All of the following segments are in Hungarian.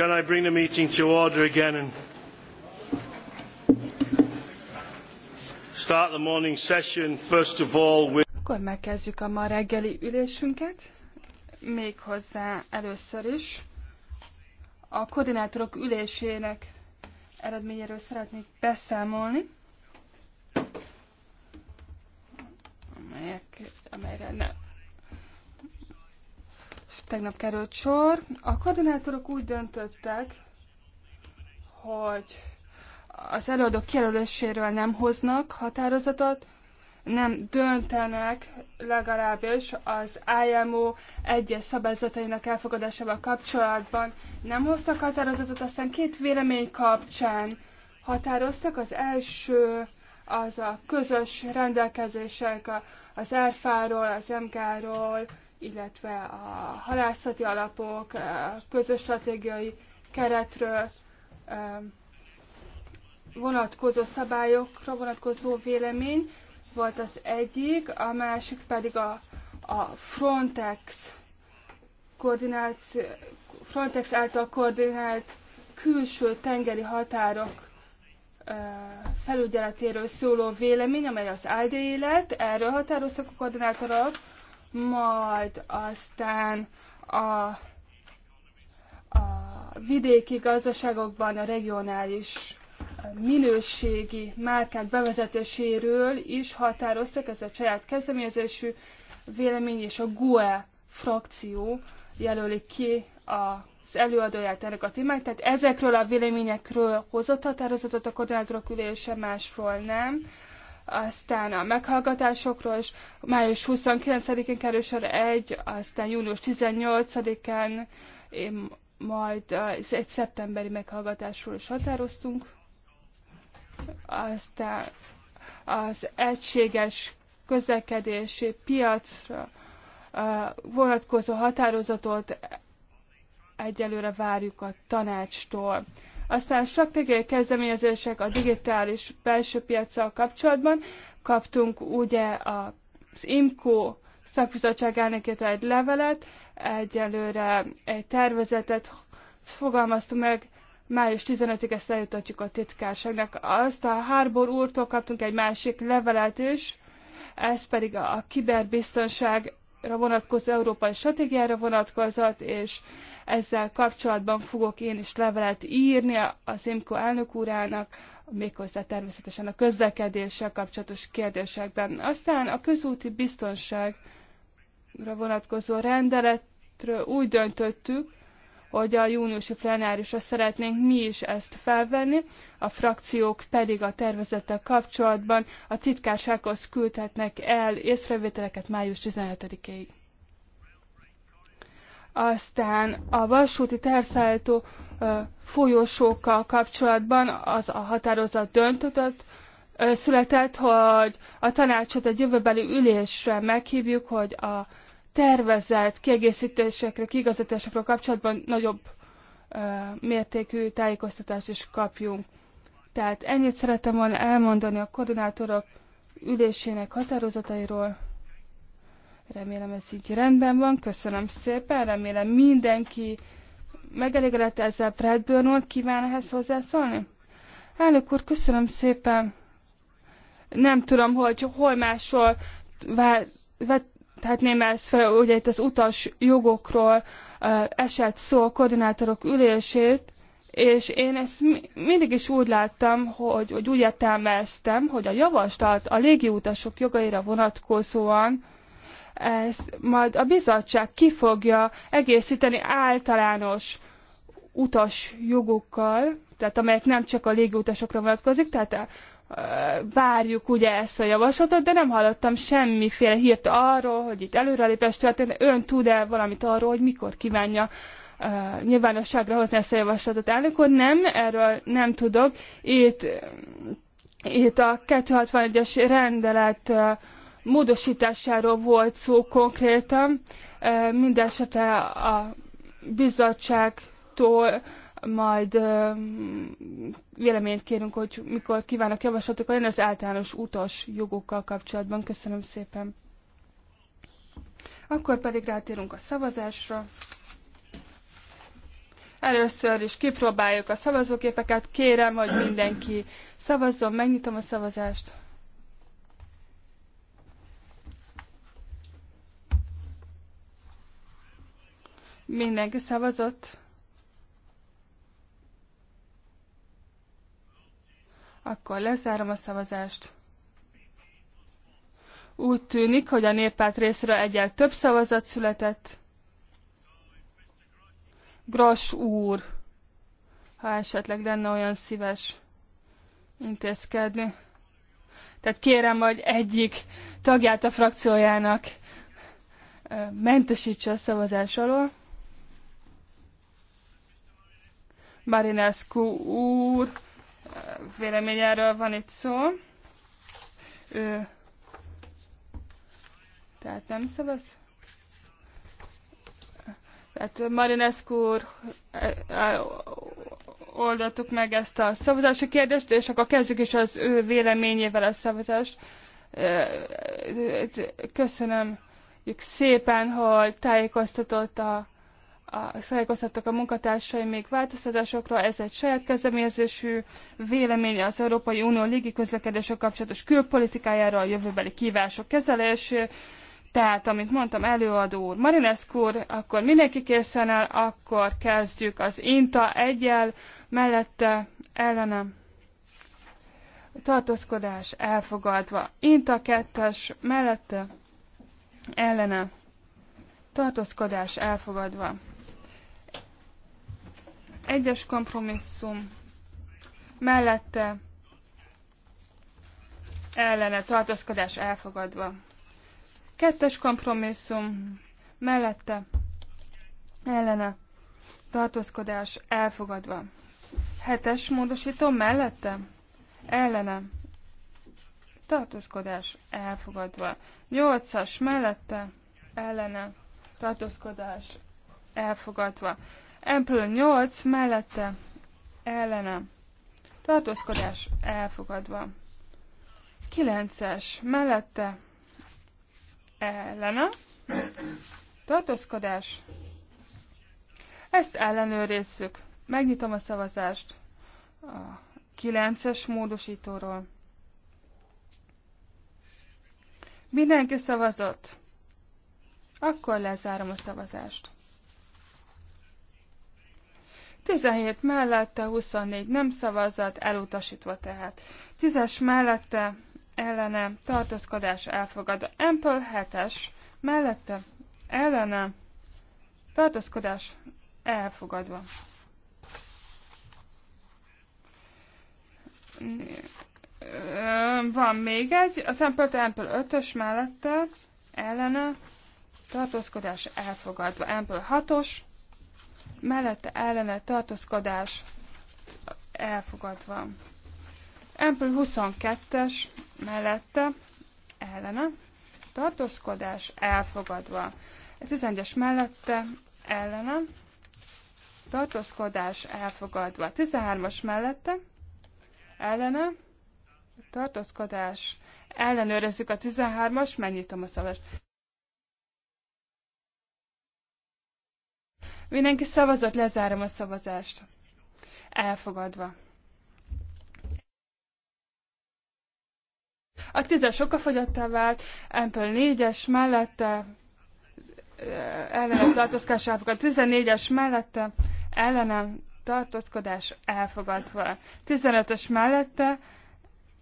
Can I bring the meeting to order again and start the morning session first of all with Akkor megkezdjük a ma reggeli ülésünket, méghozzá először is a koordinátorok ülésének eredményéről szeretnék beszámolni, amelyek, amelyre nem tegnap került sor. A koordinátorok úgy döntöttek, hogy az előadók kijelöléséről nem hoznak határozatot, nem döntenek legalábbis az IMO egyes szabályzatainak elfogadásával kapcsolatban. Nem hoztak határozatot, aztán két vélemény kapcsán határoztak. Az első az a közös rendelkezések az erfáról, az MK-ról, illetve a halászati alapok, közös stratégiai keretről vonatkozó szabályokra vonatkozó vélemény volt az egyik, a másik pedig a, a Frontex koordináció, Frontex által koordinált külső tengeri határok felügyeletéről szóló vélemény, amely az ALDE élet, erről határoztak a koordinátorok, majd aztán a, a vidéki gazdaságokban a regionális minőségi márkák bevezetéséről is határoztak, ez a saját kezdeményezésű vélemény és a GUE frakció jelöli ki az előadóját ennek a témák. Tehát ezekről a véleményekről hozott határozatot a koordinátorok ülése, másról nem aztán a meghallgatásokról is május 29-én kerül sor egy, aztán június 18-án, majd egy szeptemberi meghallgatásról is határoztunk, aztán az egységes közlekedési piacra vonatkozó határozatot egyelőre várjuk a tanácstól. Aztán stratégiai kezdeményezések a digitális belső piacsal kapcsolatban. Kaptunk ugye az IMCO szakbizottság elnökétől egy levelet, egyelőre egy tervezetet fogalmaztunk meg, május 15-ig ezt eljutatjuk a titkárságnak. Azt a Harbor úrtól kaptunk egy másik levelet is, ez pedig a kiberbiztonság vonatkozó európai stratégiára vonatkozott, és ezzel kapcsolatban fogok én is levelet írni az IMCO elnök úrának, méghozzá természetesen a közlekedéssel kapcsolatos kérdésekben. Aztán a közúti biztonságra vonatkozó rendeletről úgy döntöttük, hogy a júniusi plenárisra szeretnénk mi is ezt felvenni, a frakciók pedig a tervezettel kapcsolatban a titkársághoz küldhetnek el észrevételeket május 17-ig. Aztán a vasúti terszállító folyosókkal kapcsolatban az a határozat döntött, született, hogy a tanácsot egy jövőbeli ülésre meghívjuk, hogy a tervezett kiegészítésekre, kiigazításokra kapcsolatban nagyobb ö, mértékű tájékoztatást is kapjunk. Tehát ennyit szeretem volna elmondani a koordinátorok ülésének határozatairól. Remélem ez így rendben van. Köszönöm szépen, remélem mindenki megelégedett ezzel Bradburn úr. Kíván ehhez hozzászólni? Elnök úr, köszönöm szépen. Nem tudom, hogy hol máshol vá- tehát ezt fel, ugye itt az utas jogokról esett szó a koordinátorok ülését, és én ezt mindig is úgy láttam, hogy, hogy úgy értelmeztem, hogy a javaslat a légiutasok jogaira vonatkozóan ezt majd a bizottság ki fogja egészíteni általános utas jogokkal, tehát amelyek nem csak a légiutasokra vonatkozik, tehát várjuk ugye ezt a javaslatot, de nem hallottam semmiféle hírt arról, hogy itt előrelépés történt. Ön tud-e valamit arról, hogy mikor kívánja uh, nyilvánosságra hozni ezt a javaslatot? Elnök úr, nem, erről nem tudok. Itt, itt a 261-es rendelet uh, módosításáról volt szó konkrétan. Uh, Mindenesetre a bizottságtól majd ö, véleményt kérünk, hogy mikor kívánok javaslatok én az általános utas jogokkal kapcsolatban. Köszönöm szépen. Akkor pedig rátérünk a szavazásra. Először is kipróbáljuk a szavazóképeket. Kérem, hogy mindenki szavazzon. Megnyitom a szavazást. Mindenki szavazott. Akkor lezárom a szavazást. Úgy tűnik, hogy a néppárt részről egyel több szavazat született. Gros úr, ha esetleg lenne olyan szíves intézkedni. Tehát kérem, hogy egyik tagját a frakciójának mentesítse a szavazás alól. Marinescu úr, véleményéről van itt szó. Ő tehát nem szabad. Tehát Marinescu úr e, e, oldottuk meg ezt a szavazási kérdést, és akkor kezdjük is az ő véleményével a szavazást. E, Köszönöm szépen, hogy tájékoztatott a a, a munkatársai még változtatásokra, ez egy saját kezdeményezésű véleménye az Európai Unió légi közlekedésre kapcsolatos külpolitikájára, a jövőbeli kívások kezelésé, tehát, amit mondtam, előadó úr, Marineszk úr, akkor mindenki készen el, akkor kezdjük az INTA egyel, mellette ellenem tartózkodás elfogadva. Inta kettes mellette ellenem. tartózkodás elfogadva. Egyes kompromisszum mellette ellene tartózkodás elfogadva. Kettes kompromisszum mellette ellene tartózkodás elfogadva. Hetes módosító mellette ellene tartózkodás elfogadva. Nyolcas mellette ellene tartózkodás elfogadva. Ample 8 mellette ellene. Tartózkodás elfogadva. 9-es mellette ellene. Tartózkodás. Ezt ellenőrizzük. Megnyitom a szavazást a 9-es módosítóról. Mindenki szavazott. Akkor lezárom a szavazást. 17 mellette, 24 nem szavazat, elutasítva tehát. 10-es mellette, ellene, tartózkodás elfogadva. Ample 7-es mellette, ellene, tartózkodás elfogadva. Van még egy, a Ample Ample 5-ös mellette, ellene, tartózkodás elfogadva. Ample 6-os mellette ellene tartózkodás elfogadva. Ample 22-es mellette ellene tartózkodás elfogadva. 11-es mellette ellene tartózkodás elfogadva. 13-as mellette ellene tartózkodás ellenőrizzük a 13-as, megnyitom a szavast. Mindenki szavazott, lezárom a szavazást. Elfogadva. A tízes okafogyottá vált, Ample 4-es mellette, eh, ellenem tartózkodás elfogadva. 14-es mellette, ellenem tartózkodás elfogadva. 15-ös mellette,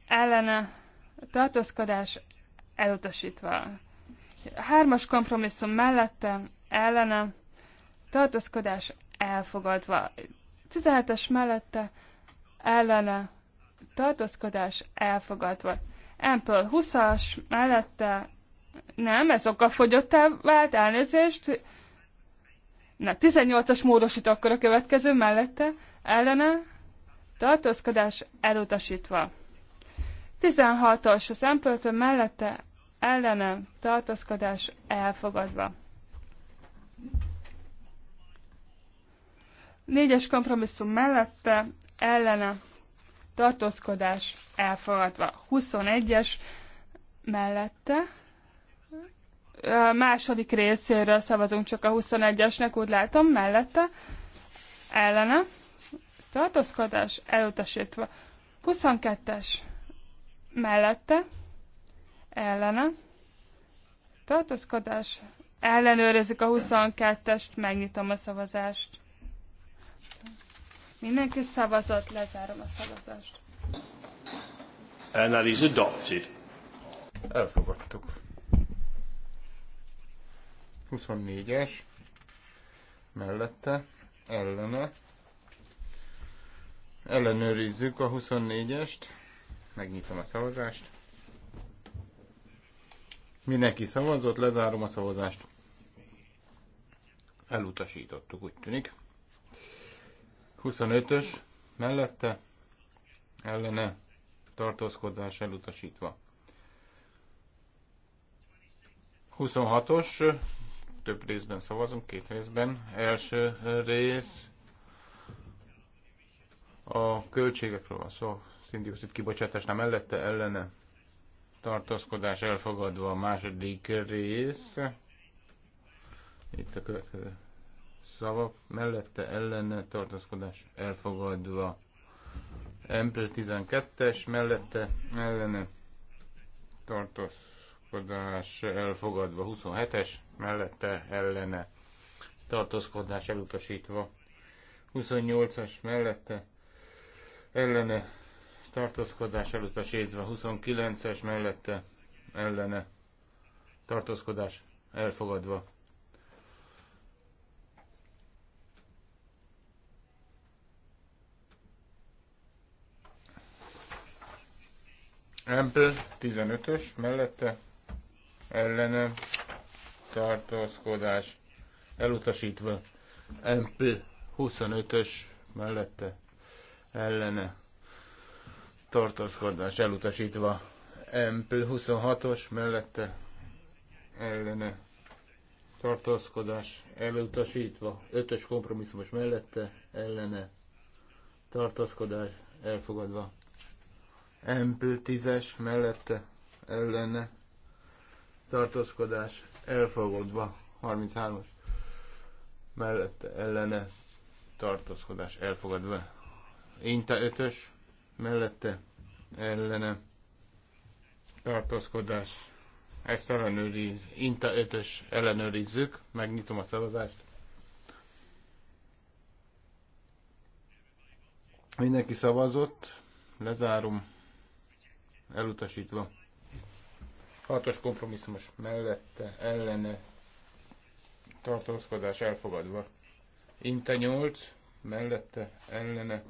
ellene tartózkodás elutasítva. Hármas kompromisszum mellette, ellene tartózkodás elfogadva. 17-es mellette ellene tartózkodás elfogadva. Ample 20-as mellette nem, ez okkal el vált, elnézést. Na, 18-as módosító akkor a következő mellette ellene tartózkodás elutasítva. 16-os az ample mellette ellene tartózkodás elfogadva. Négyes kompromisszum mellette ellene tartózkodás elfogadva. 21-es mellette a második részéről szavazunk csak a 21-esnek, úgy látom, mellette ellene tartózkodás elutasítva. 22-es mellette ellene tartózkodás ellenőrizik a 22-est, megnyitom a szavazást. Mindenki szavazott, lezárom a szavazást. And is adopted. Elfogadtuk. 24-es mellette, ellene. Ellenőrizzük a 24-est. Megnyitom a szavazást. Mindenki szavazott, lezárom a szavazást. Elutasítottuk, úgy tűnik. 25-ös mellette ellene tartózkodás elutasítva. 26-os, több részben szavazunk, két részben. Első rész a költségekről van szó, szindioxid kibocsátásnál mellette ellene tartózkodás elfogadva a második rész. Itt a következő szavak mellette ellene tartózkodás elfogadva. Empl 12-es mellette ellene tartózkodás elfogadva. 27-es mellette ellene tartózkodás elutasítva. 28-as mellette ellene tartózkodás elutasítva, 29-es mellette ellene tartózkodás elfogadva, Ample 15-ös mellette ellene tartózkodás elutasítva. Ample 25-ös mellette ellene tartózkodás elutasítva. Ample 26-os mellette ellene tartózkodás elutasítva. 5-ös kompromisszumos mellette ellene tartózkodás elfogadva. Ample 10-es mellette ellene tartózkodás elfogadva 33-as mellette ellene tartózkodás elfogadva Inta 5-ös mellette ellene tartózkodás ezt ellenőriz, Inta 5-ös ellenőrizzük, megnyitom a szavazást mindenki szavazott lezárom elutasítva. Hatos kompromisszumos mellette ellene tartózkodás elfogadva. Inte 8 mellette ellene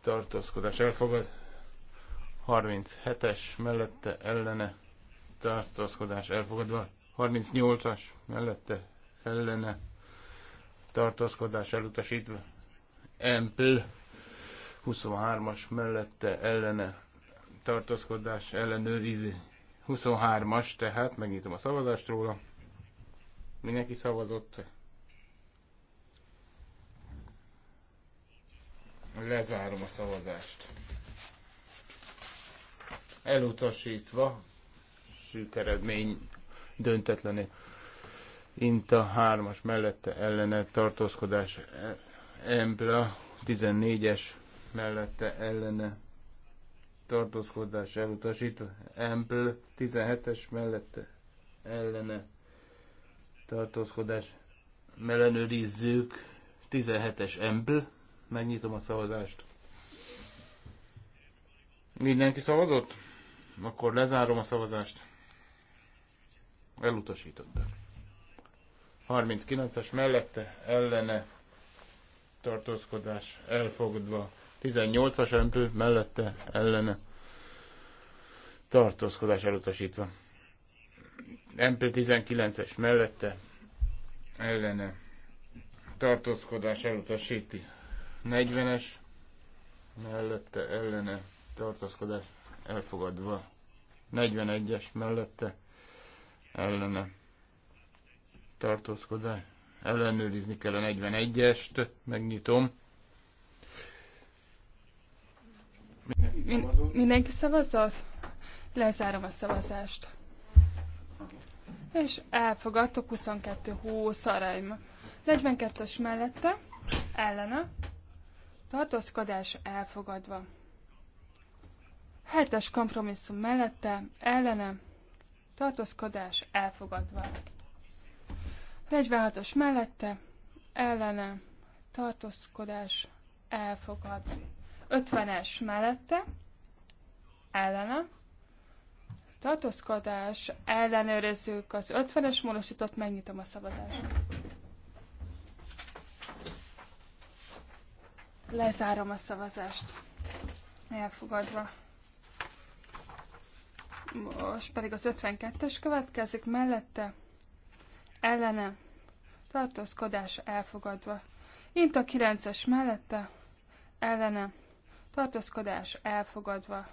tartózkodás elfogad. 37-es mellette ellene tartózkodás elfogadva. 38-as mellette ellene tartózkodás elutasítva. Empl 23-as mellette ellene tartózkodás ellenőrizi. 23-as, tehát megnyitom a szavazást róla. Mindenki szavazott. Lezárom a szavazást. Elutasítva, sűk eredmény döntetlené. Inta 3-as mellette ellene tartózkodás Embla 14-es mellette ellene tartózkodás elutasít, Ample 17-es mellette ellene tartózkodás mellenőrizzük, 17-es Ample, megnyitom a szavazást. Mindenki szavazott? Akkor lezárom a szavazást. Elutasítottak. 39-es mellette ellene tartózkodás elfogadva. 18-as empl mellette ellene tartózkodás elutasítva. Empl 19-es mellette ellene tartózkodás elutasíti. 40-es mellette ellene tartózkodás elfogadva. 41-es mellette ellene tartózkodás. Ellenőrizni kell a 41-est, megnyitom. Min mindenki szavazott? Lezárom a szavazást. És elfogadtok 22 hó arányban. 42-es mellette, ellene, tartózkodás elfogadva. 7-es kompromisszum mellette, ellene, tartózkodás elfogadva. 46-os mellette, ellene, tartózkodás elfogadva. 50-es mellette, ellene, tartózkodás, ellenőrizzük az 50-es módosított, megnyitom a szavazást. Lezárom a szavazást. Elfogadva. Most pedig az 52-es következik, mellette ellene tartózkodás elfogadva. Int a 9-es mellette ellene tartózkodás elfogadva.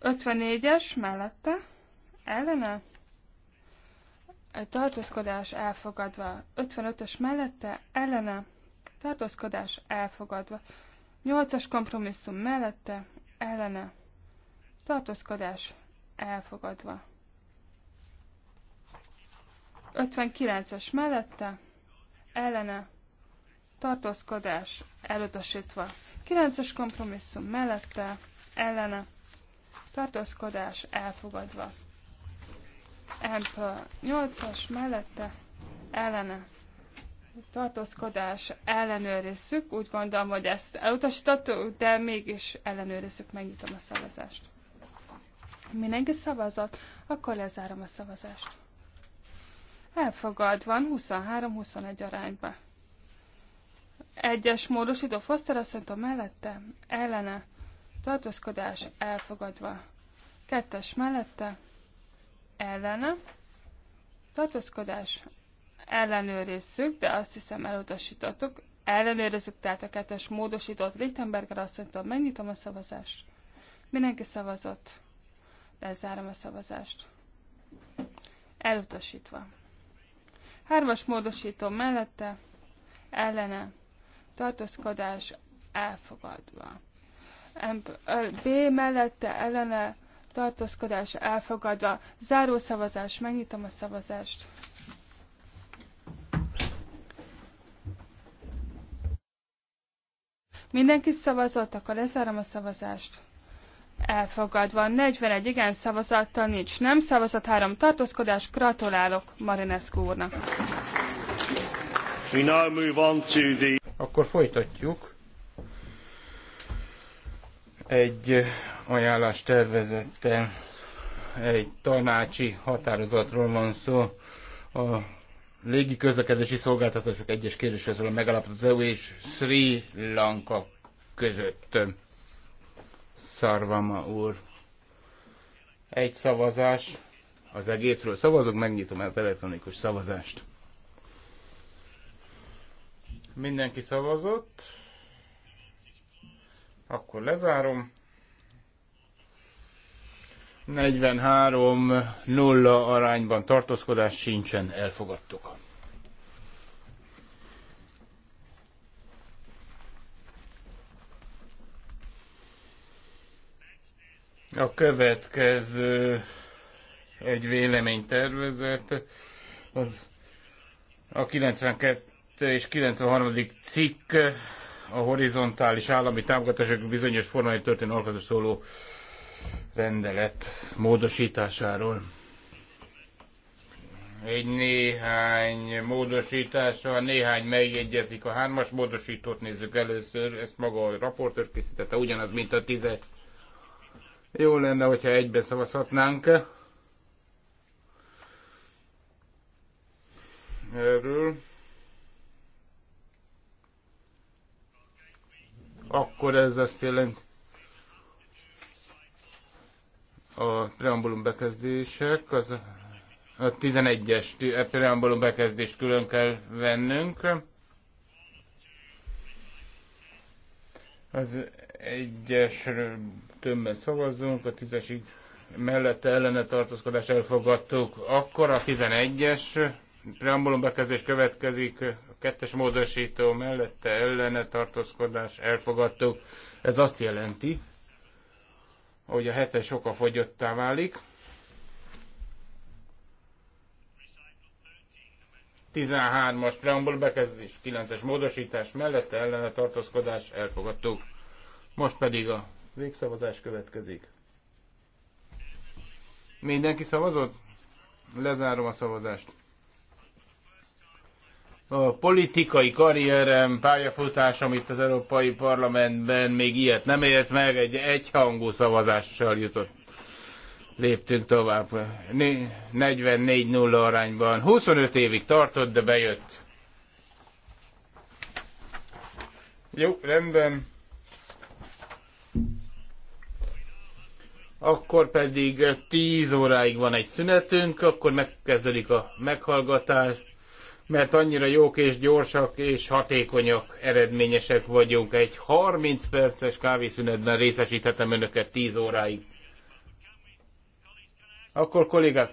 54-es mellette, ellene, tartózkodás elfogadva. 55-ös mellette, ellene, tartózkodás elfogadva. 8-as kompromisszum mellette, ellene, tartózkodás elfogadva. 59-es mellette, ellene, tartózkodás elutasítva. 9-es kompromisszum mellette, ellene, tartózkodás elfogadva. Ample 8-as mellette, ellene, tartózkodás ellenőrizzük. Úgy gondolom, hogy ezt elutasítottuk, de mégis ellenőrizzük, megnyitom a szavazást. Mindenki szavazott, akkor lezárom a szavazást. Elfogadva 23-21 arányba. Egyes módosító Foster a mellette, ellene, tartózkodás elfogadva. Kettes mellette, ellene, tartózkodás ellenőrizzük, de azt hiszem elutasítottuk. Ellenőrizzük tehát a kettes módosított Lichtenberger asszonytól. Megnyitom a szavazást. Mindenki szavazott. Lezárom a szavazást. Elutasítva. Hármas módosító mellette, ellene, tartózkodás elfogadva. B mellette ellene tartózkodás elfogadva. Záró szavazás, megnyitom a szavazást. Mindenki szavazott, akkor lezárom a szavazást. Elfogadva. 41 igen szavazattal nincs nem szavazat, három tartózkodás. Gratulálok Marinescu úrnak. Akkor folytatjuk. Egy ajánlás tervezette, egy tanácsi határozatról van szó. A légi közlekedési szolgáltatások egyes kérdéséről a megállapodott az EU és Sri Lanka között. Szarvama úr. Egy szavazás. Az egészről szavazok, megnyitom az elektronikus szavazást. Mindenki szavazott. Akkor lezárom. 43-0 arányban tartózkodás sincsen, elfogadtuk. A következő egy véleménytervezet, az a 92 és 93. cikk a horizontális állami támogatások bizonyos formájú történő alkalmazása szóló rendelet módosításáról. Egy néhány módosítása, néhány megjegyezik A hármas módosítót nézzük először, ezt maga a raportőr készítette, ugyanaz, mint a tize. Jó lenne, hogyha egyben szavazhatnánk. Erről. akkor ez azt jelenti, a preambulum bekezdések, az a 11-es e preambulum bekezdést külön kell vennünk. Az egyesről többen szavazzunk, a 10-esig mellette ellene tartózkodás elfogadtuk, akkor a 11-es preambulum bekezdés következik, a kettes módosító mellette ellene tartózkodás elfogadtuk. Ez azt jelenti, hogy a hetes sokkal fogyottá válik. 13-as preambul bekezdés, 9-es módosítás mellette ellene tartózkodás elfogadtuk. Most pedig a végszavazás következik. Mindenki szavazott? Lezárom a szavazást a politikai karrierem, pályafutásom itt az Európai Parlamentben még ilyet nem ért meg, egy egyhangú szavazással jutott. Léptünk tovább. 44-0 arányban. 25 évig tartott, de bejött. Jó, rendben. Akkor pedig 10 óráig van egy szünetünk, akkor megkezdődik a meghallgatás mert annyira jók és gyorsak és hatékonyak, eredményesek vagyunk. Egy 30 perces kávészünetben részesíthetem önöket 10 óráig. Akkor kollégák,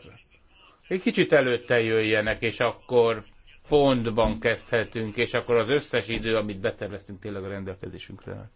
egy kicsit előtte jöjjenek, és akkor pontban kezdhetünk, és akkor az összes idő, amit beterveztünk, tényleg a rendelkezésünkre áll.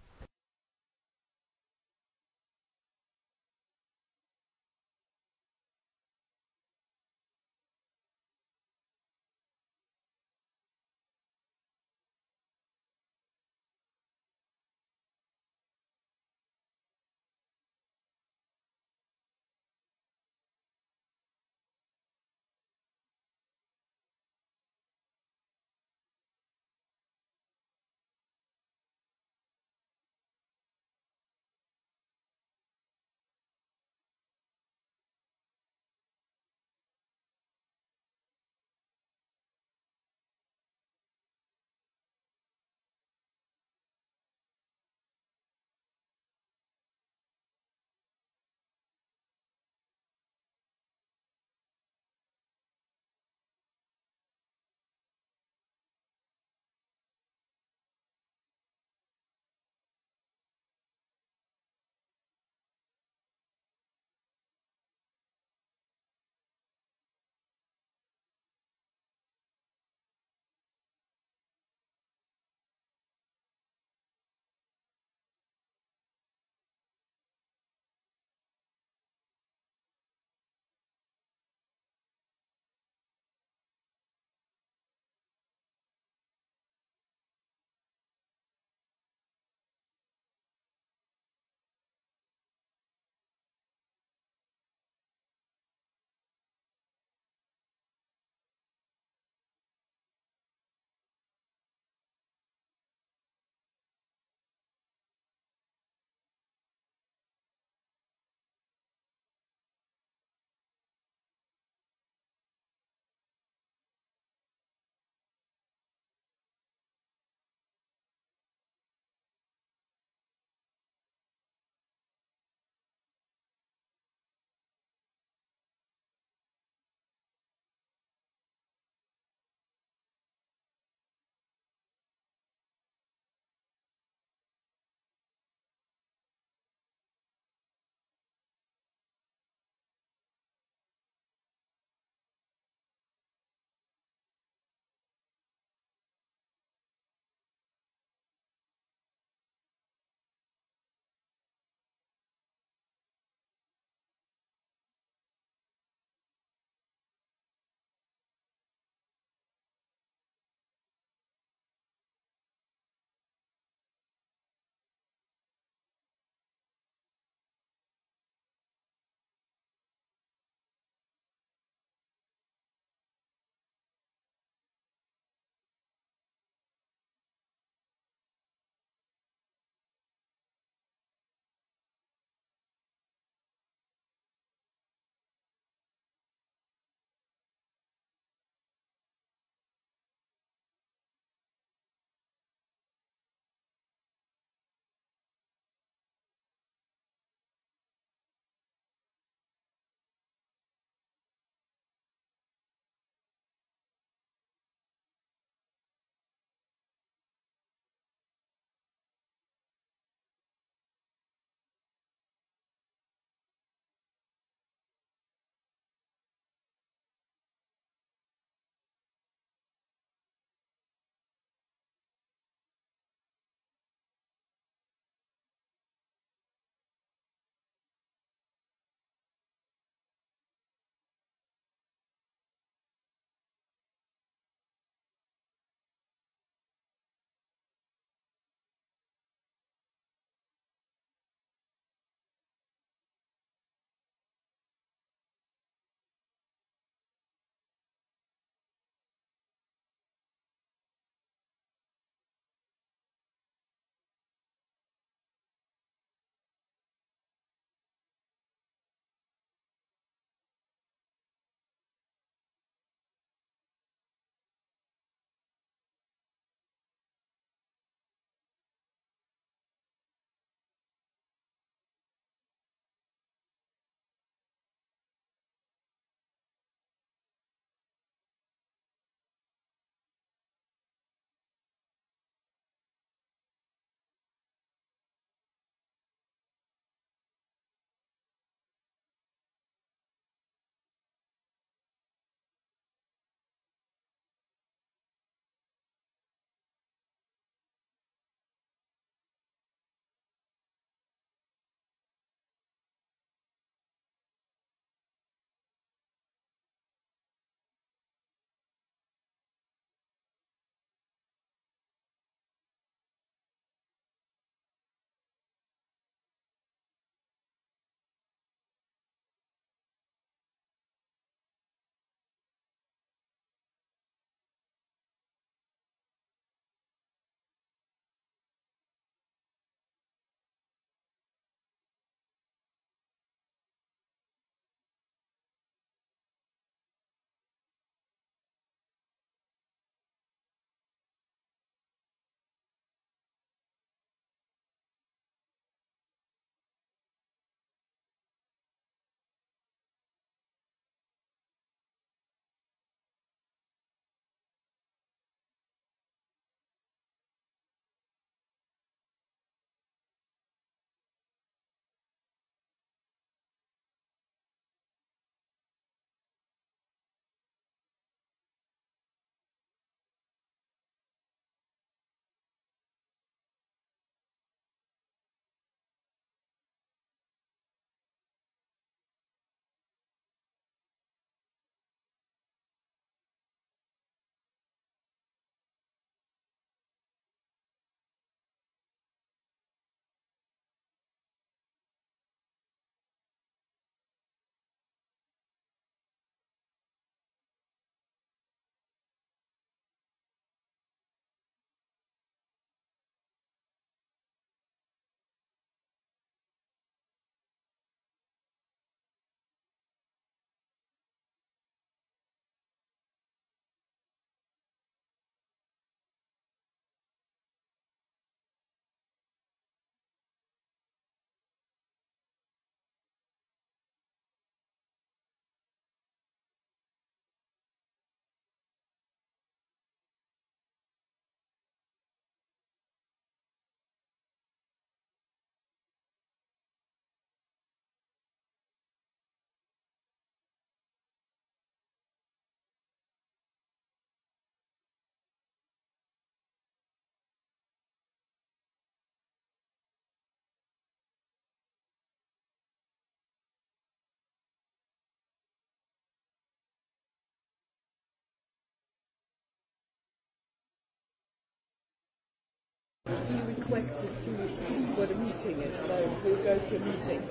he requested to see what a meeting is, so we'll go to a meeting.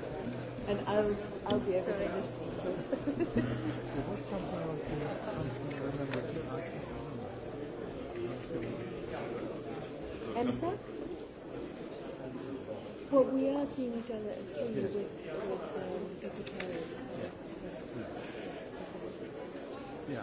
And I'll, I'll be able to listen. And so? Well, we are seeing each other at three yeah. with, with um, Mrs. Carey. Yeah. yeah.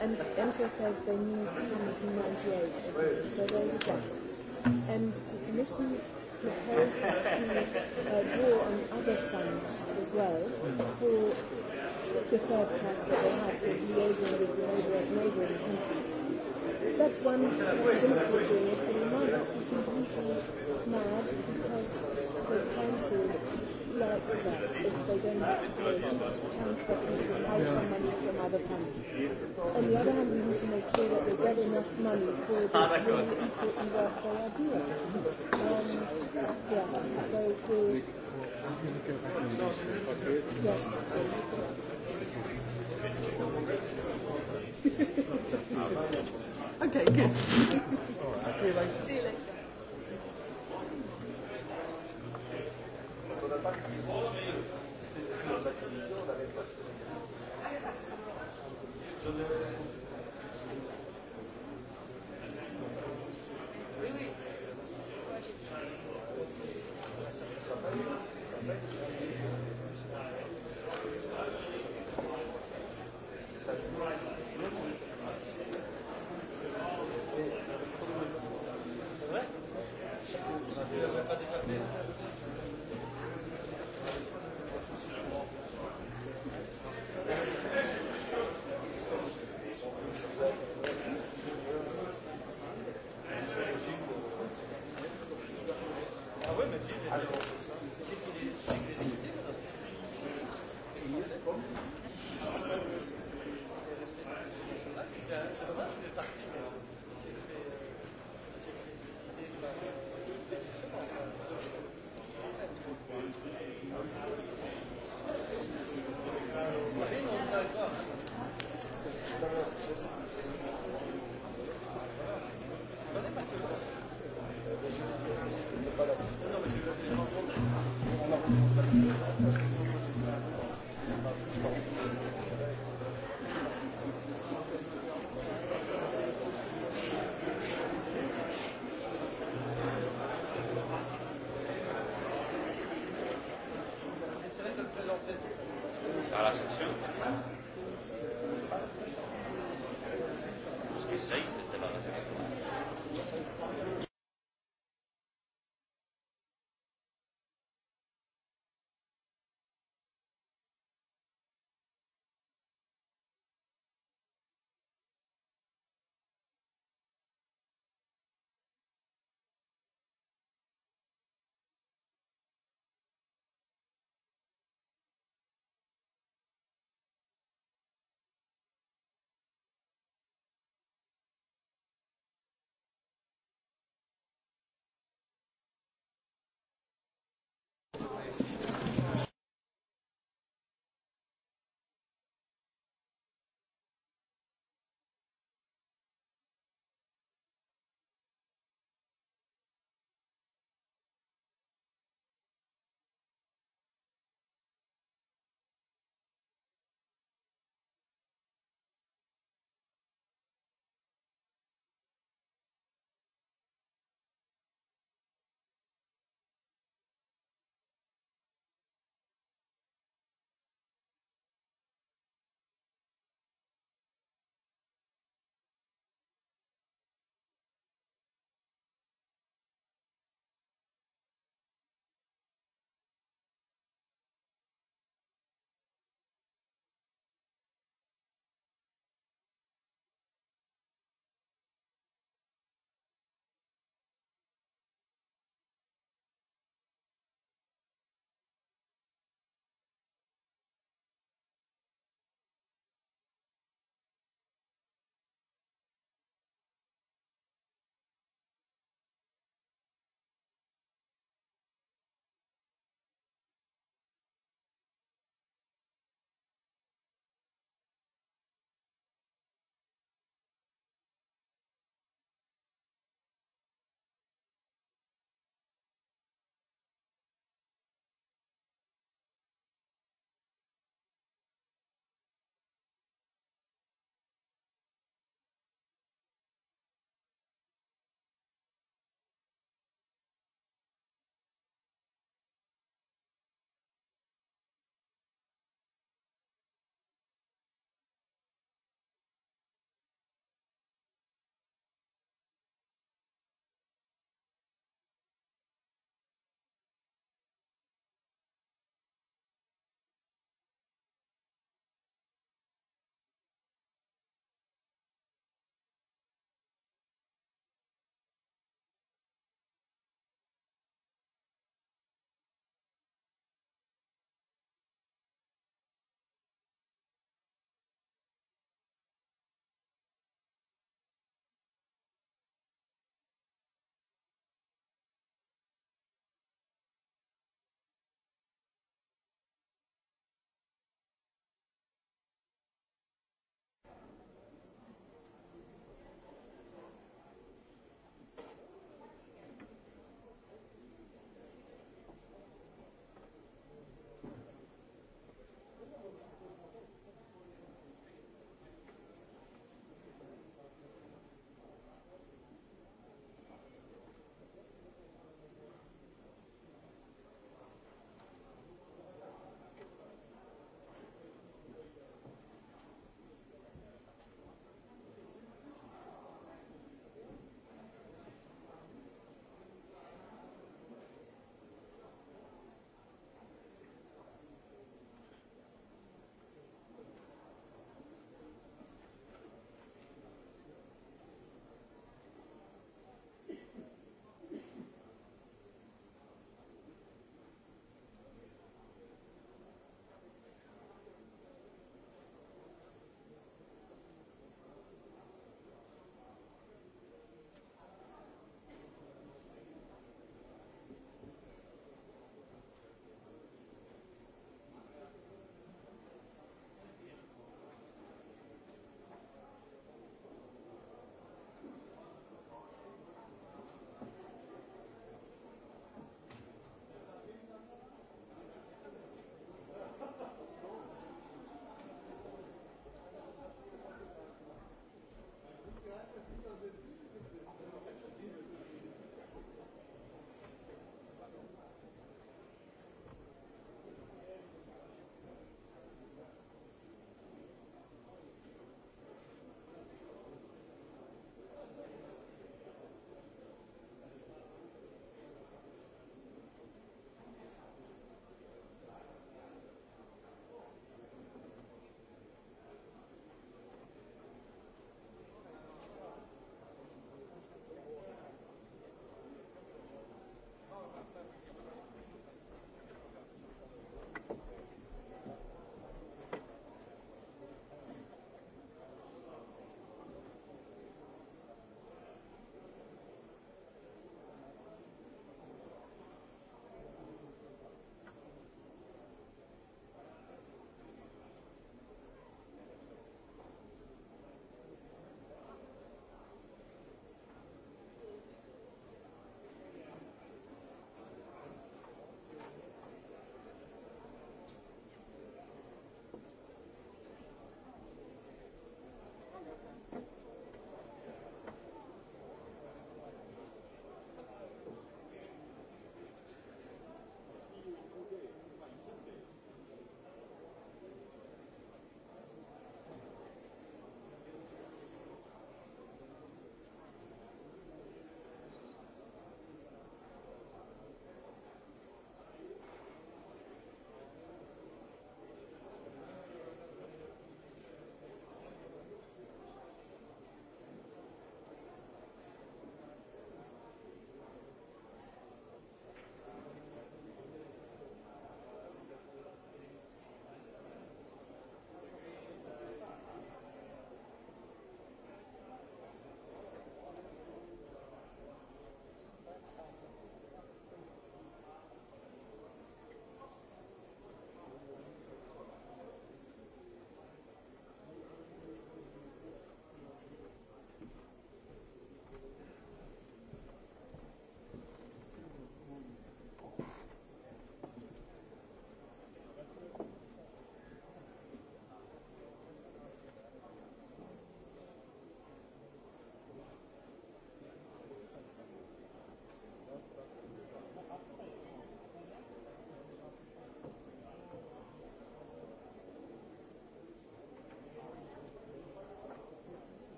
and EMSA says they need 198, so there's a gap. And the Commission proposed to uh, draw on other funds as well for the third task that they have, the liaison with the neighbouring, countries. That's one reason for doing it, but it might not be completely mad because the council likes that if they don't get payments, can companies will hide some money from other funds. On the other hand, we need to make sure that they get enough money for the really important work they are doing. Um, yeah, so the... Yes. okay, good. All right. See you later. See you later. Je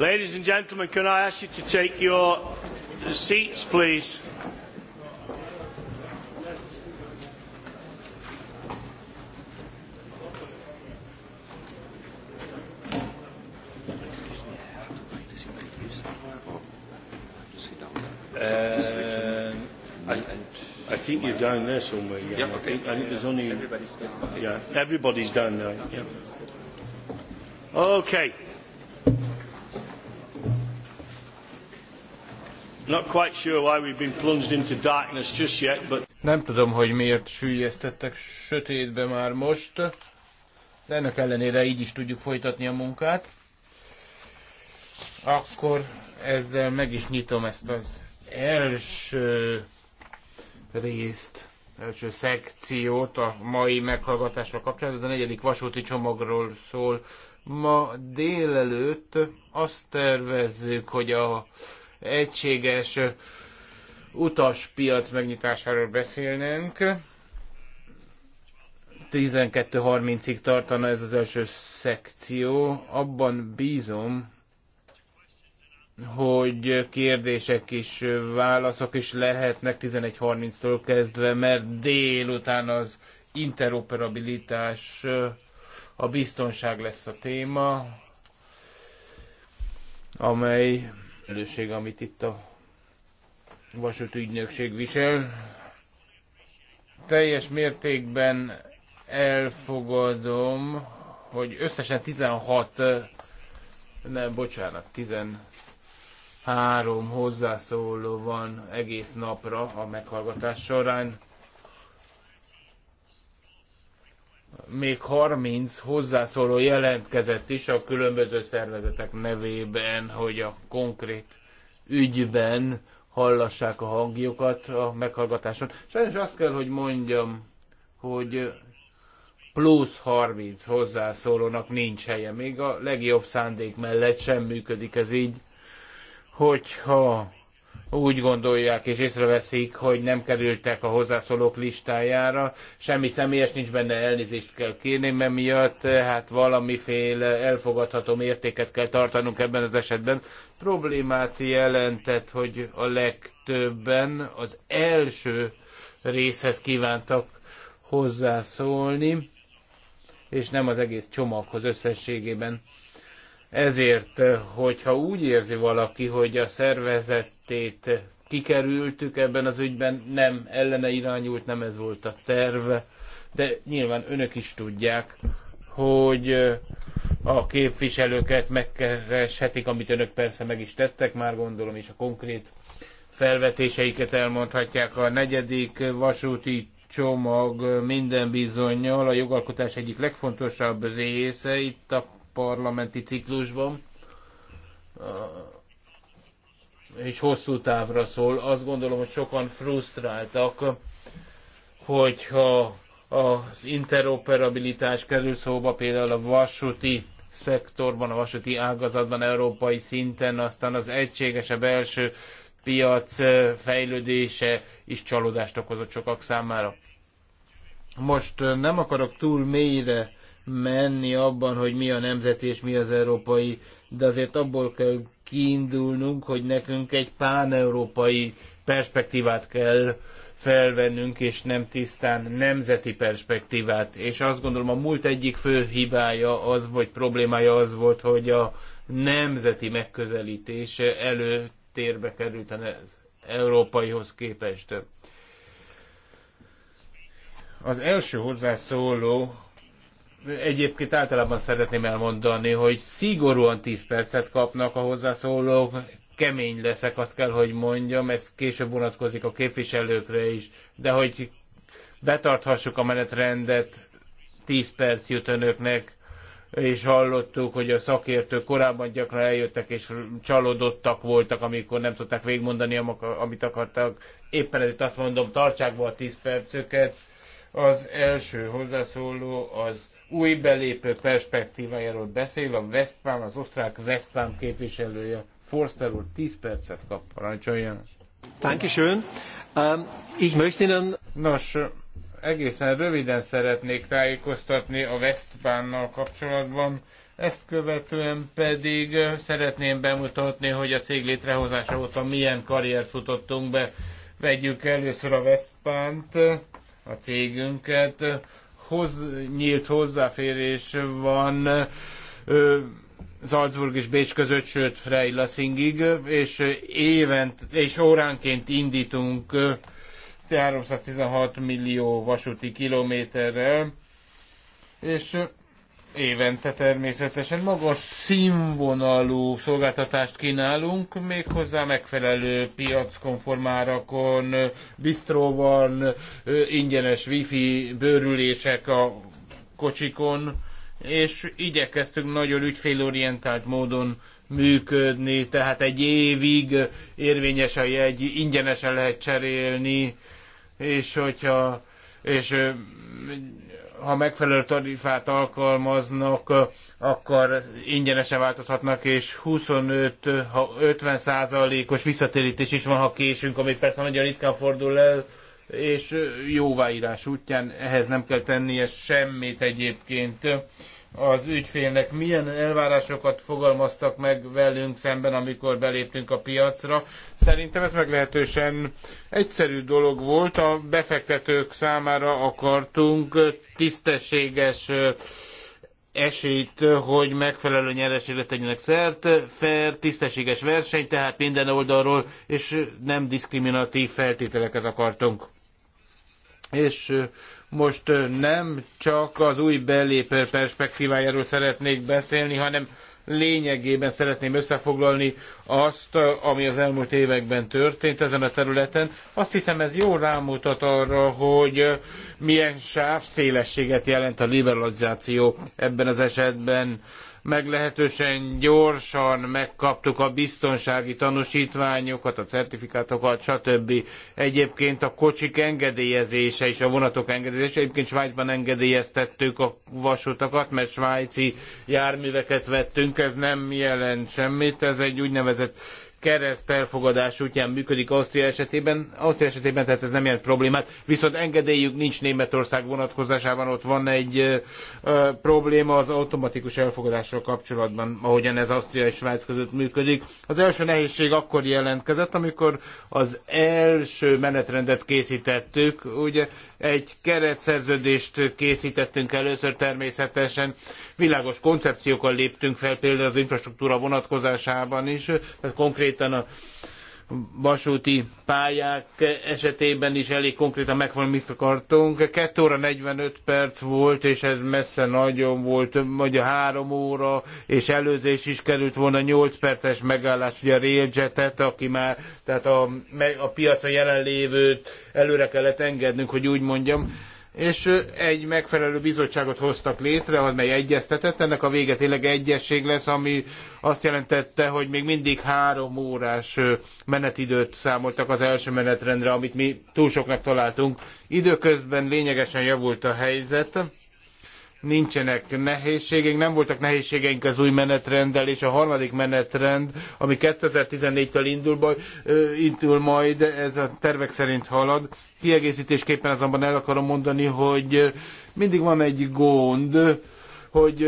Ladies and gentlemen, can I ask you to take your seats, please? Um, I, I think you're down there somewhere. Yeah, yeah okay. I, think, I think there's only. Everybody's down. Yeah, everybody's down there. Yeah. Okay. Nem tudom, hogy miért sűjesztettek sötétbe már most, de ennek ellenére így is tudjuk folytatni a munkát. Akkor ezzel meg is nyitom ezt az első részt, első szekciót a mai meghallgatásra kapcsolatban. Ez a negyedik vasúti csomagról szól. Ma délelőtt azt tervezzük, hogy a egységes utaspiac megnyitásáról beszélnénk. 12.30-ig tartana ez az első szekció. Abban bízom, hogy kérdések is, válaszok is lehetnek 11.30-tól kezdve, mert délután az interoperabilitás, a biztonság lesz a téma, amely felelősség, amit itt a ügynökség visel. Teljes mértékben elfogadom, hogy összesen 16, nem, bocsánat, 13 hozzászóló van egész napra a meghallgatás során. még 30 hozzászóló jelentkezett is a különböző szervezetek nevében, hogy a konkrét ügyben hallassák a hangjukat a meghallgatáson. Sajnos azt kell, hogy mondjam, hogy plusz 30 hozzászólónak nincs helye. Még a legjobb szándék mellett sem működik ez így, hogyha úgy gondolják és észreveszik, hogy nem kerültek a hozzászólók listájára. Semmi személyes nincs benne, elnézést kell kérném emiatt, hát valamiféle elfogadható mértéket kell tartanunk ebben az esetben. Problémát jelentett, hogy a legtöbben az első részhez kívántak hozzászólni, és nem az egész csomaghoz összességében. Ezért, hogyha úgy érzi valaki, hogy a szervezetét kikerültük ebben az ügyben, nem ellene irányult, nem ez volt a terv, de nyilván önök is tudják, hogy a képviselőket megkereshetik, amit önök persze meg is tettek, már gondolom, és a konkrét felvetéseiket elmondhatják. A negyedik vasúti csomag minden bizonyal a jogalkotás egyik legfontosabb része. Itt a parlamenti ciklusban, eh, és hosszú távra szól. Azt gondolom, hogy sokan frusztráltak, hogyha az interoperabilitás kerül szóba például a vasúti szektorban, a vasúti ágazatban, európai szinten, aztán az egységes, a belső piac eh, fejlődése is csalódást okozott sokak számára. Most eh, nem akarok túl mélyre menni abban, hogy mi a nemzeti és mi az európai, de azért abból kell kiindulnunk, hogy nekünk egy pán európai perspektívát kell felvennünk, és nem tisztán nemzeti perspektívát. És azt gondolom a múlt egyik fő hibája az, vagy problémája az volt, hogy a nemzeti megközelítés előtérbe került az európaihoz képest. Az első hozzászóló egyébként általában szeretném elmondani, hogy szigorúan 10 percet kapnak a hozzászólók, kemény leszek, azt kell, hogy mondjam, ez később vonatkozik a képviselőkre is, de hogy betarthassuk a menetrendet, 10 perc jut önöknek, és hallottuk, hogy a szakértők korábban gyakran eljöttek, és csalódottak voltak, amikor nem tudták végmondani amit akartak. Éppen ezért azt mondom, tartsák be a 10 percöket. Az első hozzászóló az új belépő perspektívájáról beszél, a Westpam, az osztrák Westpam képviselője, Forster úr 10 percet kap, parancsoljon. Dankeschön. Um, ich möchte Ihnen... Nos, egészen röviden szeretnék tájékoztatni a Westbánnal kapcsolatban. Ezt követően pedig szeretném bemutatni, hogy a cég létrehozása óta milyen karriert futottunk be. Vegyük először a Westpánt, a cégünket hoz, nyílt hozzáférés van ö, Salzburg és Bécs között, sőt Freilassingig, és évent, és óránként indítunk 316 millió vasúti kilométerrel, és évente természetesen magas színvonalú szolgáltatást kínálunk, méghozzá megfelelő piackonform árakon, bistro van, ingyenes wifi bőrülések a kocsikon, és igyekeztünk nagyon ügyfélorientált módon működni, tehát egy évig érvényes a jegy, ingyenesen lehet cserélni, és hogyha és ha megfelelő tarifát alkalmaznak, akkor ingyenesen változhatnak, és 25-50 százalékos visszatérítés is van, ha késünk, amit persze nagyon ritkán fordul el, és jóváírás útján ehhez nem kell tennie semmit egyébként az ügyfélnek milyen elvárásokat fogalmaztak meg velünk szemben, amikor beléptünk a piacra. Szerintem ez meglehetősen egyszerű dolog volt, a befektetők számára akartunk tisztességes esélyt, hogy megfelelő nyereséget tegyenek szert, fair, tisztességes verseny, tehát minden oldalról, és nem diszkriminatív feltételeket akartunk. És most nem csak az új belépő perspektívájáról szeretnék beszélni, hanem lényegében szeretném összefoglalni azt, ami az elmúlt években történt ezen a területen. Azt hiszem ez jól rámutat arra, hogy milyen sávszélességet jelent a liberalizáció ebben az esetben meglehetősen gyorsan megkaptuk a biztonsági tanúsítványokat, a certifikátokat, stb. Egyébként a kocsik engedélyezése és a vonatok engedélyezése, egyébként Svájcban engedélyeztettük a vasutakat, mert svájci járműveket vettünk, ez nem jelent semmit, ez egy úgynevezett keresztelfogadás útján működik Ausztria esetében. Ausztria esetében tehát ez nem jelent problémát, viszont engedélyük nincs Németország vonatkozásában, ott van egy ö, ö, probléma az automatikus elfogadással kapcsolatban, ahogyan ez Ausztria és Svájc között működik. Az első nehézség akkor jelentkezett, amikor az első menetrendet készítettük, ugye egy keretszerződést készítettünk először természetesen, világos koncepciókkal léptünk fel például az infrastruktúra vonatkozásában is, tehát konkrét konkrétan a vasúti pályák esetében is elég konkrétan megvan, mit akartunk. 2 óra 45 perc volt, és ez messze nagyon volt, vagy a 3 óra, és előzés is került volna 8 perces megállás, ugye a railjetet, aki már, tehát a, a piacra jelenlévőt előre kellett engednünk, hogy úgy mondjam és egy megfelelő bizottságot hoztak létre, amely egyeztetett. Ennek a vége tényleg egyesség lesz, ami azt jelentette, hogy még mindig három órás menetidőt számoltak az első menetrendre, amit mi túl soknak találtunk. Időközben lényegesen javult a helyzet nincsenek nehézségeink, nem voltak nehézségeink az új menetrenddel, és a harmadik menetrend, ami 2014-től indul, baj, indul majd, ez a tervek szerint halad. Kiegészítésképpen azonban el akarom mondani, hogy mindig van egy gond, hogy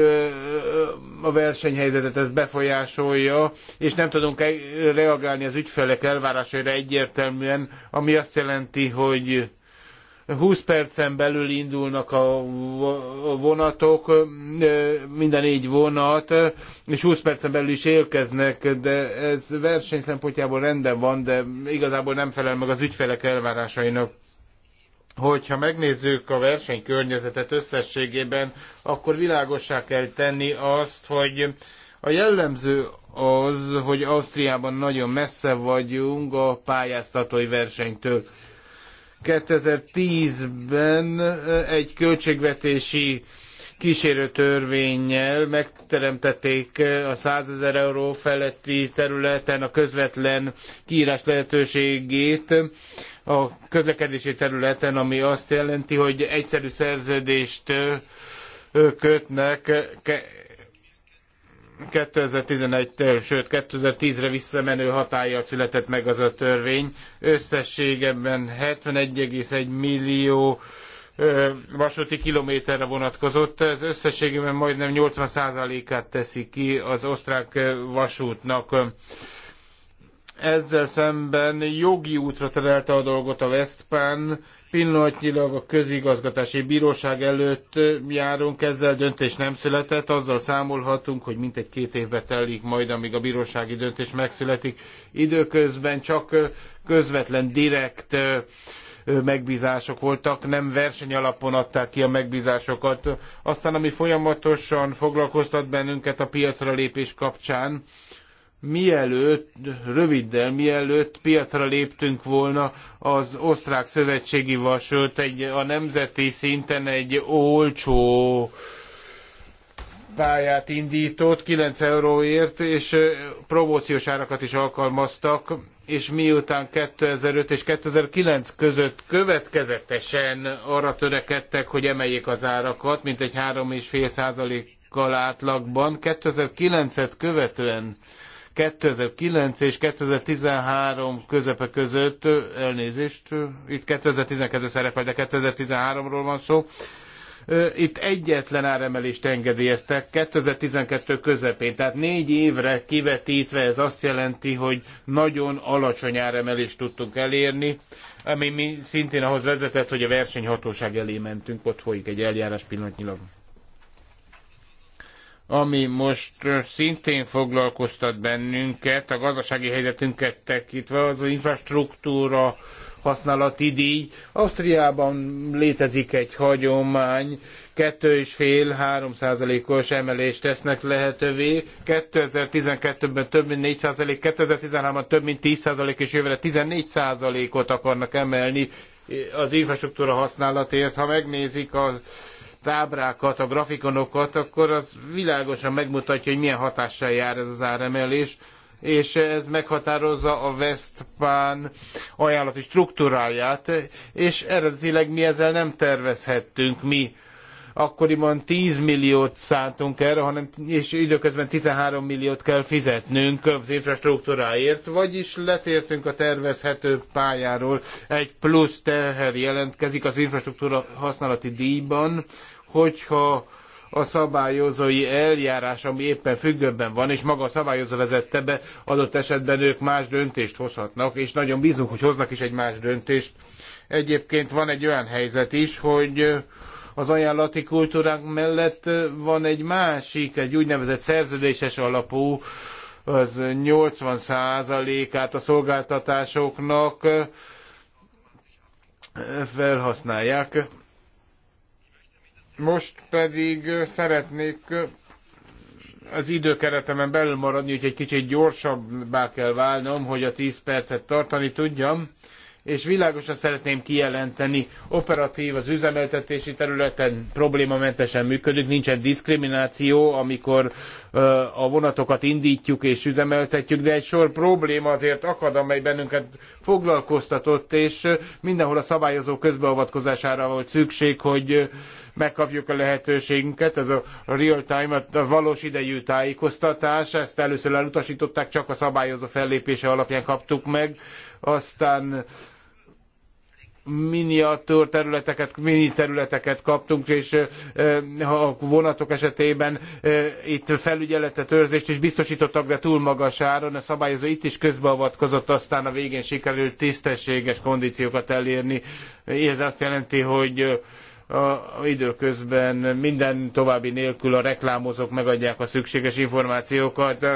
a versenyhelyzetet ez befolyásolja, és nem tudunk reagálni az ügyfelek elvárásaira egyértelműen, ami azt jelenti, hogy 20 percen belül indulnak a vonatok, minden négy vonat, és 20 percen belül is érkeznek, de ez verseny szempontjából rendben van, de igazából nem felel meg az ügyfelek elvárásainak. Hogyha megnézzük a versenykörnyezetet összességében, akkor világossá kell tenni azt, hogy a jellemző az, hogy Ausztriában nagyon messze vagyunk a pályáztatói versenytől 2010-ben egy költségvetési kísérő törvényel megteremtették a 100 ezer euró feletti területen a közvetlen kiírás lehetőségét a közlekedési területen, ami azt jelenti, hogy egyszerű szerződést kötnek 2011-től, eh, sőt 2010-re visszamenő hatállyal született meg az a törvény. Összességében 71,1 millió eh, vasúti kilométerre vonatkozott. Ez összességében majdnem 80%-át teszi ki az osztrák eh, vasútnak. Ezzel szemben jogi útra terelte a dolgot a Westpán, Pillanatnyilag a közigazgatási bíróság előtt járunk, ezzel döntés nem született, azzal számolhatunk, hogy mintegy két évbe telik majd, amíg a bírósági döntés megszületik. Időközben csak közvetlen, direkt megbízások voltak, nem verseny alapon adták ki a megbízásokat. Aztán, ami folyamatosan foglalkoztat bennünket a piacra lépés kapcsán, mielőtt, röviddel mielőtt piacra léptünk volna az osztrák szövetségi vasút egy, a nemzeti szinten egy olcsó pályát indított 9 euróért, és promóciós árakat is alkalmaztak, és miután 2005 és 2009 között következetesen arra törekedtek, hogy emeljék az árakat, mint egy 3,5 százalékkal átlagban, 2009-et követően 2009 és 2013 közepe között, elnézést, itt 2012 szerepel, de 2013-ról van szó, itt egyetlen áremelést engedélyeztek 2012 közepén, tehát négy évre kivetítve ez azt jelenti, hogy nagyon alacsony áremelést tudtunk elérni, ami mi szintén ahhoz vezetett, hogy a versenyhatóság elé mentünk, ott folyik egy eljárás pillanatnyilag ami most szintén foglalkoztat bennünket, a gazdasági helyzetünket tekintve, az, az infrastruktúra használati díj. Ausztriában létezik egy hagyomány, 2,5-3 százalékos emelést tesznek lehetővé, 2012-ben több mint 4 százalék, 2013-ban több mint 10 százalék, és jövőre 14 százalékot akarnak emelni az infrastruktúra használatért. Ha megnézik az ábrákat, a grafikonokat, akkor az világosan megmutatja, hogy milyen hatással jár ez az áremelés, és ez meghatározza a Westpán ajánlati struktúráját, és eredetileg mi ezzel nem tervezhettünk mi akkoriban 10 milliót szántunk erre, hanem, és időközben 13 milliót kell fizetnünk az infrastruktúráért, vagyis letértünk a tervezhető pályáról. Egy plusz teher jelentkezik az infrastruktúra használati díjban, hogyha a szabályozói eljárás, ami éppen függőben van, és maga a szabályozó vezette be, adott esetben ők más döntést hozhatnak, és nagyon bízunk, hogy hoznak is egy más döntést. Egyébként van egy olyan helyzet is, hogy az ajánlati kultúránk mellett van egy másik, egy úgynevezett szerződéses alapú, az 80 százalékát a szolgáltatásoknak eh, felhasználják. Most pedig eh, szeretnék eh, az időkeretemen belül maradni, hogy egy kicsit gyorsabbá kell válnom, hogy a 10 percet tartani tudjam és világosan szeretném kijelenteni, operatív az üzemeltetési területen problémamentesen működik, nincsen diszkrimináció, amikor ö, a vonatokat indítjuk és üzemeltetjük, de egy sor probléma azért akad, amely bennünket foglalkoztatott, és mindenhol a szabályozó közbeavatkozására volt szükség, hogy megkapjuk a lehetőségünket, ez a real time, a valós idejű tájékoztatás, ezt először elutasították, csak a szabályozó fellépése alapján kaptuk meg, aztán miniatúr területeket, mini területeket kaptunk, és a vonatok esetében itt felügyeletet, őrzést is biztosítottak, de túl magas áron. A szabályozó itt is közbeavatkozott, aztán a végén sikerült tisztességes kondíciókat elérni. Ez azt jelenti, hogy a időközben minden további nélkül a reklámozók megadják a szükséges információkat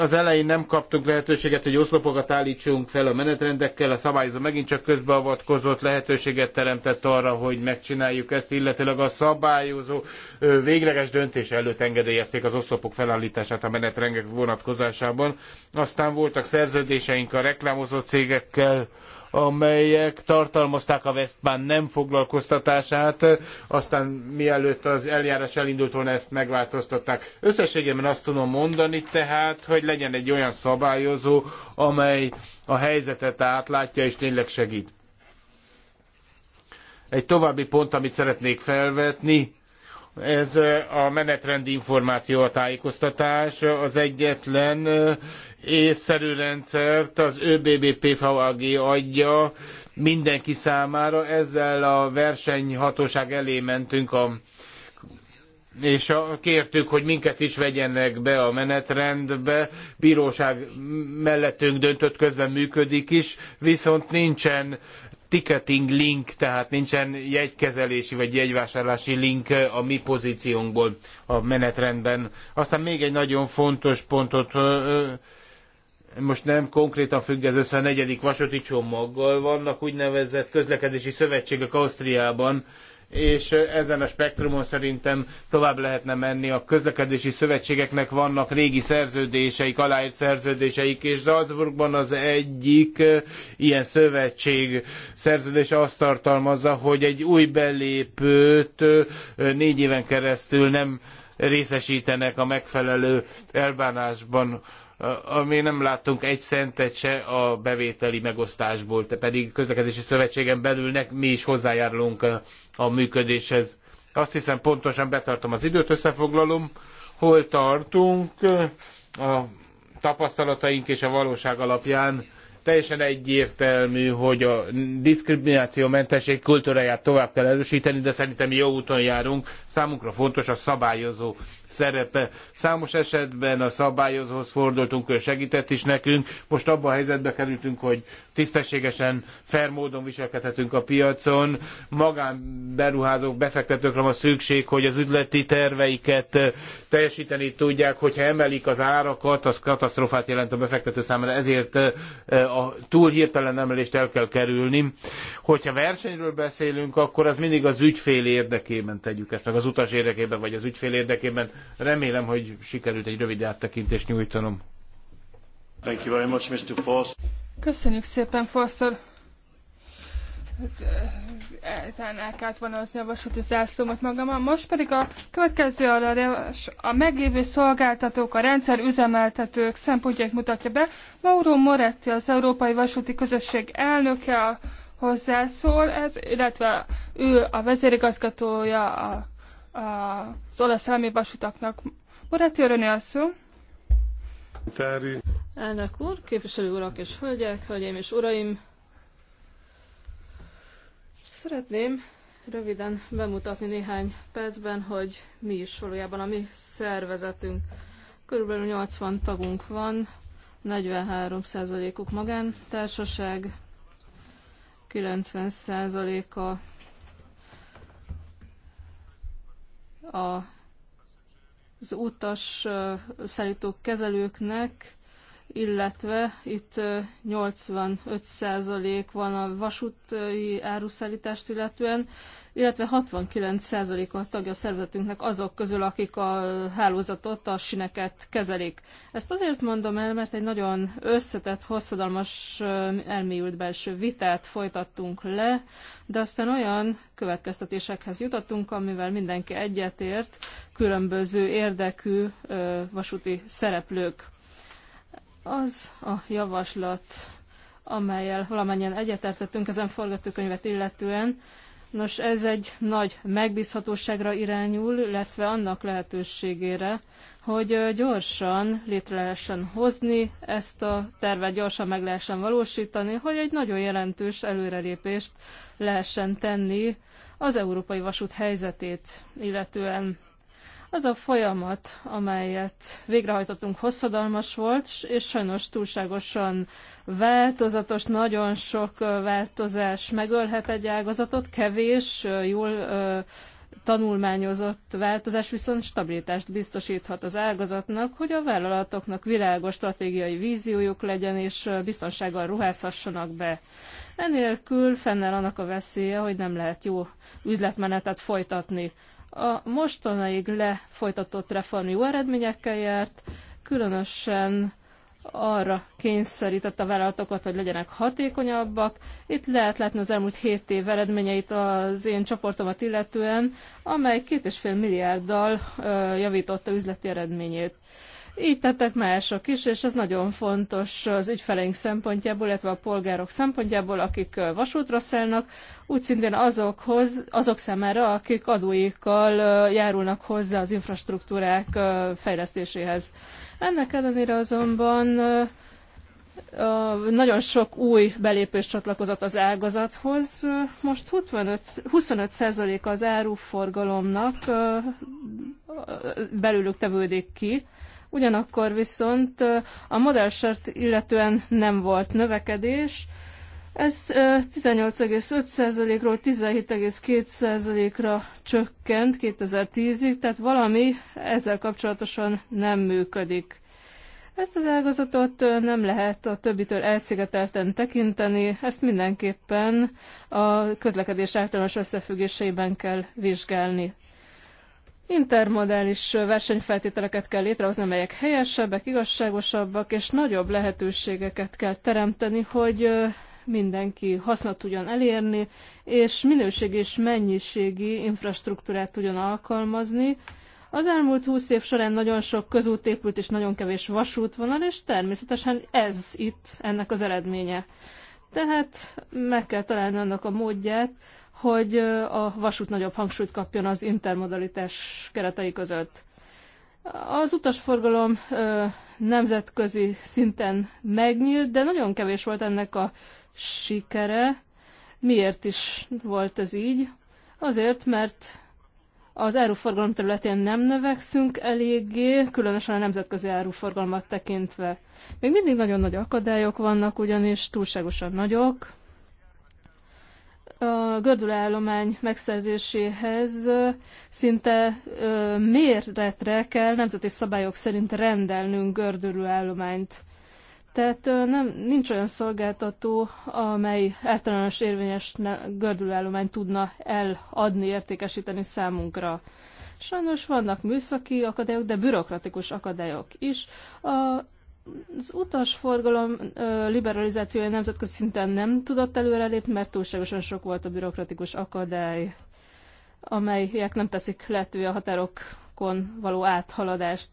az elején nem kaptunk lehetőséget, hogy oszlopokat állítsunk fel a menetrendekkel, a szabályozó megint csak közbeavatkozott lehetőséget teremtett arra, hogy megcsináljuk ezt, illetőleg a szabályozó végleges döntés előtt engedélyezték az oszlopok felállítását a menetrendek vonatkozásában. Aztán voltak szerződéseink a reklámozó cégekkel, amelyek tartalmazták a Westbán nem foglalkoztatását, aztán mielőtt az eljárás elindult volna, ezt megváltoztatták. Összességében azt tudom mondani tehát, hogy legyen egy olyan szabályozó, amely a helyzetet átlátja és tényleg segít. Egy további pont, amit szeretnék felvetni, ez a menetrendi információ, a tájékoztatás az egyetlen észszerű rendszert az ÖBB-PVAG adja mindenki számára. Ezzel a versenyhatóság elé mentünk a és a, kértük, hogy minket is vegyenek be a menetrendbe, bíróság mellettünk döntött, közben működik is, viszont nincsen ticketing link, tehát nincsen jegykezelési vagy jegyvásárlási link a mi pozíciónkból a menetrendben. Aztán még egy nagyon fontos pontot most nem konkrétan függ ez össze a negyedik vasúti csomaggal, vannak úgynevezett közlekedési szövetségek Ausztriában, és ezen a spektrumon szerintem tovább lehetne menni. A közlekedési szövetségeknek vannak régi szerződéseik, aláírt szerződéseik, és Salzburgban az egyik eh, ilyen szövetség szerződés azt tartalmazza, hogy egy új belépőt eh, négy éven keresztül nem részesítenek a megfelelő elbánásban, ami nem láttunk egy centet se a bevételi megosztásból, te pedig közlekedési szövetségen belülnek mi is hozzájárulunk a, a működéshez. Azt hiszem pontosan betartom az időt, összefoglalom, hol tartunk a tapasztalataink és a valóság alapján teljesen egyértelmű, hogy a diszkriminációmentesség kultúráját tovább kell erősíteni, de szerintem jó úton járunk. Számunkra fontos a szabályozó szerepe. Számos esetben a szabályozóhoz fordultunk, ő segített is nekünk. Most abban a helyzetbe kerültünk, hogy tisztességesen, fair módon viselkedhetünk a piacon. Magánberuházók, befektetőkre van szükség, hogy az üzleti terveiket teljesíteni tudják, hogyha emelik az árakat, az katasztrofát jelent a befektető számára, ezért eh, a túl hirtelen emelést el kell kerülni. Hogyha versenyről beszélünk, akkor az mindig az ügyfél érdekében tegyük ezt, meg az utas érdekében, vagy az ügyfél érdekében. Remélem, hogy sikerült egy rövid áttekintést nyújtanom. Thank you very much, Mr. Foss. Köszönjük szépen, Foster. Hát, eh, eh, talán el kellett volna hozni a vasúti zászlómat magammal. Most pedig a következő alárás a meglévő szolgáltatók, a rendszer üzemeltetők szempontjait mutatja be. Mauro Moretti, az Európai Vasúti Közösség elnöke, hozzászól, ez, illetve ő a vezérigazgatója a az olasz állami vasutaknak. Moráti Öröni a szó. Tári. Elnök úr, képviselő urak és hölgyek, hölgyeim és uraim! Szeretném röviden bemutatni néhány percben, hogy mi is valójában a mi szervezetünk. Körülbelül 80 tagunk van, 43%-uk magántársaság, 90%-a az utas szállító kezelőknek illetve itt 85% van a vasúti áruszállítást illetően, illetve 69% a tagja a szervezetünknek azok közül, akik a hálózatot, a sineket kezelik. Ezt azért mondom el, mert egy nagyon összetett, hosszadalmas, elmélyült belső vitát folytattunk le, de aztán olyan következtetésekhez jutottunk, amivel mindenki egyetért, különböző érdekű vasúti szereplők. Az a javaslat, amelyel valamennyien egyetértettünk ezen forgatókönyvet illetően, Nos, ez egy nagy megbízhatóságra irányul, illetve annak lehetőségére, hogy gyorsan létre lehessen hozni ezt a tervet, gyorsan meg lehessen valósítani, hogy egy nagyon jelentős előrelépést lehessen tenni az európai vasút helyzetét, illetően az a folyamat, amelyet végrehajtottunk, hosszadalmas volt, és sajnos túlságosan változatos, nagyon sok változás megölhet egy ágazatot, kevés, jól tanulmányozott változás viszont stabilitást biztosíthat az ágazatnak, hogy a vállalatoknak világos stratégiai víziójuk legyen, és biztonsággal ruházhassanak be. Enélkül fennáll annak a veszélye, hogy nem lehet jó üzletmenetet folytatni. A mostanáig lefolytatott reform jó eredményekkel járt, különösen arra kényszerített a vállalatokat, hogy legyenek hatékonyabbak. Itt lehet látni az elmúlt 7 év eredményeit az én csoportomat illetően, amely 2,5 milliárddal javította üzleti eredményét. Így tettek mások is, és ez nagyon fontos az ügyfeleink szempontjából, illetve a polgárok szempontjából, akik vasútra szállnak, úgy szintén azokhoz, azok szemére, akik adóikkal járulnak hozzá az infrastruktúrák fejlesztéséhez. Ennek ellenére azonban nagyon sok új belépés csatlakozott az ágazathoz. Most 25, 25% az áruforgalomnak belőlük tevődik ki, Ugyanakkor viszont a modellsert illetően nem volt növekedés, ez 18,5%-ról 17,2%-ra csökkent 2010-ig, tehát valami ezzel kapcsolatosan nem működik. Ezt az ágazatot nem lehet a többitől elszigetelten tekinteni, ezt mindenképpen a közlekedés általános összefüggéseiben kell vizsgálni. Intermodális versenyfeltételeket kell létrehozni, amelyek helyesebbek, igazságosabbak, és nagyobb lehetőségeket kell teremteni, hogy mindenki hasznot tudjon elérni, és minőségi és mennyiségi infrastruktúrát tudjon alkalmazni. Az elmúlt 20 év során nagyon sok közút épült és nagyon kevés vasútvonal, és természetesen ez itt ennek az eredménye. Tehát meg kell találni annak a módját, hogy a vasút nagyobb hangsúlyt kapjon az intermodalitás keretei között. Az utasforgalom nemzetközi szinten megnyílt, de nagyon kevés volt ennek a sikere. Miért is volt ez így? Azért, mert az áruforgalom területén nem növekszünk eléggé, különösen a nemzetközi áruforgalmat tekintve. Még mindig nagyon nagy akadályok vannak, ugyanis túlságosan nagyok, a gördülőállomány megszerzéséhez szinte méretre kell nemzeti szabályok szerint rendelnünk gördülőállományt. Tehát nem, nincs olyan szolgáltató, amely általános érvényes gördülőállományt tudna eladni, értékesíteni számunkra. Sajnos vannak műszaki akadályok, de bürokratikus akadályok is. A az utasforgalom liberalizációja nemzetközi szinten nem tudott előrelépni, mert túlságosan sok volt a bürokratikus akadály, amelyek nem teszik lehetővé a határokon való áthaladást.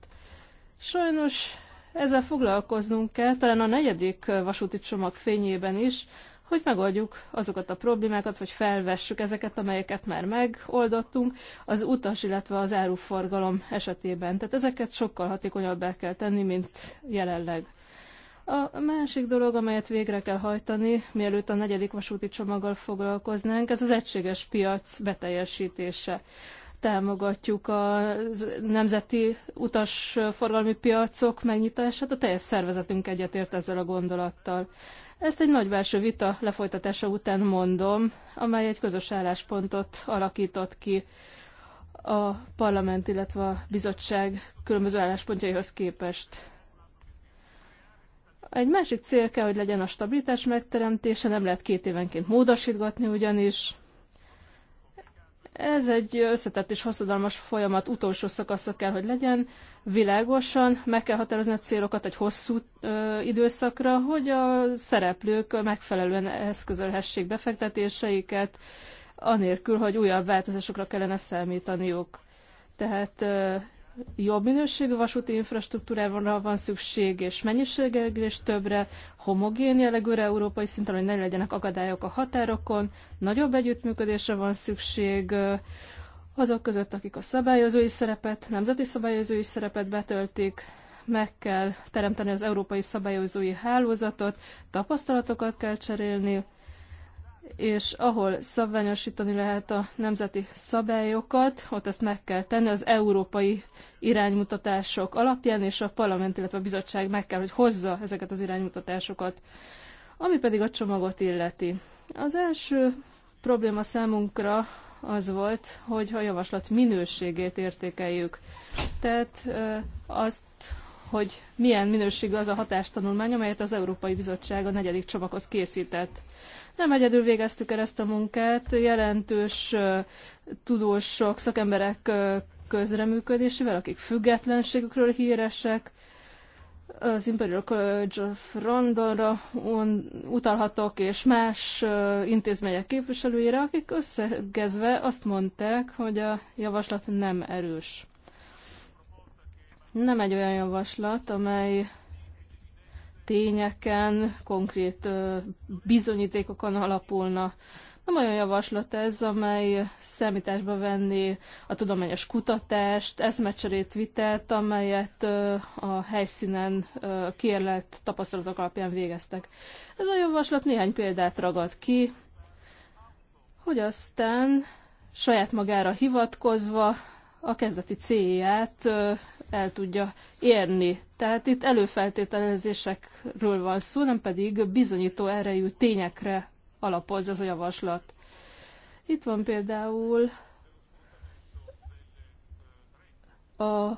Sajnos ezzel foglalkoznunk kell, talán a negyedik vasúti csomag fényében is, hogy megoldjuk azokat a problémákat, vagy felvessük ezeket, amelyeket már megoldottunk az utas, illetve az áruforgalom esetében. Tehát ezeket sokkal hatékonyabbá kell tenni, mint jelenleg. A másik dolog, amelyet végre kell hajtani, mielőtt a negyedik vasúti csomaggal foglalkoznánk, ez az egységes piac beteljesítése támogatjuk a nemzeti utasforgalmi piacok megnyitását, a teljes szervezetünk egyetért ezzel a gondolattal. Ezt egy nagy belső vita lefolytatása után mondom, amely egy közös álláspontot alakított ki a parlament, illetve a bizottság különböző álláspontjaihoz képest. Egy másik cél kell, hogy legyen a stabilitás megteremtése, nem lehet két évenként módosítgatni ugyanis. Ez egy összetett és hosszadalmas folyamat utolsó szakasza kell, hogy legyen. Világosan meg kell határozni a célokat egy hosszú ö, időszakra, hogy a szereplők megfelelően eszközölhessék befektetéseiket, anélkül, hogy újabb változásokra kellene számítaniuk. Tehát ö, jobb minőségű vasúti infrastruktúrára van szükség, és mennyiségileg és többre, homogén jellegűre európai szinten, hogy ne legyenek akadályok a határokon, nagyobb együttműködésre van szükség azok között, akik a szabályozói szerepet, nemzeti szabályozói szerepet betöltik, meg kell teremteni az európai szabályozói hálózatot, tapasztalatokat kell cserélni, és ahol szabványosítani lehet a nemzeti szabályokat, ott ezt meg kell tenni az európai iránymutatások alapján, és a parlament, illetve a bizottság meg kell, hogy hozza ezeket az iránymutatásokat. Ami pedig a csomagot illeti. Az első probléma számunkra az volt, hogy a javaslat minőségét értékeljük. Tehát azt hogy milyen minőségű az a hatástanulmány, amelyet az Európai Bizottság a negyedik csomaghoz készített. Nem egyedül végeztük el ezt a munkát, jelentős tudósok, szakemberek közreműködésével, akik függetlenségükről híresek, az Imperial College of Londonra utalhatok, és más intézmények képviselőire, akik összegezve azt mondták, hogy a javaslat nem erős nem egy olyan javaslat, amely tényeken, konkrét bizonyítékokon alapulna. Nem olyan javaslat ez, amely számításba venni a tudományos kutatást, eszmecserét, vitelt, amelyet a helyszínen kérlet tapasztalatok alapján végeztek. Ez a javaslat néhány példát ragad ki, hogy aztán saját magára hivatkozva a kezdeti célját el tudja érni. Tehát itt előfeltételezésekről van szó, nem pedig bizonyító erejű tényekre alapoz ez a javaslat. Itt van például a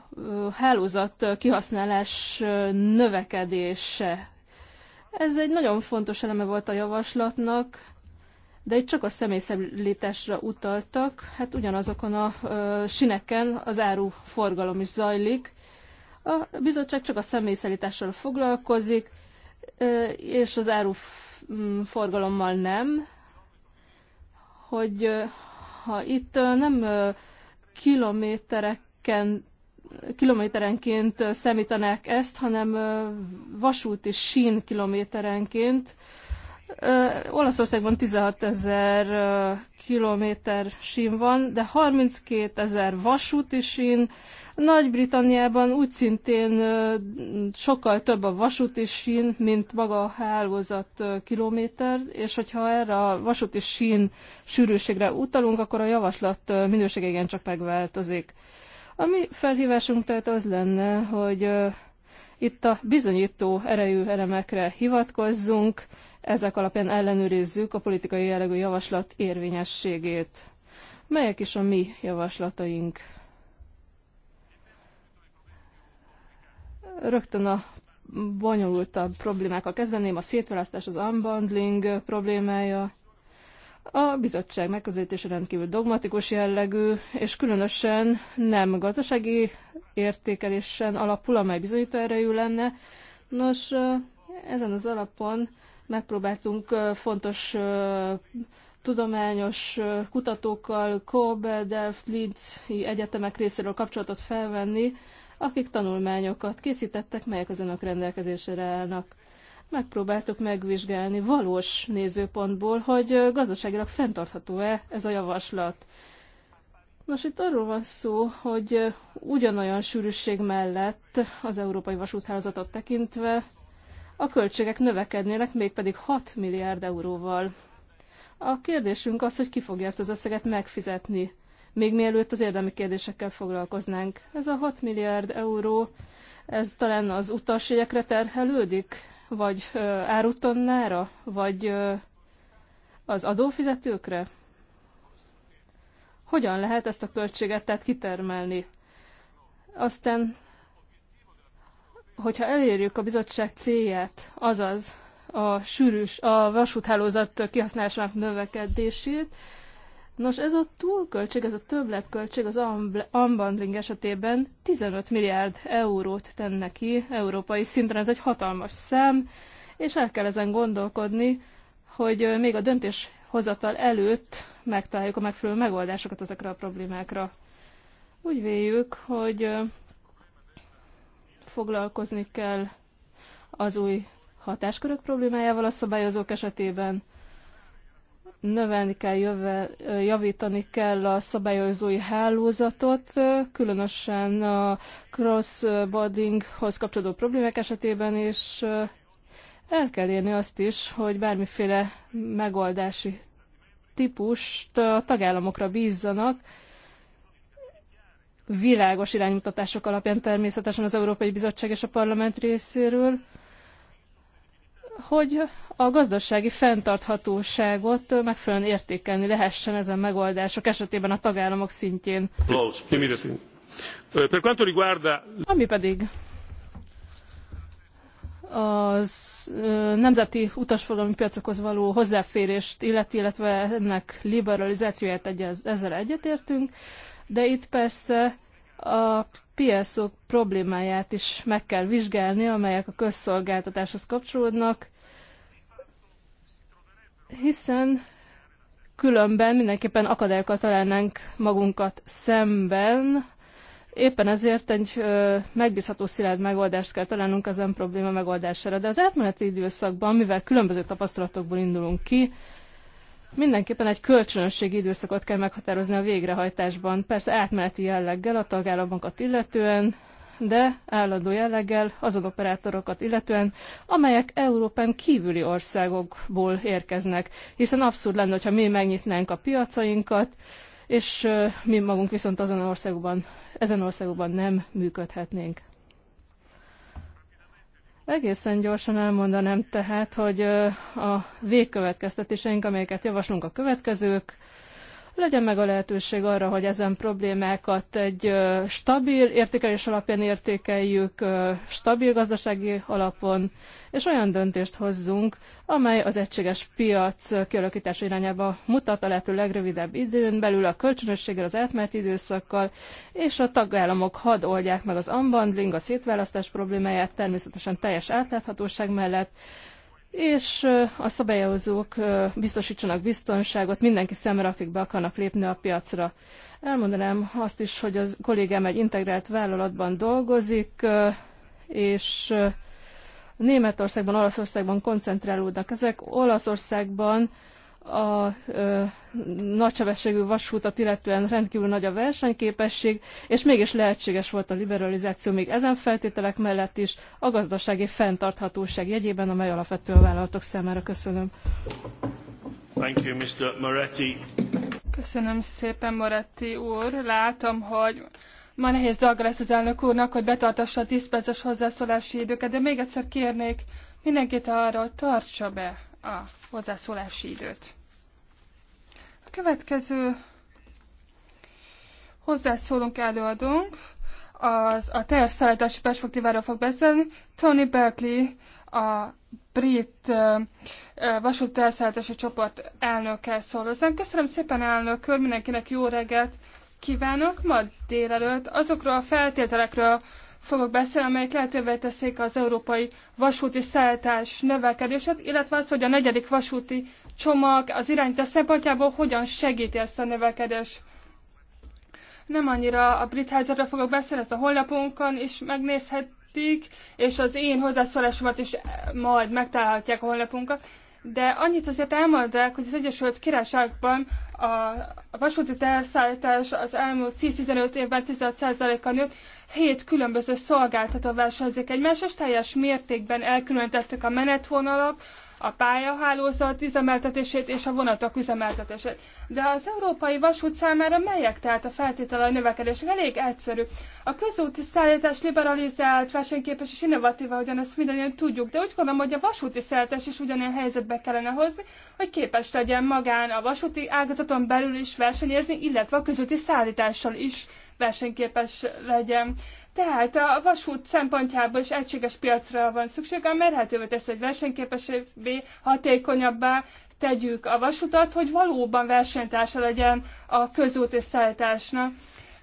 hálózat kihasználás növekedése. Ez egy nagyon fontos eleme volt a javaslatnak, de itt csak a személyszállításra utaltak, hát ugyanazokon a ö, sineken az áru forgalom is zajlik. A bizottság csak a személyszállítással foglalkozik, ö, és az áru mm, forgalommal nem, hogy ö, ha itt ö, nem ö, kilométereken kilométerenként számítanák ezt, hanem vasúti sín kilométerenként, Olaszországban 16 ezer kilométer sín van, de 32 ezer vasúti sín. Nagy-Britanniában úgy szintén sokkal több a vasúti sín, mint maga a hálózat kilométer, és hogyha erre a vasúti sín sűrűségre utalunk, akkor a javaslat minősége igencsak megváltozik. A mi felhívásunk tehát az lenne, hogy itt a bizonyító erejű elemekre hivatkozzunk, ezek alapján ellenőrizzük a politikai jellegű javaslat érvényességét. Melyek is a mi javaslataink? Rögtön a bonyolultabb problémákkal kezdeném, a szétválasztás, az unbundling problémája. A bizottság megközelítése rendkívül dogmatikus jellegű, és különösen nem gazdasági értékelésen alapul, amely bizonyító erejű lenne. Nos, ezen az alapon megpróbáltunk fontos tudományos kutatókkal, Kobe, Delft, Linz egyetemek részéről kapcsolatot felvenni, akik tanulmányokat készítettek, melyek az önök rendelkezésére állnak. Megpróbáltuk megvizsgálni valós nézőpontból, hogy gazdaságilag fenntartható-e ez a javaslat. Nos, itt arról van szó, hogy ugyanolyan sűrűség mellett az európai vasúthálózatot tekintve a költségek növekednének mégpedig 6 milliárd euróval. A kérdésünk az, hogy ki fogja ezt az összeget megfizetni, még mielőtt az érdemi kérdésekkel foglalkoznánk. Ez a 6 milliárd euró, ez talán az utasjegyekre terhelődik, vagy ö, árutonnára, vagy ö, az adófizetőkre? Hogyan lehet ezt a költséget tehát kitermelni? Aztán hogyha elérjük a bizottság célját, azaz a sűrűs, a vasúthálózat kihasználásának növekedését, Nos, ez a túlköltség, ez a többletköltség az unbundling esetében 15 milliárd eurót tenne ki európai szinten. Ez egy hatalmas szám, és el kell ezen gondolkodni, hogy még a döntéshozatal előtt megtaláljuk a megfelelő megoldásokat ezekre a problémákra. Úgy véljük, hogy foglalkozni kell az új hatáskörök problémájával a szabályozók esetében. Növelni kell, jövel, javítani kell a szabályozói hálózatot, különösen a cross-boardinghoz kapcsolódó problémák esetében, és el kell érni azt is, hogy bármiféle megoldási típust a tagállamokra bízzanak, világos iránymutatások alapján természetesen az Európai Bizottság és a Parlament részéről, hogy a gazdasági fenntarthatóságot megfelelően értékelni lehessen ezen megoldások esetében a tagállamok szintjén. Ami pedig az nemzeti utasforgalmi piacokhoz való hozzáférést illeti, illetve ennek liberalizációját ezzel egyetértünk de itt persze a PSO problémáját is meg kell vizsgálni, amelyek a közszolgáltatáshoz kapcsolódnak, hiszen különben mindenképpen akadályokat találnánk magunkat szemben. Éppen ezért egy ö, megbízható szilárd megoldást kell találnunk ön probléma megoldására. De az átmeneti időszakban, mivel különböző tapasztalatokból indulunk ki, Mindenképpen egy kölcsönösségi időszakot kell meghatározni a végrehajtásban, persze átmeneti jelleggel a tagállamokat illetően, de állandó jelleggel azon operátorokat illetően, amelyek Európán kívüli országokból érkeznek, hiszen abszurd lenne, ha mi megnyitnánk a piacainkat, és mi magunk viszont azon országban, ezen országokban nem működhetnénk. Egészen gyorsan elmondanám tehát, hogy a végkövetkeztetéseink, amelyeket javaslunk a következők, legyen meg a lehetőség arra, hogy ezen problémákat egy stabil értékelés alapján értékeljük, stabil gazdasági alapon, és olyan döntést hozzunk, amely az egységes piac kialakítása irányába mutat a lehető legrövidebb időn belül a kölcsönösséggel, az átmeneti időszakkal, és a tagállamok hadd oldják meg az unbundling, a szétválasztás problémáját természetesen teljes átláthatóság mellett, és a szabályozók biztosítsanak biztonságot mindenki szemre, akik be akarnak lépni a piacra. Elmondanám azt is, hogy a kollégám egy integrált vállalatban dolgozik, és Németországban, Olaszországban koncentrálódnak ezek. Olaszországban a ö, nagysebességű vasútat, illetően rendkívül nagy a versenyképesség, és mégis lehetséges volt a liberalizáció még ezen feltételek mellett is, a gazdasági fenntarthatóság jegyében, amely alapvető a vállalatok számára. Köszönöm. Thank you, Mr. Moretti. Köszönöm szépen, Moretti úr. Látom, hogy ma nehéz dolga lesz az elnök úrnak, hogy betartassa a 10 perces hozzászólási időket, de még egyszer kérnék mindenkit arra, hogy tartsa be a hozzászólási időt. A következő hozzászólunk előadónk, az a teljes szállítási perspektíváról fog beszélni. Tony Berkeley, a brit vasúti elszállítási csoport elnöke szól hozzánk. Köszönöm szépen, elnök úr, mindenkinek jó reggelt kívánok ma délelőtt. Azokról a feltételekről, fogok beszélni, amelyek lehetővé teszik az európai vasúti szállítás növekedését, illetve az, hogy a negyedik vasúti csomag az irányítás szempontjából hogyan segíti ezt a növekedést. Nem annyira a brit helyzetre fogok beszélni, ezt a honlapunkon is megnézhetik, és az én hozzászólásomat is majd megtalálhatják a honlapunkat. De annyit azért elmondanák, hogy az Egyesült Királyságban a vasúti teherszállítás az elmúlt 10-15 évben 16 kal nőtt, hét különböző szolgáltató versenyzik egymással, és teljes mértékben elkülönítettek a menetvonalak, a pályahálózat üzemeltetését és a vonatok üzemeltetését. De az európai vasút számára melyek tehát a feltétele a növekedés? Elég egyszerű. A közúti szállítás liberalizált, versenyképes és innovatív, ahogyan ezt mindannyian tudjuk, de úgy gondolom, hogy a vasúti szállítás is ugyanilyen helyzetbe kellene hozni, hogy képes legyen magán a vasúti ágazaton belül is versenyezni, illetve a közúti szállítással is versenyképes legyen. Tehát a vasút szempontjából is egységes piacra van szükség, ami merhetővé tesz, hogy versenyképesebbé, hatékonyabbá tegyük a vasutat, hogy valóban versenytársa legyen a közút és szállításnak.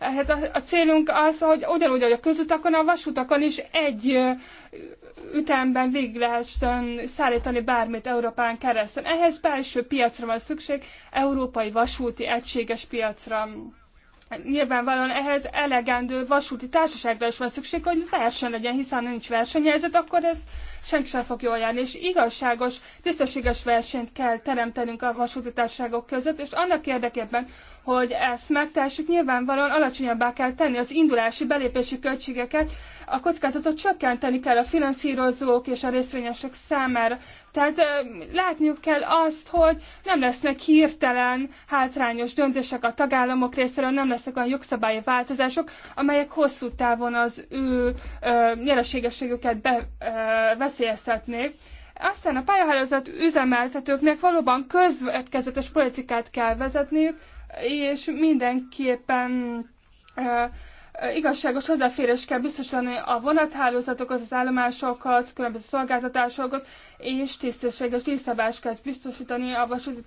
Hát a, a célunk az, hogy ugyanúgy, hogy a közutakon, a vasutakon is egy ütemben végig lehessen szállítani bármit Európán keresztül. Ehhez belső piacra van szükség, európai vasúti egységes piacra nyilvánvalóan ehhez elegendő vasúti társaságra is van szükség, hogy verseny legyen, hiszen nincs versenyhelyzet, akkor ez senki sem fog jól járni, és igazságos, tisztességes versenyt kell teremtenünk a vasúti társaságok között, és annak érdekében, hogy ezt megtehessük, nyilvánvalóan alacsonyabbá kell tenni az indulási, belépési költségeket, a kockázatot csökkenteni kell a finanszírozók és a részvényesek számára. Tehát ö, látniuk kell azt, hogy nem lesznek hirtelen hátrányos döntések a tagállamok részéről, nem lesznek olyan jogszabályi változások, amelyek hosszú távon az ő ö, nyereségességüket bevezetnek veszélyeztetni. Aztán a pályahálózat üzemeltetőknek valóban közvetkezetes politikát kell vezetniük, és mindenképpen e, igazságos hozzáférés kell biztosítani a vonathálózatokhoz, az állomásokhoz, különböző szolgáltatásokhoz, és tisztességes díszabást kell biztosítani a vasúti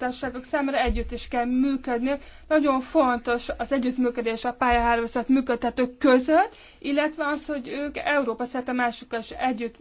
számára, együtt is kell működni. Nagyon fontos az együttműködés a pályahálózat működtetők között, illetve az, hogy ők Európa szerte másokkal is együtt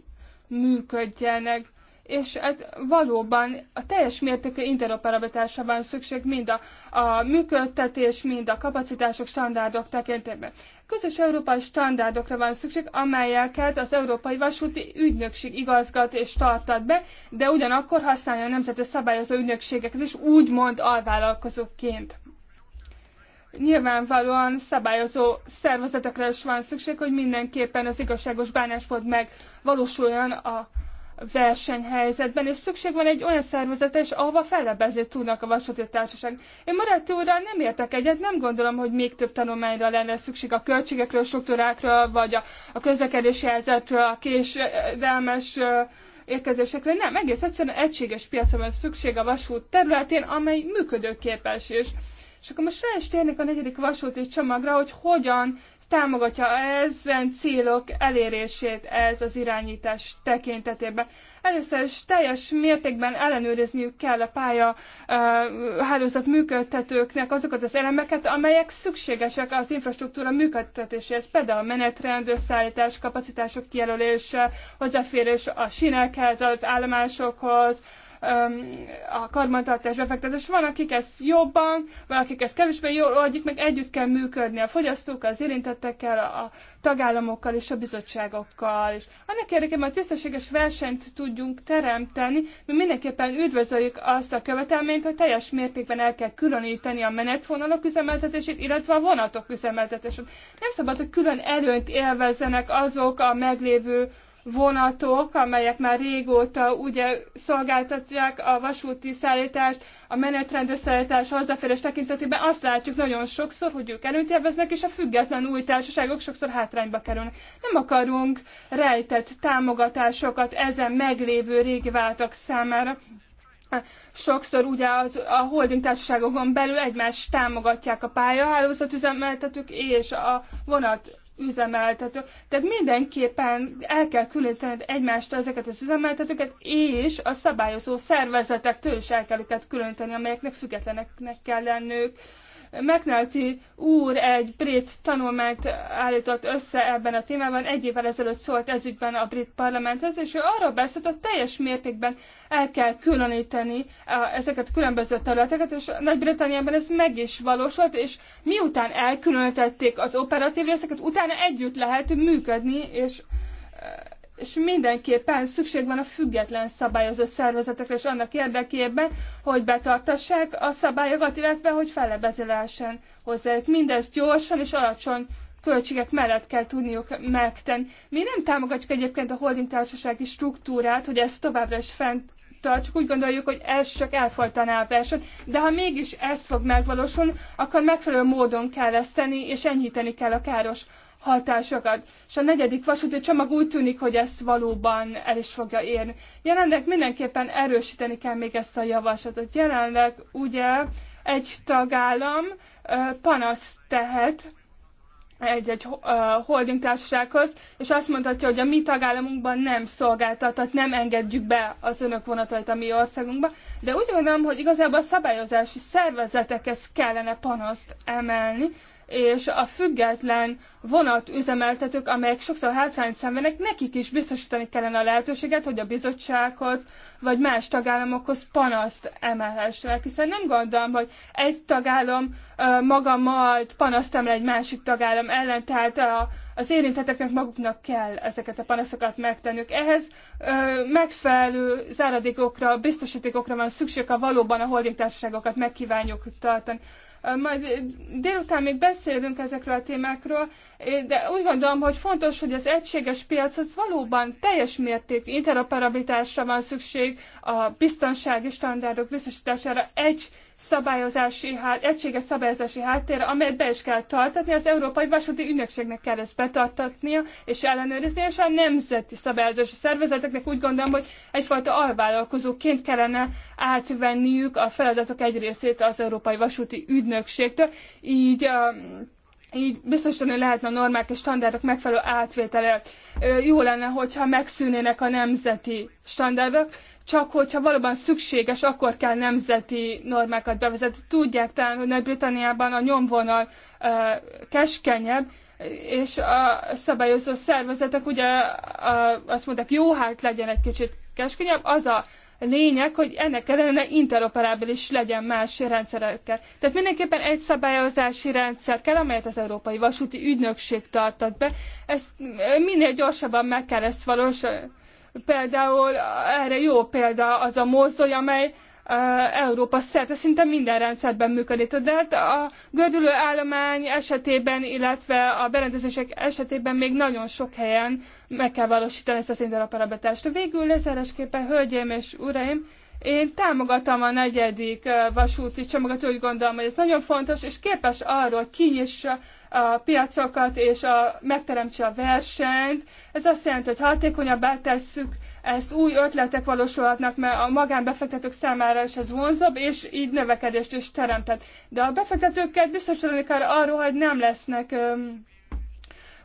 működjenek. És hát valóban a teljes mértékű interoperabilitásra van szükség mind a, a működtetés, mind a kapacitások, standardok tekintetében. Közös európai standardokra van szükség, amelyeket az Európai Vasúti Ügynökség igazgat és tartat be, de ugyanakkor használja a nemzeti szabályozó ügynökségeket is úgymond alvállalkozóként nyilvánvalóan szabályozó szervezetekre is van szükség, hogy mindenképpen az igazságos bánásmód megvalósuljon a versenyhelyzetben, és szükség van egy olyan szervezetre is, ahova fellebezni tudnak a vasúti társaság. Én Maretti úrral nem értek egyet, nem gondolom, hogy még több tanulmányra lenne szükség a költségekről, a struktúrákról, vagy a, a közlekedési helyzetről, a késdelmes érkezésekről. Nem, egész egyszerűen egységes piacra van szükség a vasút területén, amely működőképes is. És és akkor most rá is térnék a negyedik vasúti csomagra, hogy hogyan támogatja ezen célok elérését ez az irányítás tekintetében. Először is teljes mértékben ellenőrizniük kell a pálya hálózat működtetőknek azokat az elemeket, amelyek szükségesek az infrastruktúra működtetéséhez, például a menetrend, összeállítás, kapacitások kijelölése, hozzáférés a sinekhez, az állomásokhoz, a karbantartás befektetés. Van, akik ezt jobban, van, akik ezt kevésbé jól oldjuk, meg együtt kell működni a fogyasztókkal, az érintettekkel, a tagállamokkal és a bizottságokkal. És annak érdekében, hogy tisztességes versenyt tudjunk teremteni, mi mindenképpen üdvözöljük azt a követelményt, hogy teljes mértékben el kell különíteni a menetvonalak üzemeltetését, illetve a vonatok üzemeltetését. Nem szabad, hogy külön előnyt élvezzenek azok a meglévő vonatok, amelyek már régóta ugye szolgáltatják a vasúti szállítást, a menetrend összeállítás hozzáférés tekintetében azt látjuk nagyon sokszor, hogy ők előnyt élveznek, és a független új társaságok sokszor hátrányba kerülnek. Nem akarunk rejtett támogatásokat ezen meglévő régi vállalatok számára, sokszor ugye az, a holding társaságokon belül egymást támogatják a pályahálózat üzemeltetők és a vonat üzemeltető. Tehát mindenképpen el kell különítened egymástól ezeket az üzemeltetőket, és a szabályozó szervezetektől is el kell őket különíteni, amelyeknek függetleneknek kell lennük. McNulty úr egy brit tanulmányt állított össze ebben a témában, egy évvel ezelőtt szólt ezügyben a brit parlamenthez, és ő arról beszélt, hogy teljes mértékben el kell különíteni ezeket a különböző területeket, és Nagy-Britanniában ez meg is valósult, és miután elkülönítették az operatív részeket, utána együtt lehet működni, és és mindenképpen szükség van a független szabályozó szervezetekre és annak érdekében, hogy betartassák a szabályokat, illetve hogy fellebezi hozzájuk. Mindezt gyorsan és alacsony költségek mellett kell tudniuk megtenni. Mi nem támogatjuk egyébként a holding társasági struktúrát, hogy ezt továbbra is fent tartsuk, úgy gondoljuk, hogy ez csak elfolytaná a verset, de ha mégis ez fog megvalósulni, akkor megfelelő módon kell ezt tenni, és enyhíteni kell a káros hatásokat. És a negyedik vasúti csomag úgy tűnik, hogy ezt valóban el is fogja érni. Jelenleg mindenképpen erősíteni kell még ezt a javaslatot. Jelenleg ugye egy tagállam panaszt tehet egy-egy holding társasághoz, és azt mondhatja, hogy a mi tagállamunkban nem szolgáltatat, nem engedjük be az önök vonatait a mi országunkba, de úgy gondolom, hogy igazából a szabályozási szervezetekhez kellene panaszt emelni, és a független vonat üzemeltetők, amelyek sokszor hátrányt szenvednek, nekik is biztosítani kellene a lehetőséget, hogy a bizottsághoz vagy más tagállamokhoz panaszt emelhessenek. Hiszen nem gondolom, hogy egy tagállam maga majd panaszt emel egy másik tagállam ellen, tehát a, az érinteteknek maguknak kell ezeket a panaszokat megtennünk. Ehhez ö, megfelelő záradékokra, biztosítékokra van szükség, ha valóban a holdingtársaságokat megkívánjuk tartani. Majd délután még beszélünk ezekről a témákról, de úgy gondolom, hogy fontos, hogy az egységes piac az valóban teljes mértékű interoperabilitásra van szükség, a biztonsági standardok biztosítására egy szabályozási, hát, egységes szabályozási háttérre, amelyet be is kell tartatni, az Európai Vasúti Ügynökségnek kell ezt betartatnia és ellenőrizni, és a nemzeti szabályozási szervezeteknek úgy gondolom, hogy egyfajta alvállalkozóként kellene átvenniük a feladatok egy részét az Európai Vasúti Ügynökségtől, így így biztosítani lehetne a normák és standardok megfelelő átvétele. Jó lenne, hogyha megszűnének a nemzeti standardok, csak hogyha valóban szükséges, akkor kell nemzeti normákat bevezetni. Tudják talán, hogy Nagy-Britanniában a nyomvonal e, keskenyebb, és a szabályozó szervezetek ugye a, azt mondták, jó, hát legyen egy kicsit keskenyebb, az a lényeg, hogy ennek ellenére interoperábilis legyen más rendszerekkel. Tehát mindenképpen egy szabályozási rendszer kell, amelyet az Európai Vasúti Ügynökség tartott be. Ezt minél gyorsabban meg kell ezt valósítani Például erre jó példa az a mozdony, amely Európa szerte szinte minden rendszerben működik. De hát a gördülő állomány esetében, illetve a berendezések esetében még nagyon sok helyen meg kell valósítani ezt az interoperabilitást. Végül lezárásképpen, hölgyeim és uraim, én támogatom a negyedik vasúti csomagot, úgy gondolom, hogy ez nagyon fontos, és képes arról kinyissa a piacokat, és a, megteremtse a versenyt. Ez azt jelenti, hogy hatékonyabbá tesszük, ezt új ötletek valósulhatnak, mert a magánbefektetők számára is ez vonzóbb, és így növekedést is teremtett. De a befektetőket biztosítani kell arról, hogy nem lesznek öm,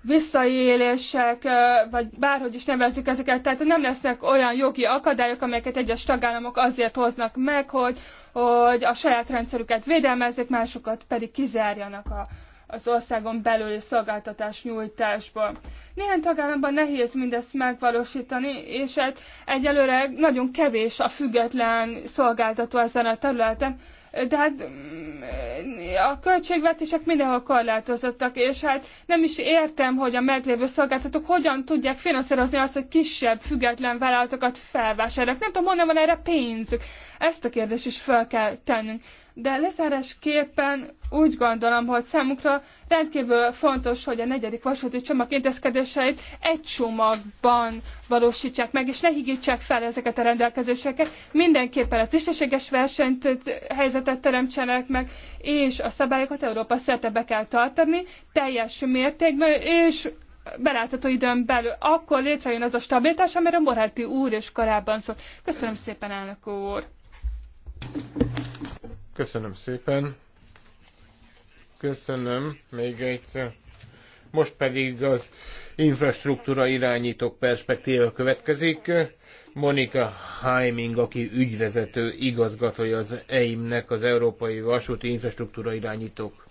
visszaélések, vagy bárhogy is nevezzük ezeket, tehát nem lesznek olyan jogi akadályok, amelyeket egyes tagállamok azért hoznak meg, hogy, hogy a saját rendszerüket védelmezzék, másokat pedig kizárjanak a, az országon belüli szolgáltatás nyújtásba. Néhány tagállamban nehéz mindezt megvalósítani, és hát egyelőre nagyon kevés a független szolgáltató ezen a területen, de hát mm, a költségvetések mindenhol korlátozottak, és hát nem is értem, hogy a meglévő szolgáltatók hogyan tudják finanszírozni azt, hogy kisebb, független vállalatokat felvásárolnak. Nem tudom, honnan van erre pénzük. Ezt a kérdést is fel kell tennünk de leszárásképpen úgy gondolom, hogy számukra rendkívül fontos, hogy a negyedik vasúti csomag intézkedéseit egy csomagban valósítsák meg, és ne higítsák fel ezeket a rendelkezéseket. Mindenképpen a tisztességes versenyt helyzetet teremtsenek meg, és a szabályokat Európa szerte be kell tartani teljes mértékben, és belátható időn belül, akkor létrejön az a stabilitás, amire Morháti úr és korábban szólt. Köszönöm szépen, elnök úr! Köszönöm szépen. Köszönöm még egyszer. Most pedig az infrastruktúra irányítók perspektíva következik. Monika Heiming, aki ügyvezető igazgatója az EIM-nek, az Európai Vasúti Infrastruktúra Irányítók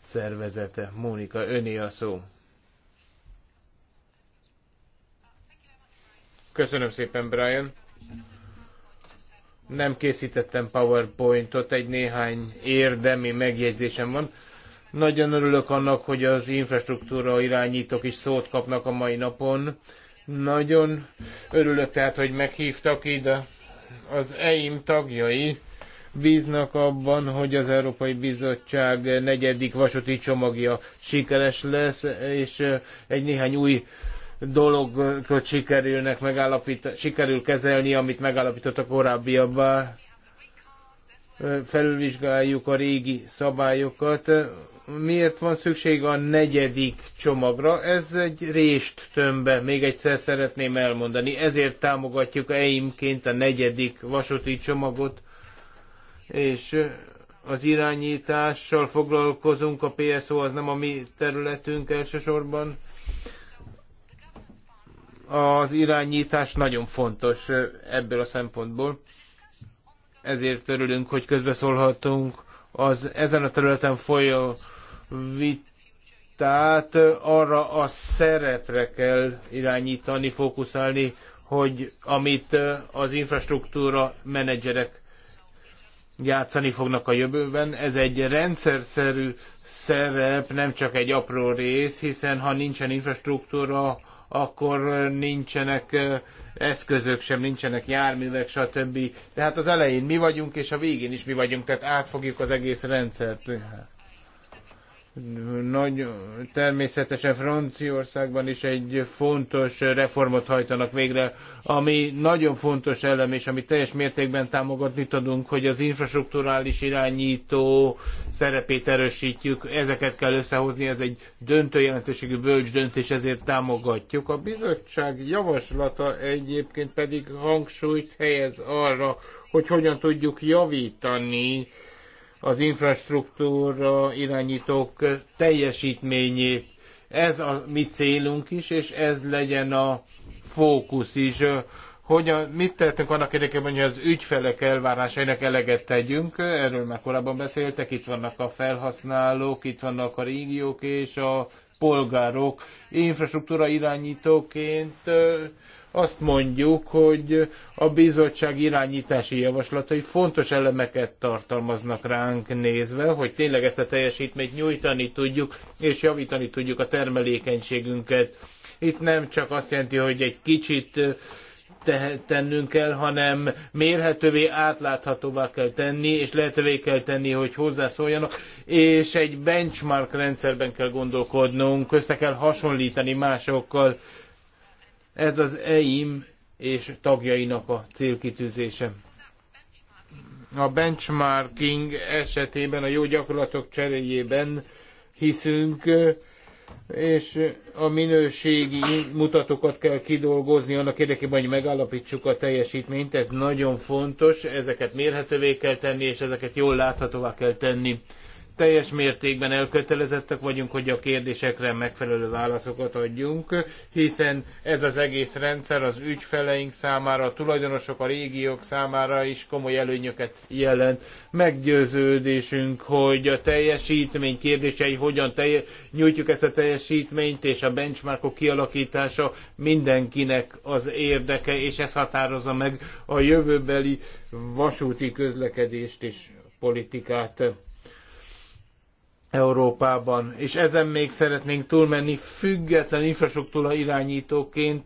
szervezete. Monika, öné a szó. Köszönöm szépen, Brian nem készítettem PowerPointot, egy néhány érdemi megjegyzésem van. Nagyon örülök annak, hogy az infrastruktúra irányítók is szót kapnak a mai napon. Nagyon örülök tehát, hogy meghívtak ide az EIM tagjai bíznak abban, hogy az Európai Bizottság negyedik vasúti csomagja sikeres lesz, és egy néhány új dologot sikerülnek megállapít, sikerül kezelni, amit megállapított a korábbiakban. Felülvizsgáljuk a régi szabályokat. Miért van szükség a negyedik csomagra? Ez egy rést tömbbe, még egyszer szeretném elmondani. Ezért támogatjuk EIM-ként a negyedik vasúti csomagot, és az irányítással foglalkozunk, a PSO az nem a mi területünk elsősorban, az irányítás nagyon fontos ebből a szempontból. Ezért örülünk, hogy közbeszólhatunk az ezen a területen folyó vitát arra a szerepre kell irányítani, fókuszálni, hogy amit az infrastruktúra menedzserek játszani fognak a jövőben. Ez egy rendszerszerű szerep, nem csak egy apró rész, hiszen ha nincsen infrastruktúra, akkor nincsenek eszközök sem, nincsenek járművek, stb. Tehát az elején mi vagyunk, és a végén is mi vagyunk, tehát átfogjuk az egész rendszert. Nagy, természetesen Franciaországban is egy fontos reformot hajtanak végre, ami nagyon fontos elem, és amit teljes mértékben támogatni tudunk, hogy az infrastruktúrális irányító szerepét erősítjük, ezeket kell összehozni, ez egy döntő jelentőségű bölcs döntés, ezért támogatjuk. A bizottság javaslata egyébként pedig hangsúlyt helyez arra, hogy hogyan tudjuk javítani az infrastruktúra irányítók teljesítményét. Ez a mi célunk is, és ez legyen a fókusz is. Hogyan, mit tettünk annak érdekében, hogy az ügyfelek elvárásainak eleget tegyünk? Erről már korábban beszéltek, itt vannak a felhasználók, itt vannak a régiók és a polgárok. Infrastruktúra irányítóként azt mondjuk, hogy a bizottság irányítási javaslatai fontos elemeket tartalmaznak ránk nézve, hogy tényleg ezt a teljesítményt nyújtani tudjuk, és javítani tudjuk a termelékenységünket. Itt nem csak azt jelenti, hogy egy kicsit tennünk kell, hanem mérhetővé, átláthatóvá kell tenni, és lehetővé kell tenni, hogy hozzászóljanak, és egy benchmark rendszerben kell gondolkodnunk, össze kell hasonlítani másokkal, ez az EIM és tagjainak a célkitűzése. A benchmarking esetében, a jó gyakorlatok cseréjében hiszünk, és a minőségi mutatókat kell kidolgozni annak érdekében, hogy megállapítsuk a teljesítményt. Ez nagyon fontos, ezeket mérhetővé kell tenni, és ezeket jól láthatóvá kell tenni teljes mértékben elkötelezettek vagyunk, hogy a kérdésekre megfelelő válaszokat adjunk, hiszen ez az egész rendszer az ügyfeleink számára, a tulajdonosok, a régiók számára is komoly előnyöket jelent. Meggyőződésünk, hogy a teljesítmény kérdései, hogyan telje, nyújtjuk ezt a teljesítményt, és a benchmarkok kialakítása mindenkinek az érdeke, és ez határozza meg a jövőbeli vasúti közlekedést és politikát Európában, és ezen még szeretnénk túlmenni, független infrastruktúra irányítóként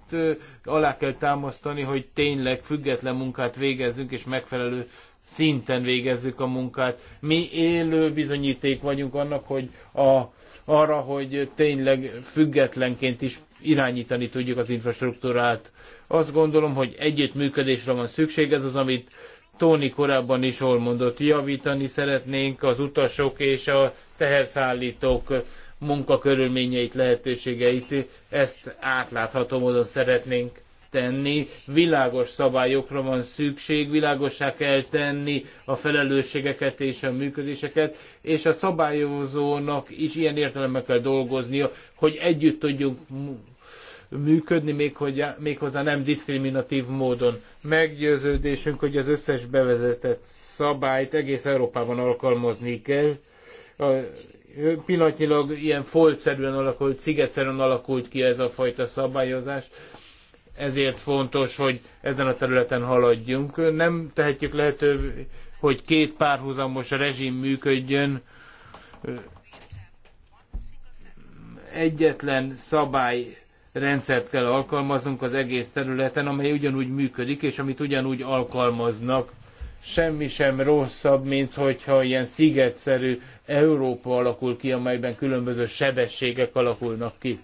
alá kell támasztani, hogy tényleg független munkát végezzünk, és megfelelő szinten végezzük a munkát. Mi élő bizonyíték vagyunk annak, hogy a, arra, hogy tényleg függetlenként is irányítani tudjuk az infrastruktúrát. Azt gondolom, hogy együttműködésre van szükség, ez az, amit Tóni korábban is olmondott, mondott, javítani szeretnénk az utasok és a teherszállítók munkakörülményeit, lehetőségeit, ezt átlátható módon szeretnénk tenni, világos szabályokra van szükség, világossá kell tenni a felelősségeket és a működéseket, és a szabályozónak is ilyen értelemben kell dolgoznia, hogy együtt tudjunk működni, még hogy, méghozzá nem diszkriminatív módon. Meggyőződésünk, hogy az összes bevezetett szabályt egész Európában alkalmazni kell, Pillanatnyilag ilyen foltszerűen alakult, szigetszerűen alakult ki ez a fajta szabályozás, ezért fontos, hogy ezen a területen haladjunk. Nem tehetjük lehető, hogy két párhuzamos rezsim működjön, egyetlen szabály rendszert kell alkalmaznunk az egész területen, amely ugyanúgy működik, és amit ugyanúgy alkalmaznak semmi sem rosszabb, mint hogyha ilyen szigetszerű Európa alakul ki, amelyben különböző sebességek alakulnak ki.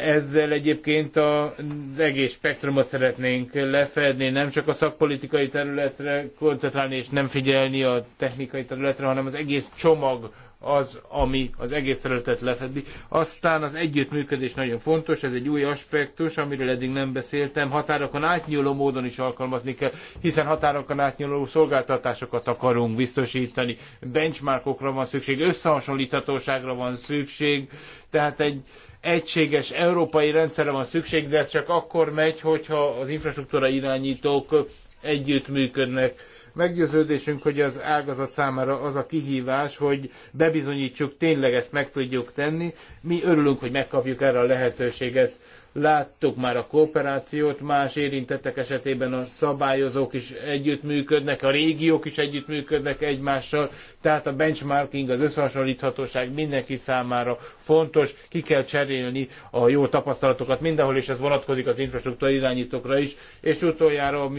Ezzel egyébként az egész spektrumot szeretnénk lefedni, nem csak a szakpolitikai területre koncentrálni és nem figyelni a technikai területre, hanem az egész csomag az, ami az egész területet lefedi. Aztán az együttműködés nagyon fontos, ez egy új aspektus, amiről eddig nem beszéltem. Határokon átnyúló módon is alkalmazni kell, hiszen határokon átnyúló szolgáltatásokat akarunk biztosítani. Benchmarkokra van szükség, összehasonlíthatóságra van szükség, tehát egy egységes európai rendszerre van szükség, de ez csak akkor megy, hogyha az infrastruktúra irányítók együttműködnek Meggyőződésünk, hogy az ágazat számára az a kihívás, hogy bebizonyítsuk, tényleg ezt meg tudjuk tenni. Mi örülünk, hogy megkapjuk erre a lehetőséget. Láttuk már a kooperációt, más érintettek esetében a szabályozók is együttműködnek, a régiók is együttműködnek egymással, tehát a benchmarking, az összehasonlíthatóság mindenki számára fontos, ki kell cserélni a jó tapasztalatokat mindenhol, és ez vonatkozik az infrastruktúra irányítókra is, és utoljára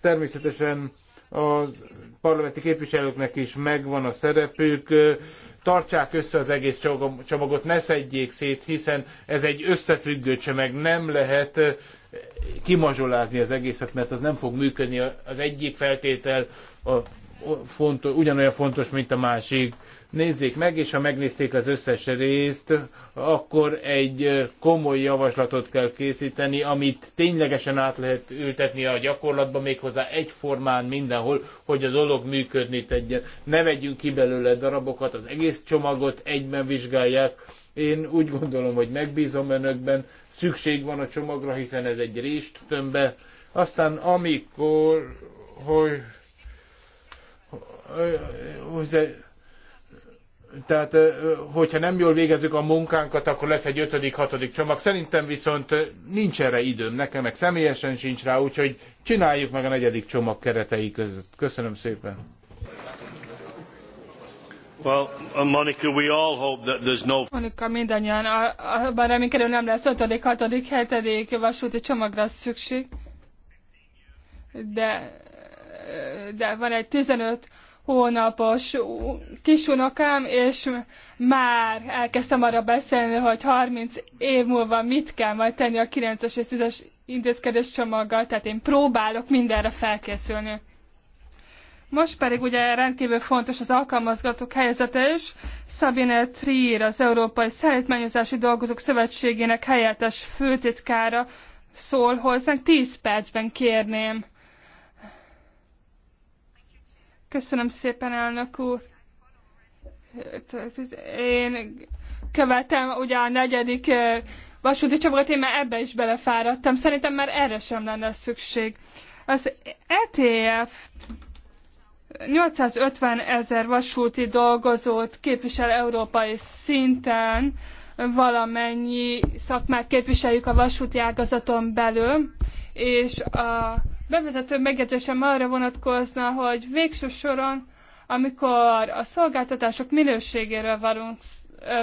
természetesen a parlamenti képviselőknek is megvan a szerepük, tartsák össze az egész csomagot, ne szedjék szét, hiszen ez egy összefüggő csomag, nem lehet eh, kimazsolázni az egészet, mert az nem fog működni. Az egyik feltétel a fontos, ugyanolyan fontos, mint a másik nézzék meg, és ha megnézték az összes részt, akkor egy komoly javaslatot kell készíteni, amit ténylegesen át lehet ültetni a gyakorlatba, méghozzá egyformán mindenhol, hogy a dolog működni tegyen. Ne vegyünk ki belőle darabokat, az egész csomagot egyben vizsgálják, én úgy gondolom, hogy megbízom önökben, szükség van a csomagra, hiszen ez egy részt tömbe Aztán amikor, hogy, hogy tehát, hogyha nem jól végezzük a munkánkat, akkor lesz egy ötödik, hatodik csomag. Szerintem viszont nincs erre időm, nekem meg személyesen sincs rá, úgyhogy csináljuk meg a negyedik csomag keretei között. Köszönöm szépen. Well, uh, Monica, we all hope that there's no... Monika, mindannyian abban reménykedő nem lesz ötödik, hatodik, hetedik vasúti csomagra szükség. De, de van egy 15 hónapos kisunokám, és már elkezdtem arra beszélni, hogy 30 év múlva mit kell majd tenni a 9-es és 10-es intézkedés csomaggal, tehát én próbálok mindenre felkészülni. Most pedig ugye rendkívül fontos az alkalmazgatók helyzete is. Sabine Trier, az Európai Szállítmányozási Dolgozók Szövetségének helyettes főtitkára szól hozzánk. 10 percben kérném Köszönöm szépen, elnök úr. Én követem ugye a negyedik eh, vasúti csomagot, én már ebbe is belefáradtam. Szerintem már erre sem lenne szükség. Az ETF 850 ezer vasúti dolgozót képvisel európai szinten, valamennyi szakmát képviseljük a vasúti ágazaton belül, és a bevezető megjegyzésem arra vonatkozna, hogy végső soron, amikor a szolgáltatások minőségéről valunk,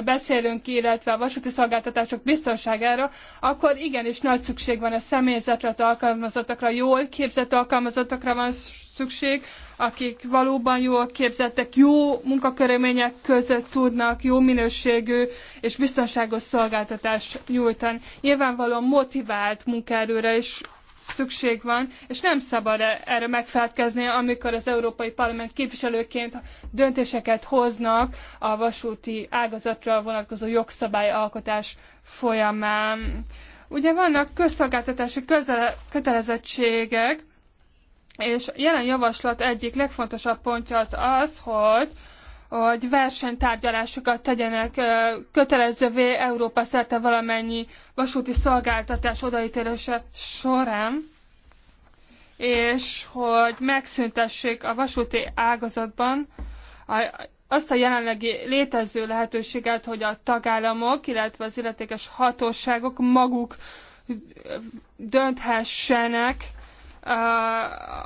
beszélünk, illetve a vasúti szolgáltatások biztonságára, akkor igenis nagy szükség van a személyzetre, az alkalmazottakra, jól képzett alkalmazottakra van szükség, akik valóban jól képzettek, jó munkakörülmények között tudnak jó minőségű és biztonságos szolgáltatást nyújtani. Nyilvánvalóan motivált munkaerőre is szükség van, és nem szabad e- erre megfelelkezni, amikor az Európai Parlament képviselőként döntéseket hoznak a vasúti ágazatra vonatkozó jogszabályalkotás folyamán. Ugye vannak közszolgáltatási közele, kötelezettségek, és jelen javaslat egyik legfontosabb pontja az az, hogy hogy versenytárgyalásokat tegyenek kötelezővé Európa szerte valamennyi vasúti szolgáltatás odaítélése során, és hogy megszüntessék a vasúti ágazatban azt a jelenlegi létező lehetőséget, hogy a tagállamok, illetve az illetékes hatóságok maguk dönthessenek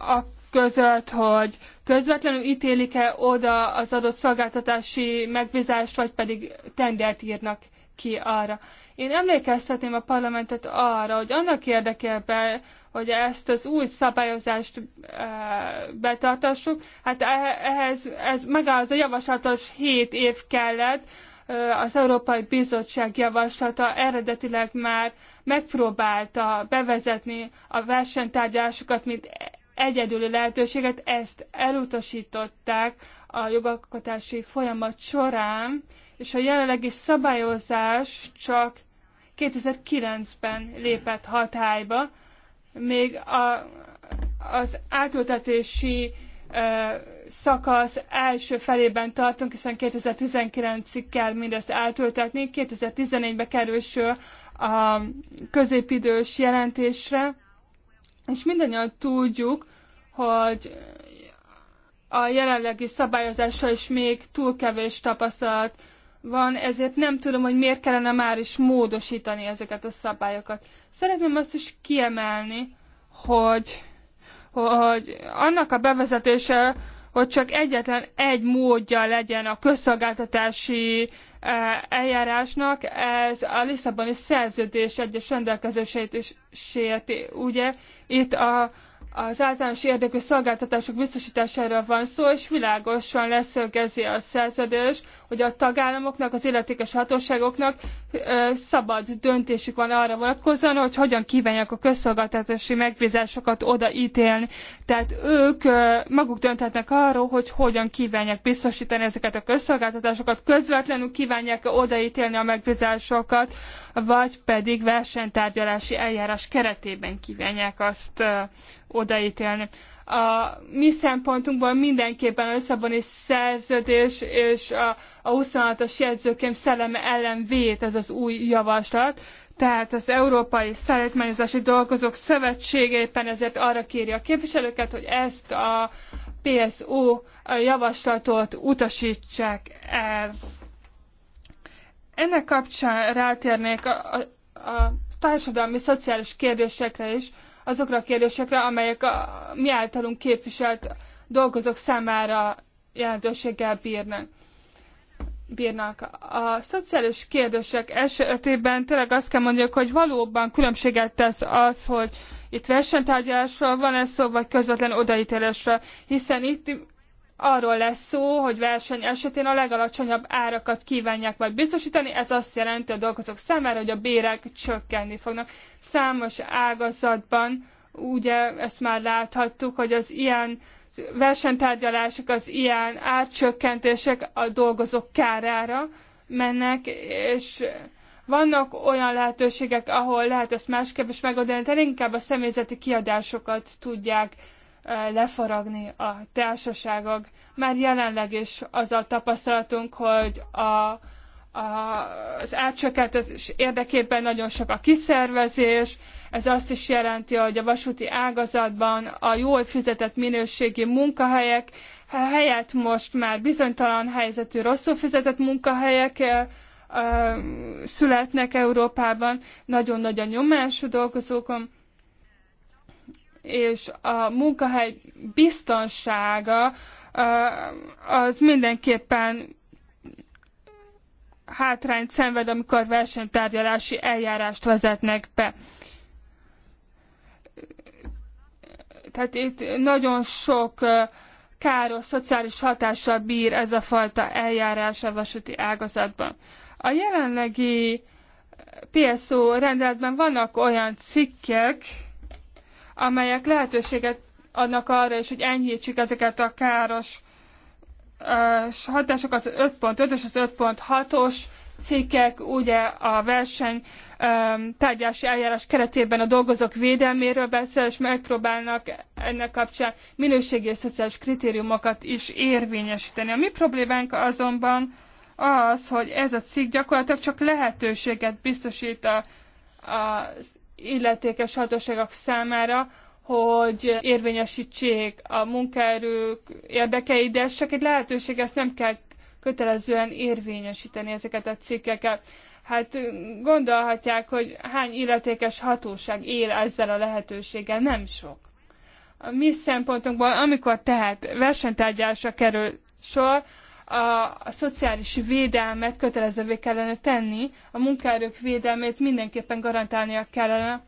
a között, hogy közvetlenül ítélik-e oda az adott szolgáltatási megbízást, vagy pedig tendert írnak ki arra. Én emlékeztetném a parlamentet arra, hogy annak érdekében, hogy ezt az új szabályozást e, betartassuk, hát e, ehhez ez megáll az a javaslatos 7 év kellett, e, az Európai Bizottság javaslata eredetileg már megpróbálta bevezetni a versenytárgyalásokat, mint egyedüli lehetőséget, ezt elutasították a jogalkotási folyamat során, és a jelenlegi szabályozás csak 2009-ben lépett hatályba, még a, az átültetési ö, szakasz első felében tartunk, hiszen 2019-ig kell mindezt átültetni, 2014-be kerül a középidős jelentésre, és mindannyian tudjuk, hogy a jelenlegi szabályozással is még túl kevés tapasztalat van, ezért nem tudom, hogy miért kellene már is módosítani ezeket a szabályokat. Szeretném azt is kiemelni, hogy, hogy annak a bevezetése, hogy csak egyetlen egy módja legyen a közszolgáltatási eljárásnak, ez a Lisszaboni szerződés egyes rendelkezéseit is sérti. Ugye itt a az általános érdekű szolgáltatások biztosítására van szó, és világosan leszögezi a szerződés, hogy a tagállamoknak, az illetékes hatóságoknak ö, szabad döntésük van arra vonatkozóan, hogy hogyan kívánják a közszolgáltatási megbízásokat odaítélni. Tehát ők ö, maguk dönthetnek arról, hogy hogyan kívánják biztosítani ezeket a közszolgáltatásokat, közvetlenül kívánják -e odaítélni a megbízásokat vagy pedig versenytárgyalási eljárás keretében kívánják azt odaítélni. A mi szempontunkból mindenképpen a Lisszaboni szerződés és a, a 26-as jegyzőkém szelleme ellen vét ez az új javaslat, tehát az Európai Szállítmányozási Dolgozók Szövetsége éppen ezért arra kéri a képviselőket, hogy ezt a PSO javaslatot utasítsák el. Ennek kapcsán rátérnék a, a, a társadalmi, szociális kérdésekre is, azokra a kérdésekre, amelyek a, mi általunk képviselt dolgozók számára jelentőséggel bírnak. bírnak. A szociális kérdések esetében tényleg azt kell mondjuk, hogy valóban különbséget tesz az, hogy itt versenytárgyalásról van ez szó, vagy közvetlen odaítélésről, hiszen itt arról lesz szó, hogy verseny esetén a legalacsonyabb árakat kívánják majd biztosítani, ez azt jelenti a dolgozók számára, hogy a bérek csökkenni fognak. Számos ágazatban, ugye ezt már láthattuk, hogy az ilyen versenytárgyalások, az ilyen árcsökkentések a dolgozók kárára mennek, és vannak olyan lehetőségek, ahol lehet ezt másképp is megoldani, de inkább a személyzeti kiadásokat tudják lefaragni a társaságok. Már jelenleg is az a tapasztalatunk, hogy a, a, az átcsökkentés érdekében nagyon sok a kiszervezés, ez azt is jelenti, hogy a vasúti ágazatban a jól fizetett minőségi munkahelyek helyett most már bizonytalan helyzetű, rosszul fizetett munkahelyek születnek Európában, nagyon nagy a nyomás a dolgozókon, és a munkahely biztonsága az mindenképpen hátrányt szenved, amikor versenytárgyalási eljárást vezetnek be. Tehát itt nagyon sok káros szociális hatással bír ez a fajta eljárás a vasúti ágazatban. A jelenlegi PSO rendeletben vannak olyan cikkek, amelyek lehetőséget adnak arra is, hogy enyhítsük ezeket a káros hatásokat, az 5.5-ös, az 5.6-os cikkek, ugye a verseny tárgyási eljárás keretében a dolgozók védelméről beszél, és megpróbálnak ennek kapcsán minőségi és szociális kritériumokat is érvényesíteni. A mi problémánk azonban az, hogy ez a cikk gyakorlatilag csak lehetőséget biztosít a, az illetékes hatóságok számára, hogy érvényesítsék a munkaerők érdekeit, de ez csak egy lehetőség, ezt nem kell kötelezően érvényesíteni ezeket a cikkeket. Hát gondolhatják, hogy hány illetékes hatóság él ezzel a lehetőséggel, nem sok. A mi szempontunkból, amikor tehát versenytárgyásra kerül sor, a, a szociális védelmet kötelezővé kellene tenni, a munkaerők védelmét mindenképpen garantálnia kellene.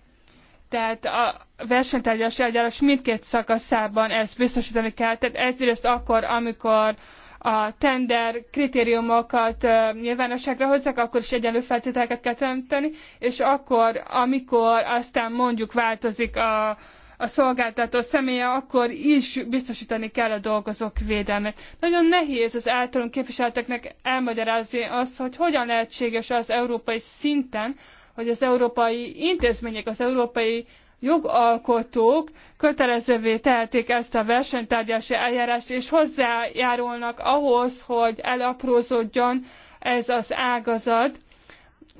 Tehát a versenytárgyas eljárás mindkét szakaszában ezt biztosítani kell. Tehát egyrészt akkor, amikor a tender kritériumokat nyilvánosságra hozzák, akkor is egyenlő feltételeket kell teremteni, és akkor, amikor aztán mondjuk változik a, a szolgáltató személye, akkor is biztosítani kell a dolgozók védelmét. Nagyon nehéz az általunk képviselteknek elmagyarázni azt, hogy hogyan lehetséges az európai szinten, hogy az európai intézmények, az európai jogalkotók kötelezővé tehetik ezt a versenytárgyási eljárást, és hozzájárulnak ahhoz, hogy elaprózódjon ez az ágazat,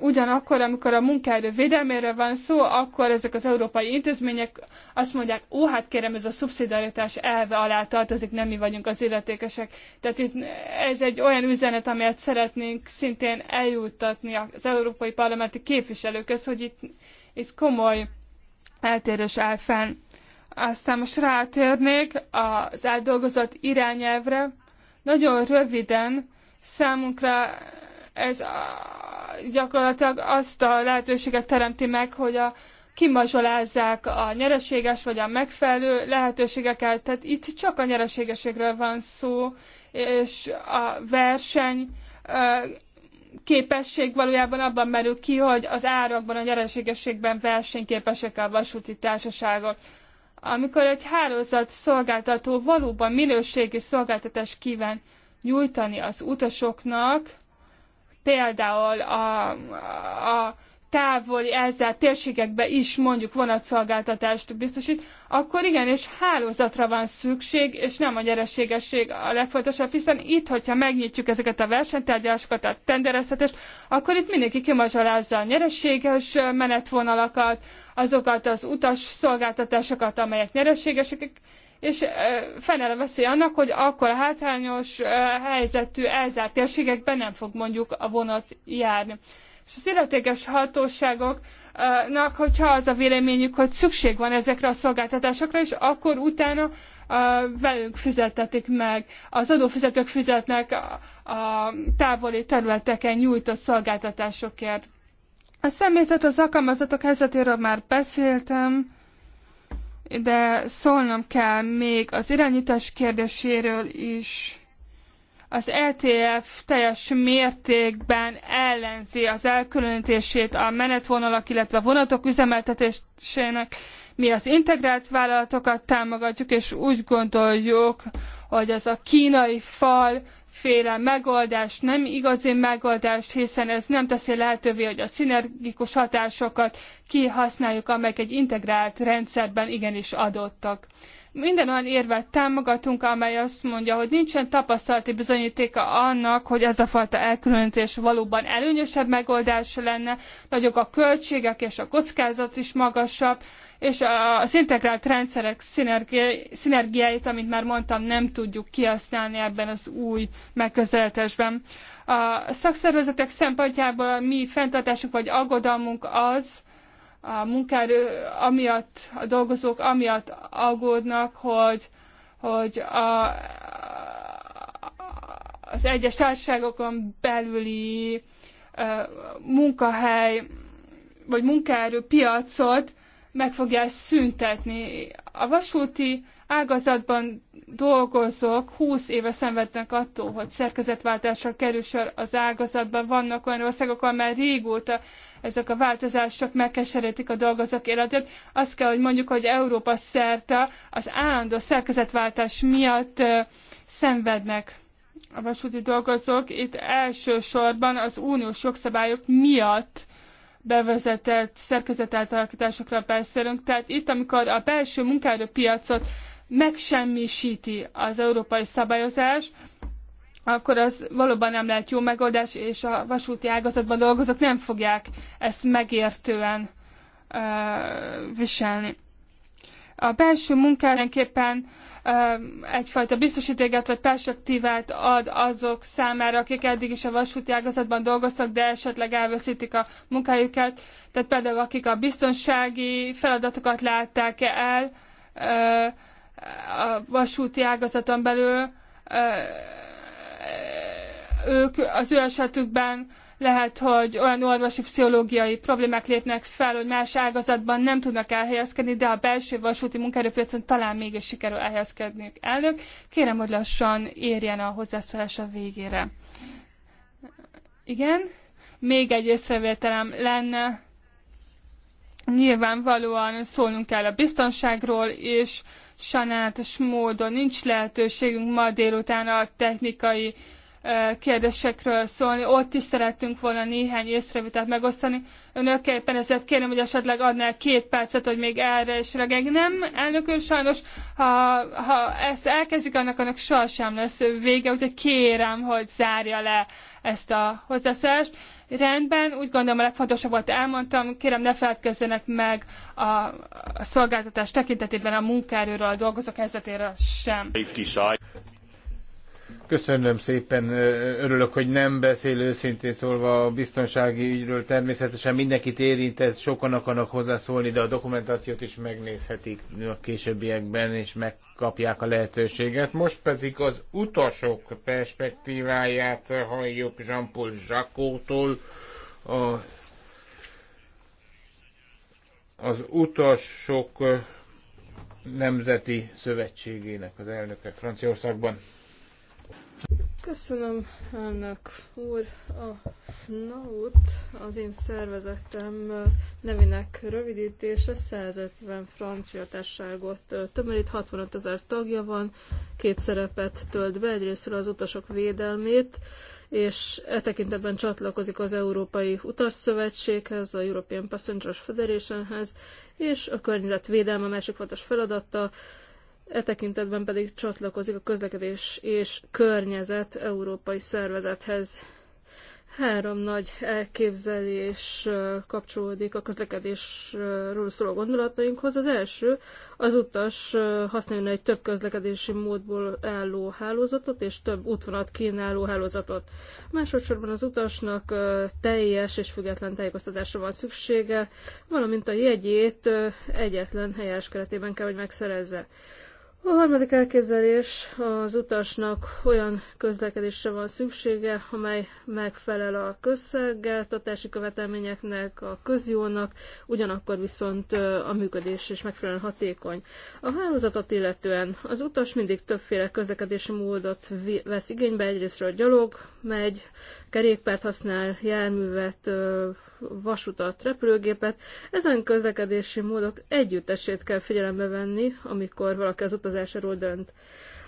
Ugyanakkor, amikor a munkaerő védelméről van szó, akkor ezek az európai intézmények azt mondják, ó, hát kérem, ez a szubszidiaritás elve alá tartozik, nem mi vagyunk az illetékesek. Tehát itt ez egy olyan üzenet, amelyet szeretnénk szintén eljuttatni az európai parlamenti képviselőkhez, hogy itt, itt komoly eltérés áll fenn. Aztán most rátérnék az átdolgozott irányelvre. Nagyon röviden számunkra ez gyakorlatilag azt a lehetőséget teremti meg, hogy a kimazsolázzák a nyereséges vagy a megfelelő lehetőségeket. Tehát itt csak a nyereségeségről van szó, és a verseny képesség valójában abban merül ki, hogy az árakban, a nyereségességben versenyképesek a vasúti társaságok. Amikor egy hálózat szolgáltató valóban minőségi szolgáltatást kíván nyújtani az utasoknak, például a, a távoli elzárt térségekbe is mondjuk vonatszolgáltatást biztosít, akkor igen, és hálózatra van szükség, és nem a nyereségesség a legfontosabb, hiszen itt, hogyha megnyitjuk ezeket a versenytárgyalásokat, a tendereztetést, akkor itt mindenki kimazsalázza a nyereséges menetvonalakat, azokat az utas szolgáltatásokat, amelyek nyereségesek, és fennáll a veszély annak, hogy akkor a hátrányos helyzetű elzárt térségekben nem fog mondjuk a vonat járni. És az illetékes hatóságoknak, hogyha az a véleményük, hogy szükség van ezekre a szolgáltatásokra, és akkor utána velünk fizetetik meg, az adófizetők fizetnek a távoli területeken nyújtott szolgáltatásokért. A személyzet az alkalmazatok helyzetéről már beszéltem, de szólnom kell még az irányítás kérdéséről is. Az LTF e teljes mértékben ellenzi az elkülönítését a menetvonalak, illetve a vonatok üzemeltetésének. Mi az integrált vállalatokat támogatjuk, és úgy gondoljuk, hogy ez a kínai fal féle megoldást, nem igazi megoldást, hiszen ez nem teszi lehetővé, hogy a szinergikus hatásokat kihasználjuk, amelyek egy integrált rendszerben igenis adottak minden olyan érvet támogatunk, amely azt mondja, hogy nincsen tapasztalati bizonyítéka annak, hogy ez a fajta elkülönítés valóban előnyösebb megoldás lenne, nagyobb a költségek és a kockázat is magasabb, és az integrált rendszerek szinergiáit, amit már mondtam, nem tudjuk kihasználni ebben az új megközelítésben. A szakszervezetek szempontjából a mi fenntartásunk vagy aggodalmunk az, a munkáról, amiatt, a dolgozók amiatt aggódnak, hogy, hogy a, az egyes társaságokon belüli munkahely vagy piacot meg fogják szüntetni. A vasúti ágazatban dolgozók húsz éve szenvednek attól, hogy szerkezetváltásra kerül sor az ágazatban. Vannak olyan országok, ahol már régóta ezek a változások megkeserítik a dolgozók életét. Azt kell, hogy mondjuk, hogy Európa szerte az állandó szerkezetváltás miatt szenvednek a vasúti dolgozók. Itt elsősorban az uniós jogszabályok miatt bevezetett szerkezetátalakításokra beszélünk. Tehát itt, amikor a belső munkaerőpiacot piacot megsemmisíti az európai szabályozás, akkor az valóban nem lehet jó megoldás, és a vasúti ágazatban dolgozók nem fogják ezt megértően ö, viselni. A belső munkálenképpen egyfajta biztosítéget vagy perspektívát ad azok számára, akik eddig is a vasúti ágazatban dolgoztak, de esetleg elveszítik a munkájukat. Tehát például akik a biztonsági feladatokat látták el, ö, a vasúti ágazaton belül ők az ő esetükben lehet, hogy olyan orvosi pszichológiai problémák lépnek fel, hogy más ágazatban nem tudnak elhelyezkedni, de a belső vasúti munkerőpiacon talán mégis sikerül elhelyezkedni Elnök, kérem, hogy lassan érjen a hozzászólás a végére. Igen, még egy észrevételem lenne. Nyilvánvalóan szólnunk kell a biztonságról, és sajnálatos módon nincs lehetőségünk ma délután a technikai kérdésekről szólni. Ott is szerettünk volna néhány észrevételt megosztani. Önök éppen ezért kérem, hogy esetleg adnál két percet, hogy még erre is regeg. Nem, elnök úr, sajnos, ha, ha ezt elkezdjük, annak annak sohasem lesz vége, úgyhogy kérem, hogy zárja le ezt a hozzászólást. Rendben, úgy gondolom a legfontosabb volt elmondtam, kérem ne feledkezzenek meg a, a szolgáltatás tekintetében a munkaerőről, a dolgozók helyzetéről sem. Köszönöm szépen, örülök, hogy nem beszél őszintén szólva a biztonsági ügyről. Természetesen mindenkit érint, ez sokan akarnak hozzászólni, de a dokumentációt is megnézhetik a későbbiekben, és meg kapják a lehetőséget. Most pedig az utasok perspektíváját halljuk Jean-Paul Jacótól, a, az utasok nemzeti szövetségének az elnöke Franciaországban. Köszönöm, elnök úr. A FNAUT az én szervezetem nevének rövidítése 150 francia társágot tömörít, 65 ezer tagja van, két szerepet tölt be, egyrésztről az utasok védelmét, és e tekintetben csatlakozik az Európai Utasszövetséghez, a European Passengers Federationhez, és a környezetvédelme másik fontos feladata, E tekintetben pedig csatlakozik a közlekedés és környezet európai szervezethez. Három nagy elképzelés kapcsolódik a közlekedésről szóló gondolatainkhoz. Az első, az utas használjon egy több közlekedési módból álló hálózatot és több útvonat kínáló hálózatot. Másodszorban az utasnak teljes és független tájékoztatásra van szüksége, valamint a jegyét egyetlen helyes keretében kell, hogy megszerezze. A harmadik elképzelés az utasnak olyan közlekedésre van szüksége, amely megfelel a közszolgáltatási követelményeknek, a közjónak, ugyanakkor viszont a működés is megfelelően hatékony. A hálózatot illetően az utas mindig többféle közlekedési módot vesz igénybe, egyrésztről gyalog megy, kerékpárt használ, járművet, vasutat, repülőgépet. Ezen közlekedési módok együttesét kell figyelembe venni, amikor valaki az utazásáról dönt.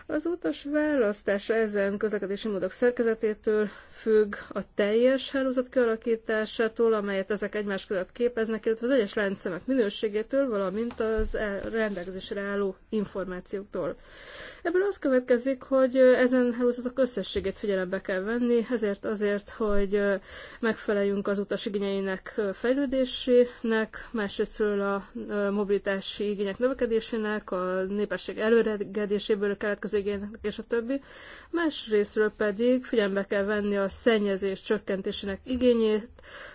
Az utas választása ezen közlekedési módok szerkezetétől függ a teljes hálózat kialakításától, amelyet ezek egymás között képeznek, illetve az egyes láncszemek minőségétől, valamint az rendelkezésre álló információktól. Ebből az következik, hogy ezen hálózatok összességét figyelembe kell venni, ezért azért, hogy megfeleljünk az utas igényeinek fejlődésének, másrésztről a mobilitási igények növekedésének, a népesség előregedéséből keletkező igényeknek és a többi. Másrésztről pedig figyelembe kell venni a szennyezés csökkentésének igényét,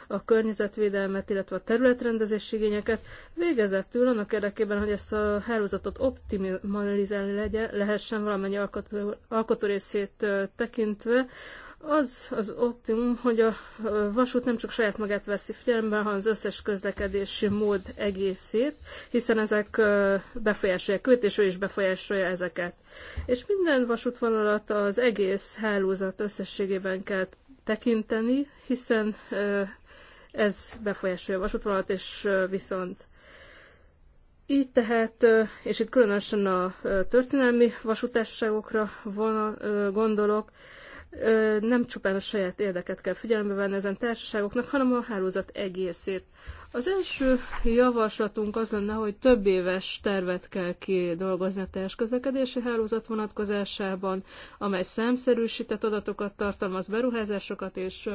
a környezetvédelmet, illetve a területrendezési igényeket. Végezetül annak érdekében, hogy ezt a hálózatot optimalizálni legyen, lehessen valamennyi alkotó, alkotó részét tekintve, az az optimum, hogy a vasút nem csak saját magát veszi figyelembe, hanem az összes közlekedési mód egészét, hiszen ezek befolyásolják őt, és ő is befolyásolja ezeket. És minden vasútvonalat az egész hálózat összességében kell tekinteni, hiszen ez befolyásolja a vasútvonalat, és viszont így tehát, és itt különösen a történelmi vasútársaságokra von, gondolok, nem csupán a saját érdeket kell figyelembe venni ezen társaságoknak, hanem a hálózat egészét. Az első javaslatunk az lenne, hogy több éves tervet kell kidolgozni a közlekedési hálózat vonatkozásában, amely szemszerűsített adatokat tartalmaz, beruházásokat és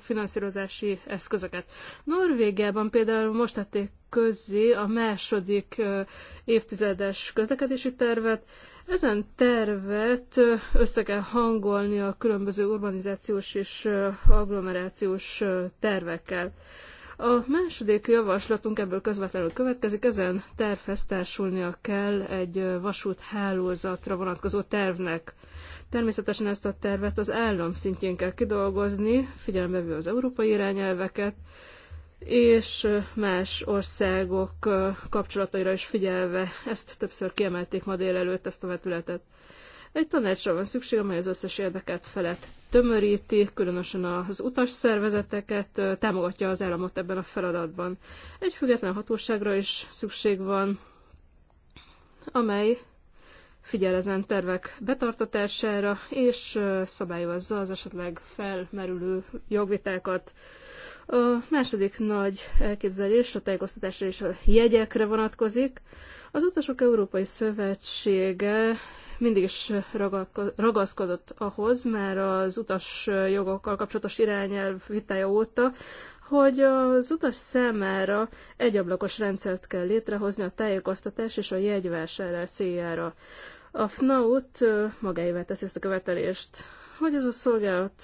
finanszírozási eszközöket. Norvégiában például most tették közzé a második évtizedes közlekedési tervet, ezen tervet össze kell hangolni a különböző urbanizációs és agglomerációs tervekkel. A második javaslatunk ebből közvetlenül következik, ezen tervhez társulnia kell egy vasúthálózatra vonatkozó tervnek. Természetesen ezt a tervet az állam szintjén kell kidolgozni, figyelembe véve az európai irányelveket, és más országok kapcsolataira is figyelve. Ezt többször kiemelték ma délelőtt, ezt a vetületet. Egy tanácsra van szükség, amely az összes érdeket felett tömöríti, különösen az utas szervezeteket, támogatja az államot ebben a feladatban. Egy független hatóságra is szükség van, amely figyel ezen tervek betartatására, és szabályozza az esetleg felmerülő jogvitákat. A második nagy elképzelés a tájékoztatásra és a jegyekre vonatkozik. Az Utasok Európai Szövetsége mindig is ragaszkodott ahhoz, már az utas jogokkal kapcsolatos irányelv vitája óta, hogy az utas számára egyablakos rendszert kell létrehozni a tájékoztatás és a jegyvásárlás céljára. A FNAUT magáévá teszi ezt a követelést, hogy ez a szolgálat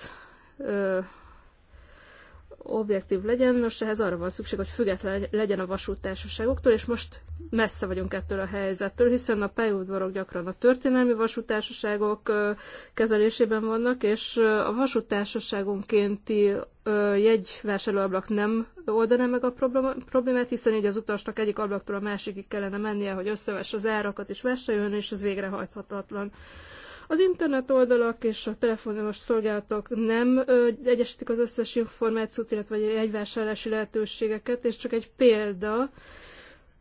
objektív legyen, most ehhez arra van szükség, hogy független legyen a vasútársaságoktól, és most messze vagyunk ettől a helyzettől, hiszen a pályaudvarok gyakran a történelmi vasútársaságok kezelésében vannak, és a vasútársaságonkénti jegyvásárlóablak nem oldaná meg a problémát, hiszen így az utasnak egyik ablaktól a másikig kellene mennie, hogy összevesse az árakat és vásároljon, és ez végrehajthatatlan. Az internet oldalak és a telefonos szolgálatok nem ö, egyesítik az összes információt, illetve egy vásárlási lehetőségeket, és csak egy példa,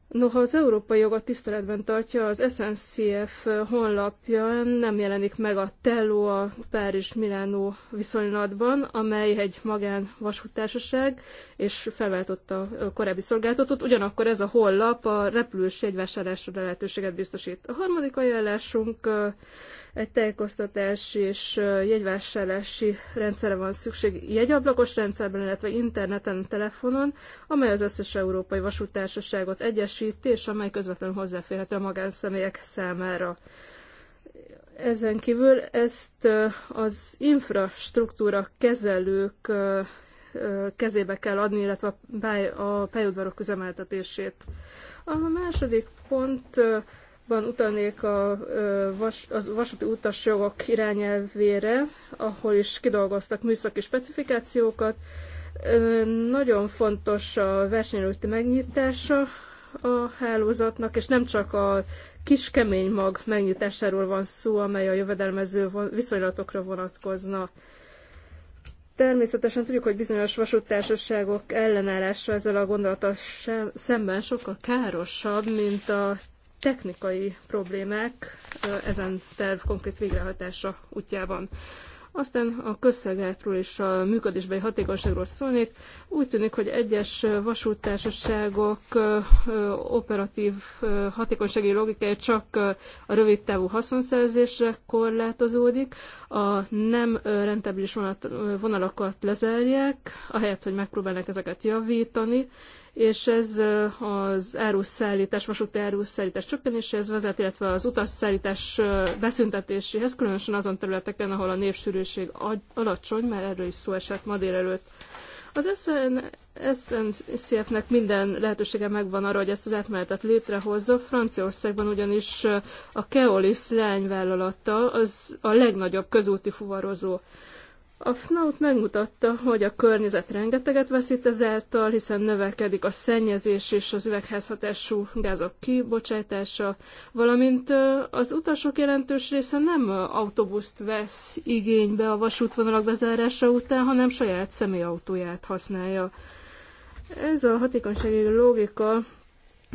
Noha az európai jogot tiszteletben tartja, az SNCF honlapján nem jelenik meg a Tello a Párizs-Milánó viszonylatban, amely egy magán vasútársaság, és felváltotta a korábbi szolgáltatót. Ugyanakkor ez a honlap a repülős jegyvásárlásra lehetőséget biztosít. A harmadik ajánlásunk egy tájékoztatási és jegyvásárlási rendszerre van szükség jegyablakos rendszerben, illetve interneten, telefonon, amely az összes európai vasútársaságot egyesíti, és amely közvetlenül hozzáférhető a magánszemélyek számára. Ezen kívül ezt az infrastruktúra kezelők kezébe kell adni, illetve a pályaudvarok üzemeltetését. A második pont Ban utalnék a vas, az vasúti utasjogok irányelvére, ahol is kidolgoztak műszaki specifikációkat. Nagyon fontos a versenyelőtti megnyitása a hálózatnak, és nem csak a kis kemény mag megnyitásáról van szó, amely a jövedelmező viszonylatokra vonatkozna. Természetesen tudjuk, hogy bizonyos vasúttársaságok ellenállása ezzel a gondolattal szemben sokkal károsabb, mint a technikai problémák ezen terv konkrét végrehajtása útjában. Aztán a közszolgálatról és a működésbeli hatékonyságról szólnék. Úgy tűnik, hogy egyes vasúttársaságok operatív hatékonysági logikája csak a rövid távú haszonszerzésre korlátozódik, a nem rentabilis vonalakat lezárják, ahelyett, hogy megpróbálnak ezeket javítani, és ez az áruszállítás, vasúti áruszállítás csökkenéséhez vezet, illetve az utasszállítás beszüntetéséhez, különösen azon területeken, ahol a népsűrűség alacsony, mert erről is szó esett ma délelőtt. Az SNCF-nek minden lehetősége megvan arra, hogy ezt az átmenetet létrehozza. Franciaországban ugyanis a Keolis leányvállalata az a legnagyobb közúti fuvarozó. A FNAUT megmutatta, hogy a környezet rengeteget veszít ezáltal, hiszen növekedik a szennyezés és az üvegházhatású gázok kibocsátása, valamint az utasok jelentős része nem autóbuszt vesz igénybe a vasútvonalak bezárása után, hanem saját személyautóját használja. Ez a hatékonysági logika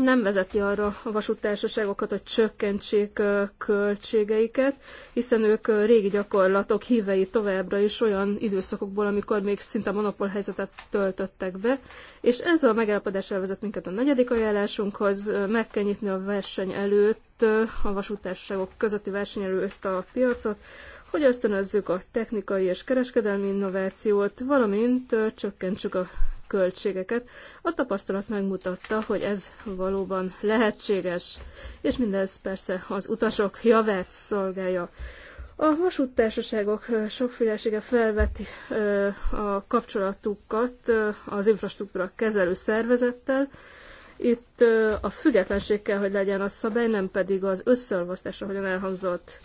nem vezeti arra a vasúttársaságokat, hogy csökkentsék költségeiket, hiszen ők régi gyakorlatok hívei továbbra is olyan időszakokból, amikor még szinte monopól helyzetet töltöttek be, és ez a megállapodás elvezet minket a negyedik ajánlásunkhoz, meg kell nyitni a verseny előtt, a vasúttársaságok közötti verseny előtt a piacot, hogy ösztönözzük a technikai és kereskedelmi innovációt, valamint csökkentsük a költségeket. A tapasztalat megmutatta, hogy ez valóban lehetséges, és mindez persze az utasok javát szolgálja. A vasúttársaságok sokfélesége felveti a kapcsolatukat az infrastruktúra kezelő szervezettel. Itt a függetlenség kell, hogy legyen a szabály, nem pedig az összeolvasztás, ahogyan elhangzott.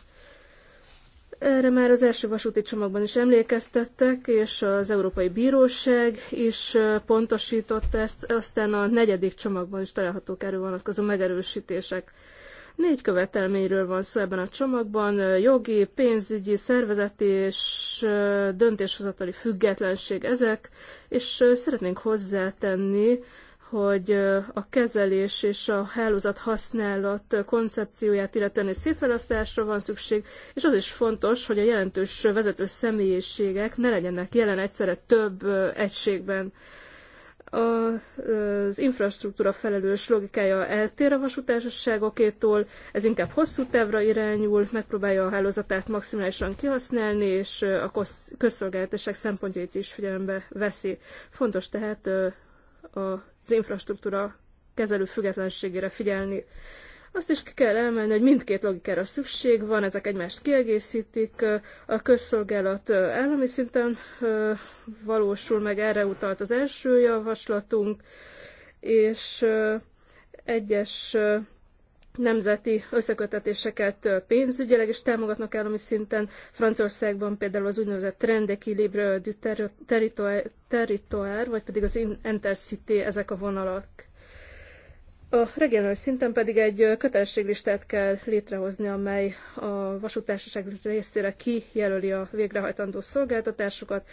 Erre már az első vasúti csomagban is emlékeztettek, és az Európai Bíróság is pontosította ezt, aztán a negyedik csomagban is találhatók erről vonatkozó megerősítések. Négy követelményről van szó ebben a csomagban, jogi, pénzügyi, szervezeti és döntéshozatali függetlenség ezek, és szeretnénk hozzátenni hogy a kezelés és a hálózat használat koncepcióját illetően is szétválasztásra van szükség, és az is fontos, hogy a jelentős vezető személyiségek ne legyenek jelen egyszerre több egységben. Az infrastruktúra felelős logikája eltér a vasútársaságokétól, ez inkább hosszú távra irányul, megpróbálja a hálózatát maximálisan kihasználni, és a közszolgáltatások szempontjait is figyelembe veszi. Fontos tehát az infrastruktúra kezelő függetlenségére figyelni. Azt is ki kell emelni, hogy mindkét logikára szükség van, ezek egymást kiegészítik, a közszolgálat állami szinten valósul meg, erre utalt az első javaslatunk, és egyes nemzeti összekötetéseket pénzügyileg is támogatnak állami szinten. Franciaországban például az úgynevezett Trendeki Libre du Territoire, vagy pedig az Intercity, ezek a vonalak. A regionális szinten pedig egy kötelességlistát kell létrehozni, amely a vasútársaság részére kijelöli a végrehajtandó szolgáltatásokat,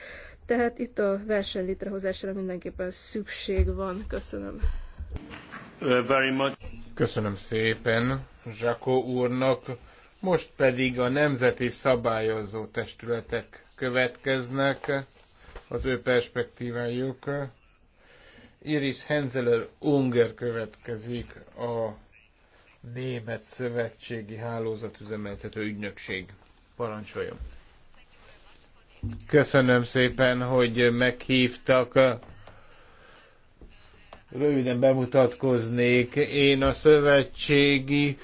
tehát itt a verseny létrehozására mindenképpen szükség van. Köszönöm. very much. Köszönöm szépen Zsakó úrnak. Most pedig a nemzeti szabályozó testületek következnek, az ő perspektívájuk. Iris Henzeler Unger következik a Német Szövetségi Hálózat üzemeltető ügynökség. Parancsoljon! Köszönöm szépen, hogy meghívtak Röviden bemutatkoznék. Én a szövetségi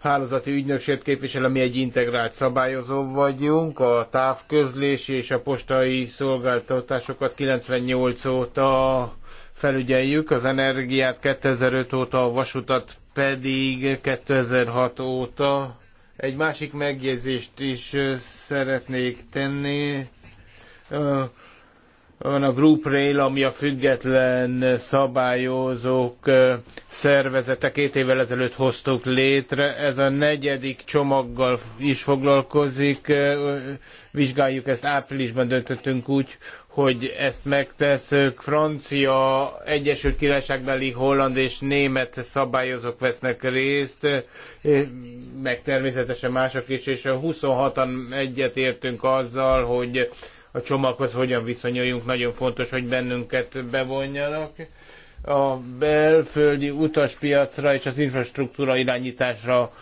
hálózati ügynökséget képviselem, mi egy integrált szabályozó vagyunk, a távközlési és a postai szolgáltatásokat 98 óta felügyeljük, az energiát 2005 óta, a vasutat pedig 2006 óta. Egy másik megjegyzést is szeretnék tenni van a Group Rail, ami a független szabályozók szervezete két évvel ezelőtt hoztuk létre. Ez a negyedik csomaggal is foglalkozik. Vizsgáljuk ezt áprilisban döntöttünk úgy, hogy ezt megteszük. Francia, Egyesült Királyságbeli, holland és német szabályozók vesznek részt, meg természetesen mások is, és a 26-an egyetértünk azzal, hogy a csomaghoz hogyan viszonyuljunk, nagyon fontos, hogy bennünket bevonjanak a belföldi utaspiacra és az infrastruktúra irányításra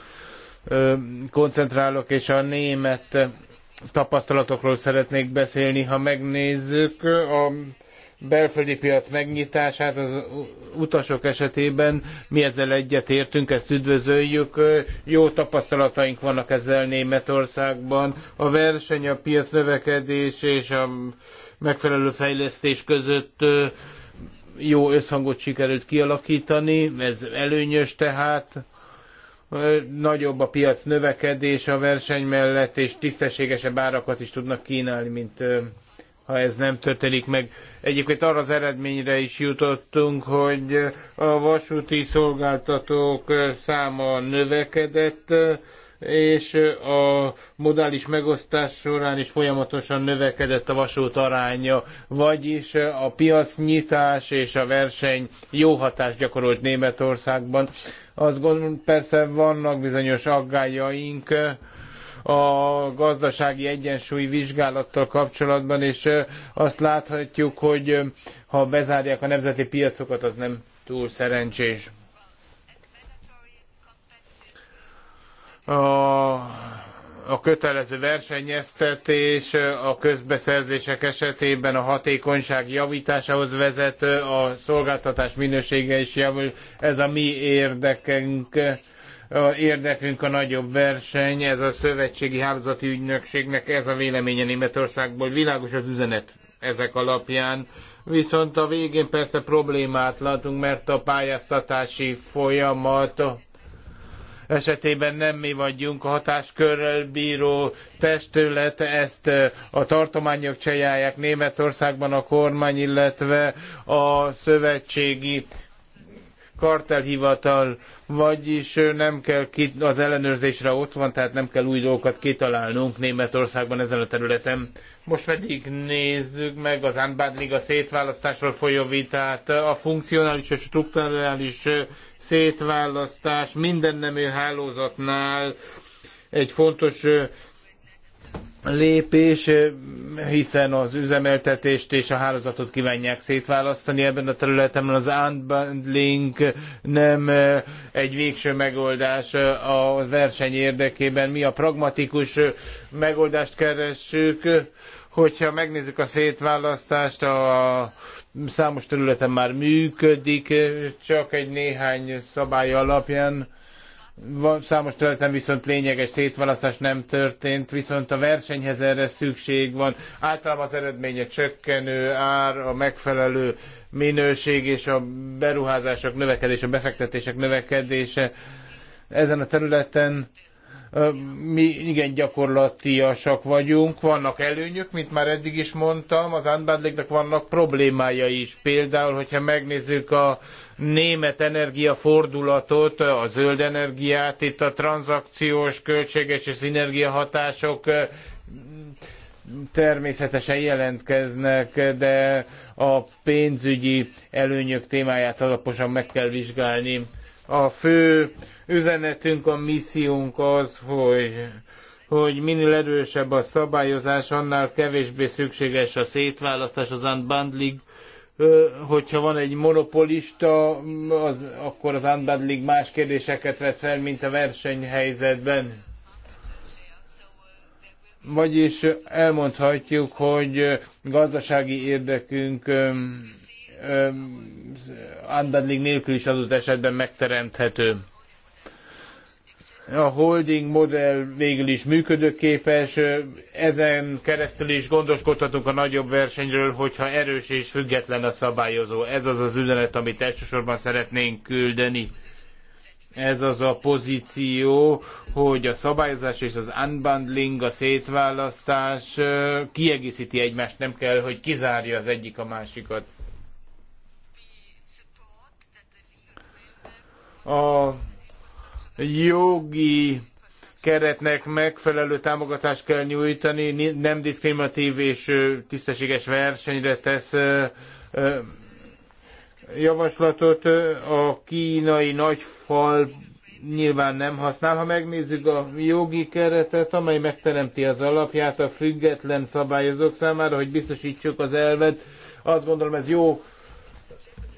koncentrálok, és a német tapasztalatokról szeretnék beszélni. Ha megnézzük a belföldi piac megnyitását az utasok esetében. Mi ezzel egyetértünk, ezt üdvözöljük. Jó tapasztalataink vannak ezzel Németországban. A verseny, a piac növekedés és a megfelelő fejlesztés között jó összhangot sikerült kialakítani, ez előnyös tehát, nagyobb a piac növekedés a verseny mellett, és tisztességesebb árakat is tudnak kínálni, mint ha ez nem történik meg. Egyébként arra az eredményre is jutottunk, hogy a vasúti szolgáltatók száma növekedett, és a modális megosztás során is folyamatosan növekedett a vasút aránya, vagyis a piacnyitás és a verseny jó hatást gyakorolt Németországban. Azt gondolom, persze vannak bizonyos aggájaink, a gazdasági egyensúly vizsgálattal kapcsolatban, és azt láthatjuk, hogy ha bezárják a nemzeti piacokat, az nem túl szerencsés. A, a kötelező versenyeztetés a közbeszerzések esetében a hatékonyság javításához vezet, a szolgáltatás minősége is javul. Ez a mi érdekünk érdekünk a nagyobb verseny, ez a szövetségi hálózati ügynökségnek ez a véleménye Németországból, világos az üzenet ezek alapján. Viszont a végén persze problémát látunk, mert a pályáztatási folyamat esetében nem mi vagyunk a hatáskörrel bíró testület, ezt eh, a tartományok csinálják Németországban a kormány, illetve a szövetségi kartelhivatal, vagyis nem kell ki, az ellenőrzésre ott van, tehát nem kell új dolgokat kitalálnunk Németországban ezen a területen. Most pedig nézzük meg az Unbundling a szétválasztásról folyó vitát, a funkcionális és strukturális szétválasztás minden nemű hálózatnál egy fontos lépés, hiszen az üzemeltetést és a hálózatot kívánják szétválasztani ebben a területen, az unbundling nem egy végső megoldás a verseny érdekében. Mi a pragmatikus megoldást keressük, hogyha megnézzük a szétválasztást, a számos területen már működik, csak egy néhány szabály alapján Számos területen viszont lényeges szétválasztás nem történt, viszont a versenyhez erre szükség van. Általában az eredménye csökkenő ár, a megfelelő minőség és a beruházások növekedése, a befektetések növekedése ezen a területen mi igen gyakorlatiasak vagyunk, vannak előnyök, mint már eddig is mondtam, az unbundlingnek vannak problémája is. Például, hogyha megnézzük a német energiafordulatot, a zöld energiát, itt a tranzakciós, költséges és szinergiahatások természetesen jelentkeznek, de a pénzügyi előnyök témáját alaposan meg kell vizsgálni a fő üzenetünk, a missziunk az, hogy hogy minél erősebb a szabályozás, annál kevésbé szükséges a szétválasztás, az unbundling, hogyha van egy monopolista, az, akkor az unbundling más kérdéseket vet fel, mint a versenyhelyzetben. Vagyis elmondhatjuk, hogy gazdasági érdekünk unbundling nélkül is adott esetben megteremthető. A holding modell végül is működőképes, ezen keresztül is gondoskodhatunk a nagyobb versenyről, hogyha erős és független a szabályozó. Ez az az üzenet, amit elsősorban szeretnénk küldeni ez az a pozíció, hogy a szabályozás és az unbundling, a szétválasztás kiegészíti egymást, nem kell, hogy kizárja az egyik a másikat. a jogi keretnek megfelelő támogatást kell nyújtani, nem diszkriminatív és tisztességes versenyre tesz javaslatot a kínai nagyfal nyilván nem használ. Ha megnézzük a jogi keretet, amely megteremti az alapját a független szabályozók számára, hogy biztosítsuk az elvet, azt gondolom ez jó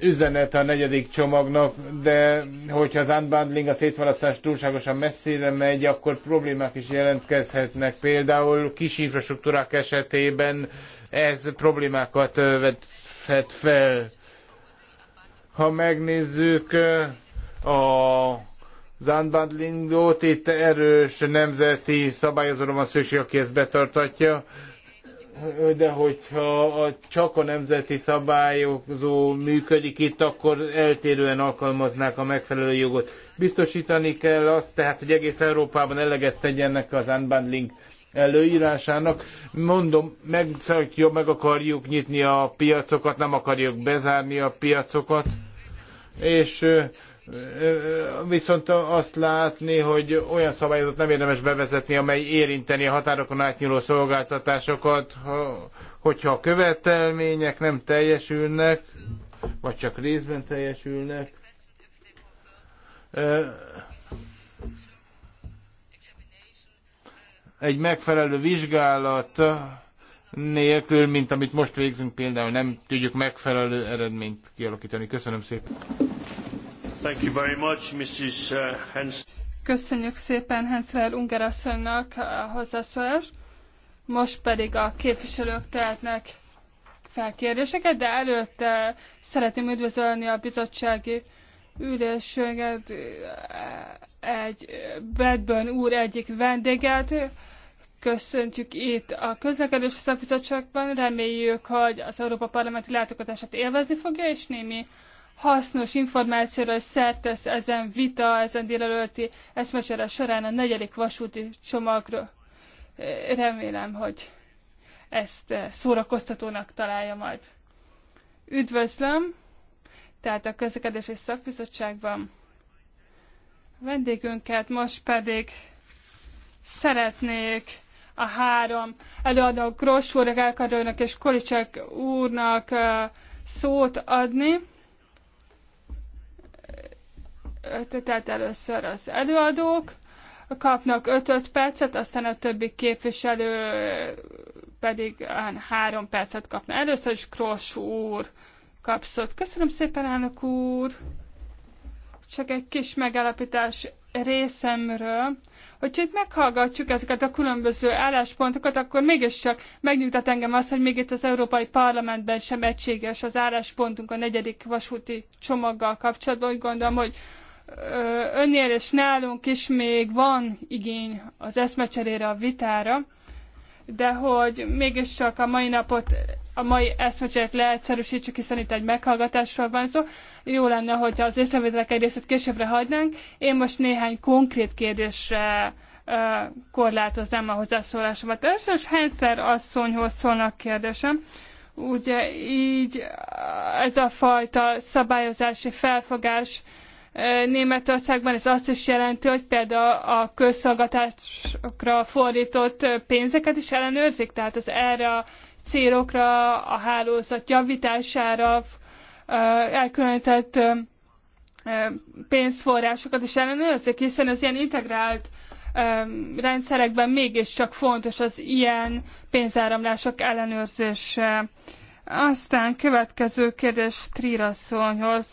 üzenet a negyedik csomagnak, de hogyha az unbundling, a szétválasztás túlságosan messzire megy, akkor problémák is jelentkezhetnek. Például kis infrastruktúrák esetében ez problémákat vethet fel. Ha megnézzük a az unbundlingot, itt erős nemzeti szabályozóra van szükség, aki ezt betartatja de hogyha a, csak a nemzeti szabályozó működik itt, akkor eltérően alkalmaznák a megfelelő jogot. Biztosítani kell azt, tehát, hogy egész Európában eleget tegyenek az unbundling előírásának. Mondom, meg, meg akarjuk nyitni a piacokat, nem akarjuk bezárni a piacokat, és viszont azt látni, hogy olyan szabályozat nem érdemes bevezetni, amely érinteni a határokon átnyúló szolgáltatásokat, hogyha a követelmények nem teljesülnek, vagy csak részben teljesülnek. Egy megfelelő vizsgálat nélkül, mint amit most végzünk például, nem tudjuk megfelelő eredményt kialakítani. Köszönöm szépen! Thank you very much, Mrs. Uh, Köszönjük szépen Hensler Unger asszonynak a hozzászólást. Most pedig a képviselők tehetnek fel kérdéseket, de előtte szeretném üdvözölni a bizottsági ülésünket egy Bedben úr egyik vendéget. Köszöntjük itt a közlekedés szakbizottságban, reméljük, hogy az Európa Parlamenti látogatását élvezni fogja, és némi hasznos információra is szert tesz ezen vita, ezen délelőtti eszmecsere során a negyedik vasúti csomagról. Remélem, hogy ezt eh, szórakoztatónak találja majd. Üdvözlöm, tehát a közlekedési szakbizottságban vendégünket, most pedig szeretnék a három előadó Gross úr, és Kolicsek úrnak eh, szót adni tehát először az előadók kapnak 5-5 percet, aztán a többi képviselő pedig 3 percet kapna. Először is Kros úr kapszott. Köszönöm szépen, elnök úr! Csak egy kis megállapítás részemről, hogyha itt meghallgatjuk ezeket a különböző álláspontokat, akkor mégiscsak megnyugtat engem az, hogy még itt az Európai Parlamentben sem egységes az álláspontunk a negyedik vasúti csomaggal kapcsolatban. Úgy gondolom, hogy önnél és nálunk is még van igény az eszmecserére, a vitára, de hogy mégiscsak a mai napot, a mai eszmecseret leegyszerűsítsük, hiszen itt egy meghallgatásról van szó. Jó lenne, hogyha az észrevételek egy részét későbbre hagynánk. Én most néhány konkrét kérdésre korlátoznám a hozzászólásomat. Először is Hensler asszonyhoz szólnak kérdésem. Ugye így ez a fajta szabályozási felfogás Németországban ez azt is jelenti, hogy például a közszolgatásokra fordított pénzeket is ellenőrzik, tehát az erre a célokra, a hálózat javítására elkülönített pénzforrásokat is ellenőrzik, hiszen az ilyen integrált rendszerekben mégiscsak fontos az ilyen pénzáramlások ellenőrzése. Aztán következő kérdés Trírasszonyhoz.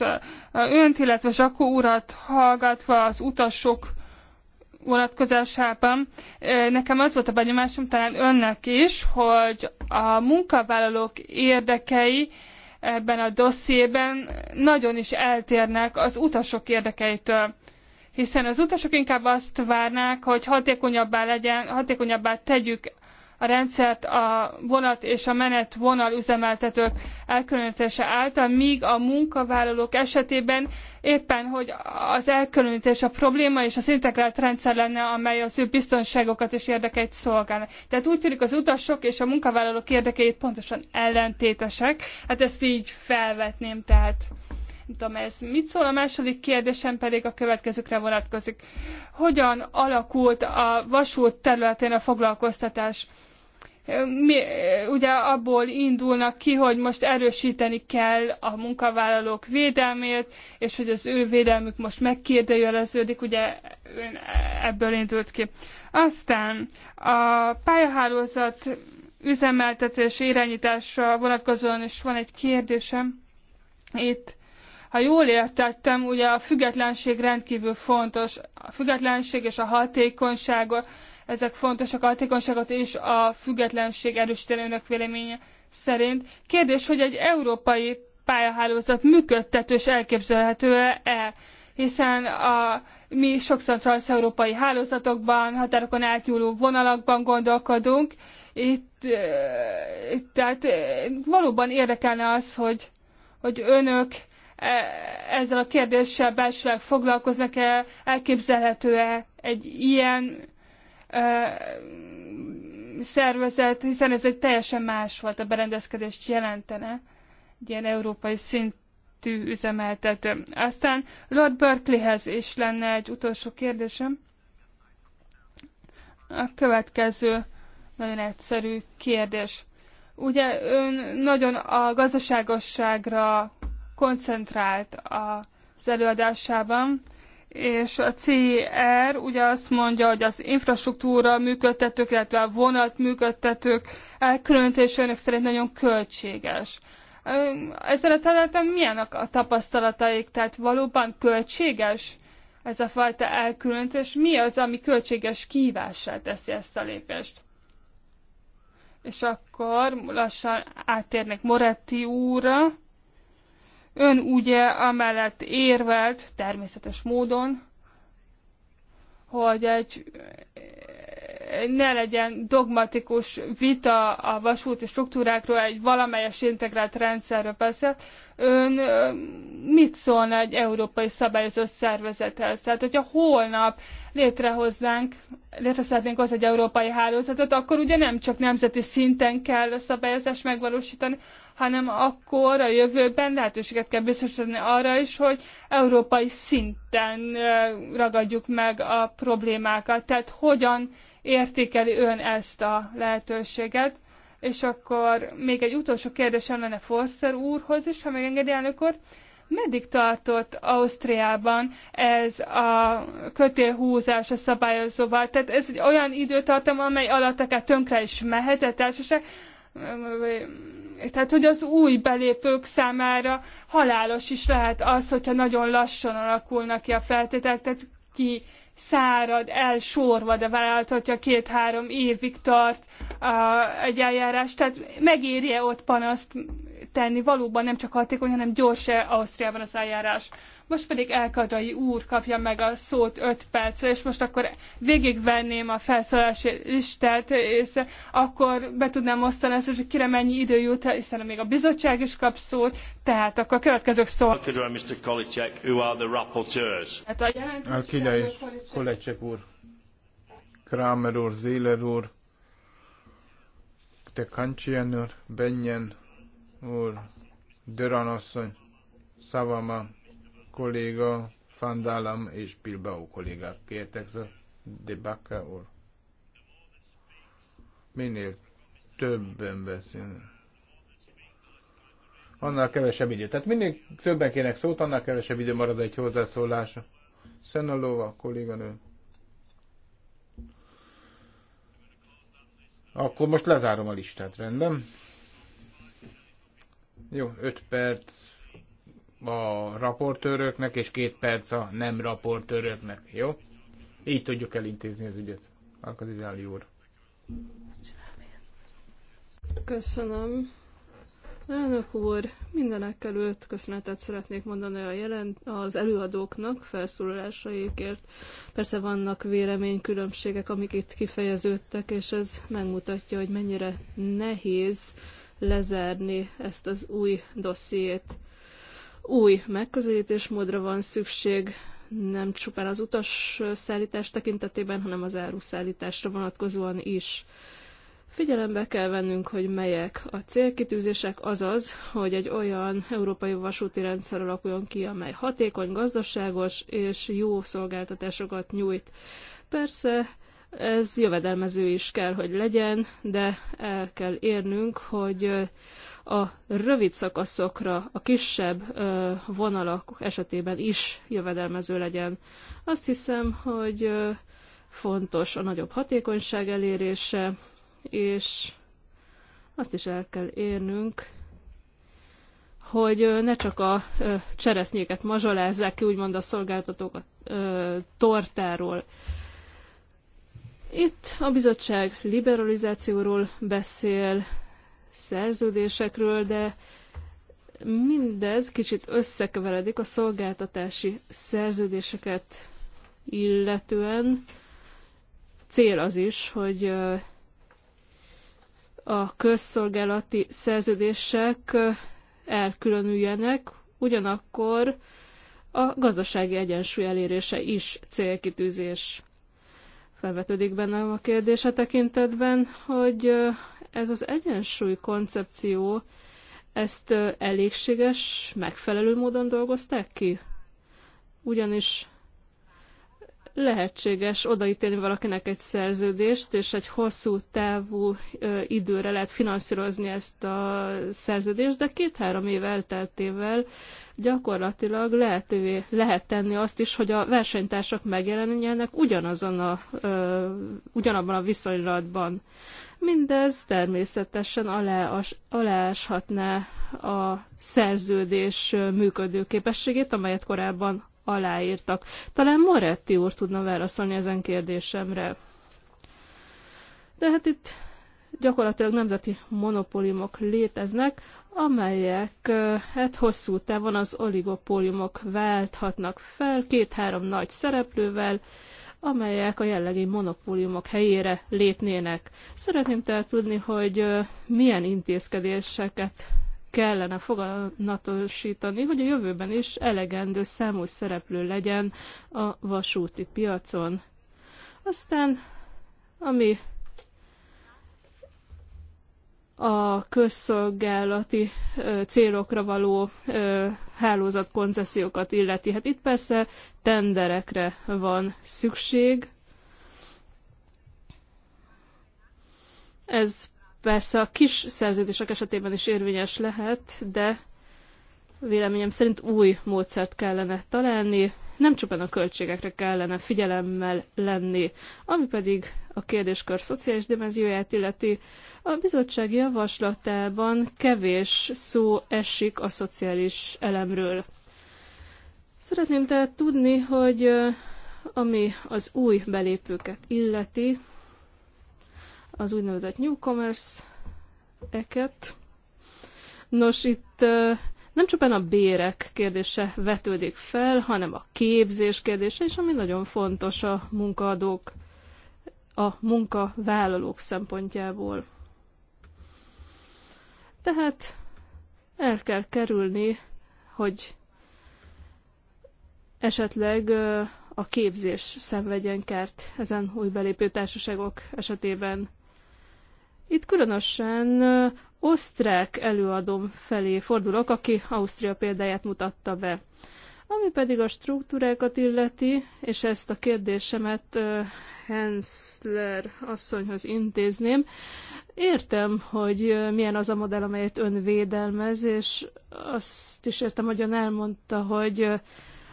Önt, illetve Zsakó urat hallgatva az utasok vonatkozásában nekem az volt a benyomásom, talán önnek is, hogy a munkavállalók érdekei ebben a dossziében nagyon is eltérnek az utasok érdekeitől hiszen az utasok inkább azt várnák, hogy hatékonyabbá legyen, hatékonyabbá tegyük a rendszert a vonat és a menet vonal üzemeltetők elkülönítése által, míg a munkavállalók esetében éppen, hogy az elkülönítés a probléma és az integrált rendszer lenne, amely az ő biztonságokat és érdekeit szolgálna. Tehát úgy tűnik az utasok és a munkavállalók érdekeit pontosan ellentétesek. Hát ezt így felvetném, tehát nem tudom ez mit szól. A második kérdésem pedig a következőkre vonatkozik. Hogyan alakult a vasút területén a foglalkoztatás? mi, ugye abból indulnak ki, hogy most erősíteni kell a munkavállalók védelmét, és hogy az ő védelmük most megkérdőjeleződik, ugye ön ebből indult ki. Aztán a pályahálózat üzemeltetés irányítása vonatkozóan is van egy kérdésem. Itt ha jól értettem, ugye a függetlenség rendkívül fontos. A függetlenség és a hatékonyság ezek fontosak a hatékonyságot és a függetlenség erősíteni önök véleménye szerint. Kérdés, hogy egy európai pályahálózat működtetős elképzelhető-e? Hiszen a, mi sokszor transz-európai hálózatokban, határokon átnyúló vonalakban gondolkodunk. Itt, tehát valóban érdekelne az, hogy, hogy önök e, ezzel a kérdéssel belsőleg foglalkoznak-e, elképzelhető-e egy ilyen szervezet, hiszen ez egy teljesen más volt a berendezkedést jelentene, egy ilyen európai szintű üzemeltető. Aztán Lord Berkeleyhez is lenne egy utolsó kérdésem. A következő nagyon egyszerű kérdés. Ugye ön nagyon a gazdaságosságra koncentrált az előadásában, és a CIR ugye azt mondja, hogy az infrastruktúra működtetők, illetve a vonat működtetők elkülönítése önök szerint nagyon költséges. Ezen a területen milyen a tapasztalataik? Tehát valóban költséges ez a fajta elkülönítés? Mi az, ami költséges kívássá teszi ezt a lépést? És akkor lassan átérnek Moretti úrra Ön ugye amellett érvelt természetes módon, hogy egy ne legyen dogmatikus vita a vasúti struktúrákról, egy valamelyes integrált rendszerről beszélt. Ön mit szólna egy európai szabályozó szervezethez? Tehát, hogyha holnap létrehoznánk, létrehoznánk az egy európai hálózatot, akkor ugye nem csak nemzeti szinten kell a szabályozást megvalósítani, hanem akkor a jövőben lehetőséget kell biztosítani arra is, hogy európai szinten ragadjuk meg a problémákat. Tehát hogyan értékeli ön ezt a lehetőséget? És akkor még egy utolsó kérdésem lenne Forster úrhoz is, ha megengedi elnök úr. Meddig tartott Ausztriában ez a kötélhúzás a szabályozóval? Tehát ez egy olyan időtartam, amely alatt akár tönkre is mehet a társaság. Tehát, hogy az új belépők számára halálos is lehet az, hogyha nagyon lassan alakulnak ki a feltételek, tehát ki szárad, elsorvad a vállalat, hogyha két-három évig tart a, egy eljárás. Tehát megéri-e ott panaszt tenni. Valóban nem csak hatékony, hanem gyors -e Ausztriában az eljárás. Most pedig Elkadrai úr kapja meg a szót 5 percre, és most akkor végigvenném a felszólási listát, és akkor be tudnám osztani ezt, hogy kire mennyi idő jut, hiszen még a bizottság is kap szót, tehát akkor a következők szó. Hát a jelentés... Kolecek úr, Kramer úr, Zéler úr, te úr, Benyen úr, Döran asszony, Szavama kolléga, Fandálam és Bilbao kollégák kértek, a Bakka úr. Minél többen beszélnek annál kevesebb idő. Tehát minél többen kének szót, annál kevesebb idő marad egy hozzászólása. Szenalova, kolléganő. Akkor most lezárom a listát, rendben? Jó, öt perc a raportőröknek, és két perc a nem raportőröknek, jó? Így tudjuk elintézni az ügyet. Alkaziráli úr. Köszönöm. Elnök úr, mindenek előtt köszönetet szeretnék mondani a jelent, az előadóknak felszólalásaikért. Persze vannak véleménykülönbségek, amik itt kifejeződtek, és ez megmutatja, hogy mennyire nehéz lezárni ezt az új dossziét. Új megközelítésmódra van szükség, nem csupán az utas szállítás tekintetében, hanem az áruszállításra vonatkozóan is. Figyelembe kell vennünk, hogy melyek a célkitűzések, azaz, hogy egy olyan európai vasúti rendszer alakuljon ki, amely hatékony, gazdaságos és jó szolgáltatásokat nyújt. Persze ez jövedelmező is kell, hogy legyen, de el kell érnünk, hogy a rövid szakaszokra, a kisebb vonalak esetében is jövedelmező legyen. Azt hiszem, hogy fontos a nagyobb hatékonyság elérése, és azt is el kell érnünk, hogy ne csak a cseresznyéket mazsolázzák ki, úgymond a szolgáltatók a tortáról. Itt a bizottság liberalizációról beszél, szerződésekről, de mindez kicsit összekeveredik a szolgáltatási szerződéseket illetően. Cél az is, hogy a közszolgálati szerződések elkülönüljenek, ugyanakkor a gazdasági egyensúly elérése is célkitűzés. Felvetődik bennem a kérdése tekintetben, hogy ez az egyensúly koncepció, ezt elégséges, megfelelő módon dolgozták ki? Ugyanis lehetséges odaítélni valakinek egy szerződést, és egy hosszú távú időre lehet finanszírozni ezt a szerződést, de két-három év elteltével gyakorlatilag lehetővé lehet tenni azt is, hogy a versenytársak megjelenjenek ugyanazon a, ugyanabban a viszonylatban. Mindez természetesen alááshatná a szerződés működőképességét, amelyet korábban aláírtak. Talán Moretti úr tudna válaszolni ezen kérdésemre. De hát itt gyakorlatilag nemzeti monopóliumok léteznek, amelyek hát hosszú távon az oligopóliumok válthatnak fel két-három nagy szereplővel, amelyek a jellegi monopóliumok helyére lépnének. Szeretném tehát tudni, hogy milyen intézkedéseket kellene foganatosítani, hogy a jövőben is elegendő számú szereplő legyen a vasúti piacon. Aztán, ami a közszolgálati célokra való hálózatkoncesziókat illeti. Hát itt persze tenderekre van szükség. Ez persze a kis szerződések esetében is érvényes lehet, de véleményem szerint új módszert kellene találni, nem csupán a költségekre kellene figyelemmel lenni, ami pedig a kérdéskör szociális dimenzióját illeti. A bizottság javaslatában kevés szó esik a szociális elemről. Szeretném tehát tudni, hogy ami az új belépőket illeti, az úgynevezett newcomers-eket. Nos, itt nem csupán a bérek kérdése vetődik fel, hanem a képzés kérdése és ami nagyon fontos a munkaadók, a munkavállalók szempontjából. Tehát el kell kerülni, hogy esetleg a képzés szenvedjen kárt ezen új belépő társaságok esetében. Itt különösen osztrák előadom felé fordulok, aki Ausztria példáját mutatta be. Ami pedig a struktúrákat illeti, és ezt a kérdésemet Hensler asszonyhoz intézném, értem, hogy milyen az a modell, amelyet ön védelmez, és azt is értem, hogy ön elmondta, hogy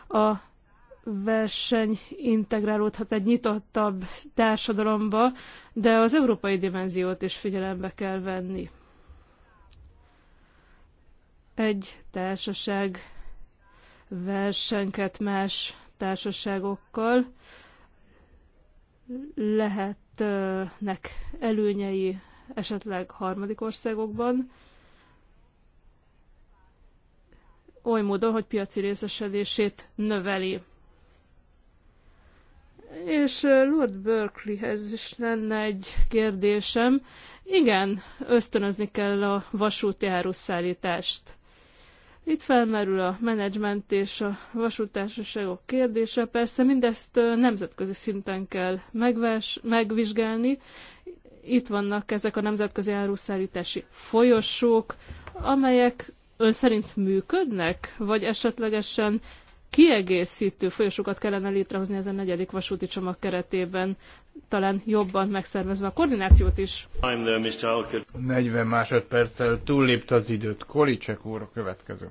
a verseny integrálódhat egy nyitottabb társadalomba, de az európai dimenziót is figyelembe kell venni. Egy társaság versenyket más társaságokkal lehetnek előnyei esetleg harmadik országokban, oly módon, hogy piaci részesedését növeli. És Lord Berkeleyhez is lenne egy kérdésem. Igen, ösztönözni kell a vasúti áruszállítást. Itt felmerül a menedzsment és a vasútársaságok kérdése. Persze mindezt nemzetközi szinten kell megves, megvizsgálni. Itt vannak ezek a nemzetközi áruszállítási folyosók, amelyek ön szerint működnek, vagy esetlegesen kiegészítő folyosókat kellene létrehozni ezen negyedik vasúti csomag keretében, talán jobban megszervezve a koordinációt is. 40 másodperccel túllépt az időt. Kolicek úr a következő.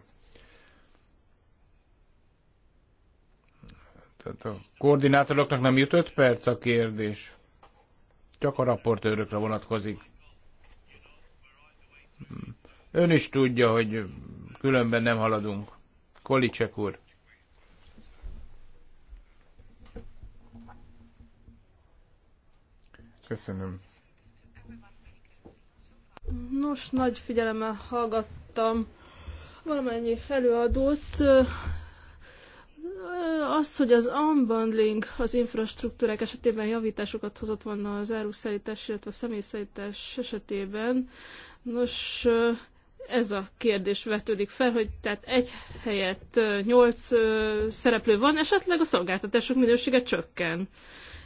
Tehát a koordinátoroknak nem jutott perc a kérdés. Csak a raportőrökre vonatkozik. Ön is tudja, hogy különben nem haladunk. Kolicek úr. Köszönöm. Nos, nagy figyelemmel hallgattam valamennyi előadót. Az, hogy az unbundling az infrastruktúrák esetében javításokat hozott volna az áruszállítás, illetve a személyszállítás esetében, nos, ez a kérdés vetődik fel, hogy tehát egy helyett nyolc szereplő van, esetleg a szolgáltatások minősége csökken.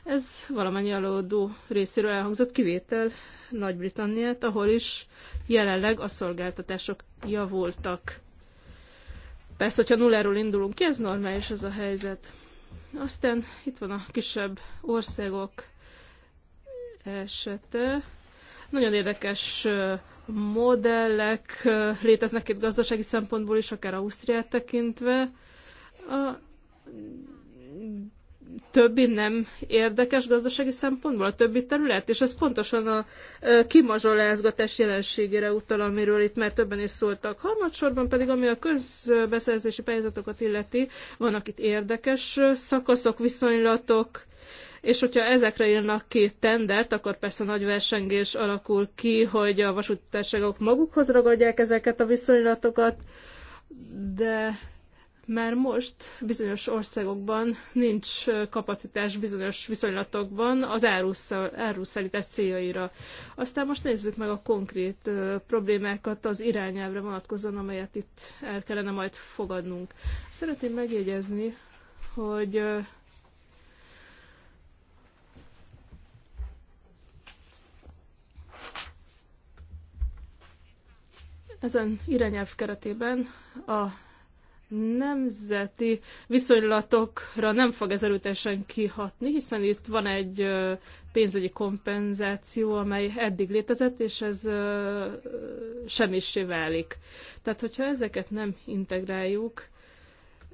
Ez valamennyi előadó részéről elhangzott kivétel Nagy-Britanniát, ahol is jelenleg a szolgáltatások javultak. Persze, hogyha nulláról indulunk ki, ez normális ez a helyzet. Aztán itt van a kisebb országok esete. Nagyon érdekes modellek léteznek itt gazdasági szempontból is, akár Ausztriát tekintve. A többi nem érdekes gazdasági szempontból, a többi terület, és ez pontosan a kimazsolázgatás jelenségére utal, amiről itt már többen is szóltak. Harmadsorban pedig, ami a közbeszerzési pályázatokat illeti, vannak itt érdekes szakaszok, viszonylatok, és hogyha ezekre írnak ki tendert, akkor persze nagy versengés alakul ki, hogy a vasúttárságok magukhoz ragadják ezeket a viszonylatokat, de már most bizonyos országokban nincs kapacitás bizonyos viszonylatokban az áruszállítás céljaira. Aztán most nézzük meg a konkrét problémákat az irányelvre vonatkozóan, amelyet itt el kellene majd fogadnunk. Szeretném megjegyezni, hogy ezen irányelv keretében a nemzeti viszonylatokra nem fog ez erőteljesen kihatni, hiszen itt van egy pénzügyi kompenzáció, amely eddig létezett, és ez semmisé válik. Tehát, hogyha ezeket nem integráljuk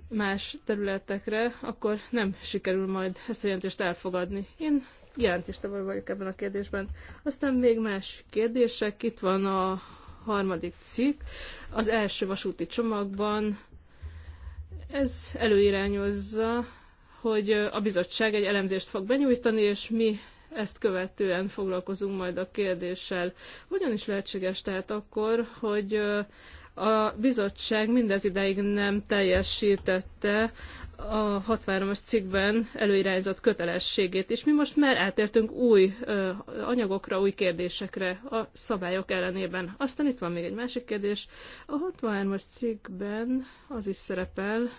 más területekre, akkor nem sikerül majd ezt a jelentést elfogadni. Én jelentést vagyok ebben a kérdésben. Aztán még más kérdések. Itt van a harmadik cikk. Az első vasúti csomagban ez előirányozza, hogy a bizottság egy elemzést fog benyújtani, és mi ezt követően foglalkozunk majd a kérdéssel. Hogyan is lehetséges tehát akkor, hogy a bizottság mindez ideig nem teljesítette a 63-as cikkben előirányzott kötelességét, és mi most már átértünk új anyagokra, új kérdésekre a szabályok ellenében. Aztán itt van még egy másik kérdés. A 63-as cikkben az is szerepel,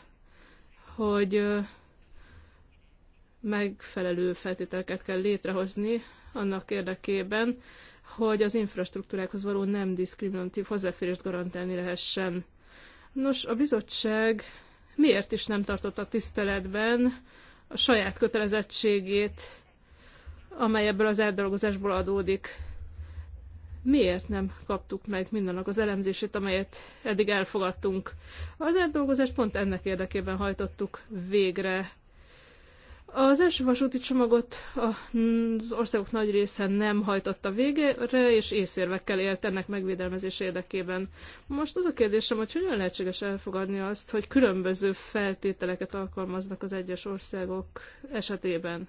hogy megfelelő feltételeket kell létrehozni annak érdekében, hogy az infrastruktúrákhoz való nem diszkriminatív hozzáférést garantálni lehessen. Nos, a bizottság miért is nem tartotta tiszteletben a saját kötelezettségét, amely ebből az eldolgozásból adódik. Miért nem kaptuk meg mindannak az elemzését, amelyet eddig elfogadtunk? Az eldolgozást pont ennek érdekében hajtottuk végre. Az első vasúti csomagot az országok nagy része nem hajtotta végére, és észérvekkel élt ennek megvédelmezés érdekében. Most az a kérdésem, hogy hogyan lehetséges elfogadni azt, hogy különböző feltételeket alkalmaznak az egyes országok esetében?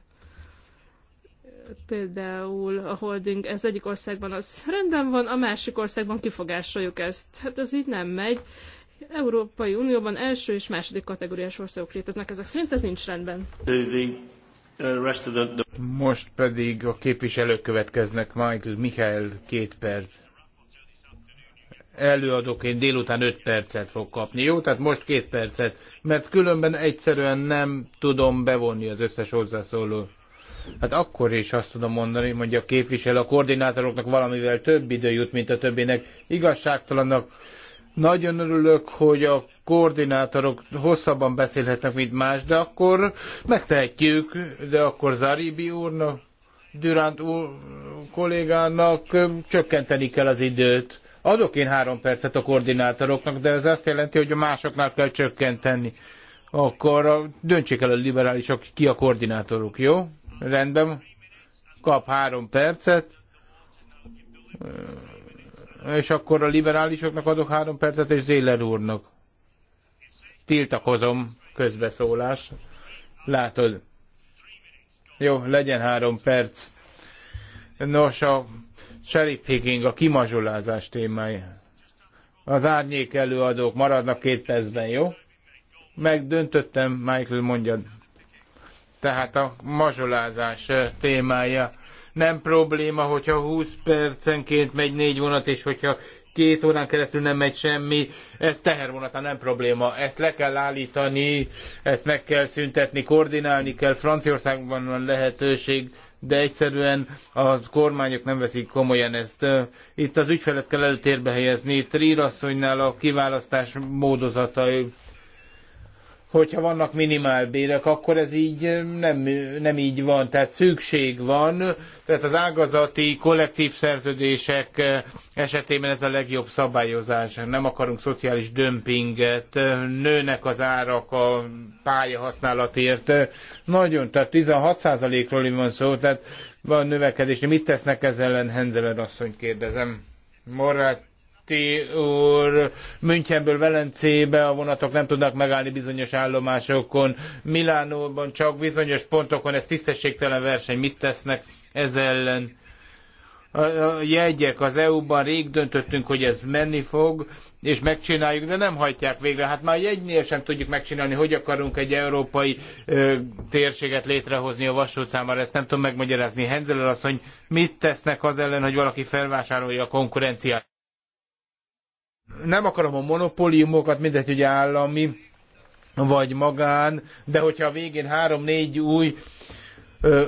Például a holding, ez egyik országban az rendben van, a másik országban kifogásoljuk ezt. Hát ez így nem megy, Európai Unióban első és második kategóriás országok léteznek ezek szerint, ez nincs rendben. Uh, most pedig a képviselők következnek, Michael, Michael két perc. Előadóként délután öt percet fog kapni. Jó, tehát most két percet, mert különben egyszerűen nem tudom bevonni az összes hozzászóló. Hát akkor is azt tudom mondani, mondja a képviselő, a koordinátoroknak valamivel több idő jut, mint a többinek. Igazságtalannak nagyon örülök, hogy a koordinátorok hosszabban beszélhetnek, mint más, de akkor megtehetjük, de akkor Zaribi úrnak, Durant úr kollégának csökkenteni kell az időt. Adok én három percet a koordinátoroknak, de ez azt jelenti, hogy a másoknál kell csökkenteni. Akkor döntsék el a liberálisok, ki a koordinátoruk, jó? Rendben. Kap három percet és akkor a liberálisoknak adok három percet, és Zéler úrnak. Tiltakozom, közbeszólás. Látod. Jó, legyen három perc. Nos, a Sheriff Higging, a kimazsolázás témája. Az árnyék előadók maradnak két percben, jó? Megdöntöttem, Michael mondja. Tehát a mazsolázás eh, témája nem probléma, hogyha 20 percenként megy négy vonat, és hogyha két órán keresztül nem megy semmi, ez tehervonata nem probléma, ezt le kell állítani, ezt meg kell szüntetni, koordinálni kell, Franciaországban van lehetőség, de egyszerűen a kormányok nem veszik komolyan ezt. Itt az ügyfelet kell előtérbe helyezni, Trírasszonynál a kiválasztás módozatai hogyha vannak minimálbérek, akkor ez így eh, nem, nem így van, tehát szükség van, tehát az ágazati kollektív szerződések eh, esetében ez a legjobb szabályozás. Nem akarunk szociális dömpinget, nőnek az árak a pályahasználatért. Nagyon, tehát 16%-ról van szó, tehát van növekedés. Mit tesznek ezzel ellen, Henzeler asszony kérdezem. Morát Márti úr, Münchenből Velencébe a vonatok nem tudnak megállni bizonyos állomásokon, Milánóban csak bizonyos pontokon, ez tisztességtelen verseny, mit tesznek ez ellen? A jegyek az EU-ban rég döntöttünk, hogy ez menni fog, és megcsináljuk, de nem hajtják végre. Hát már jegynél sem tudjuk megcsinálni, hogy akarunk egy európai ö, térséget létrehozni a Vasút számára. Ezt nem tudom megmagyarázni. Henzel asszony, mit tesznek az ellen, hogy valaki felvásárolja a konkurenciát nem akarom a monopóliumokat, mindegy, hogy állami vagy magán, de hogyha a végén három-négy új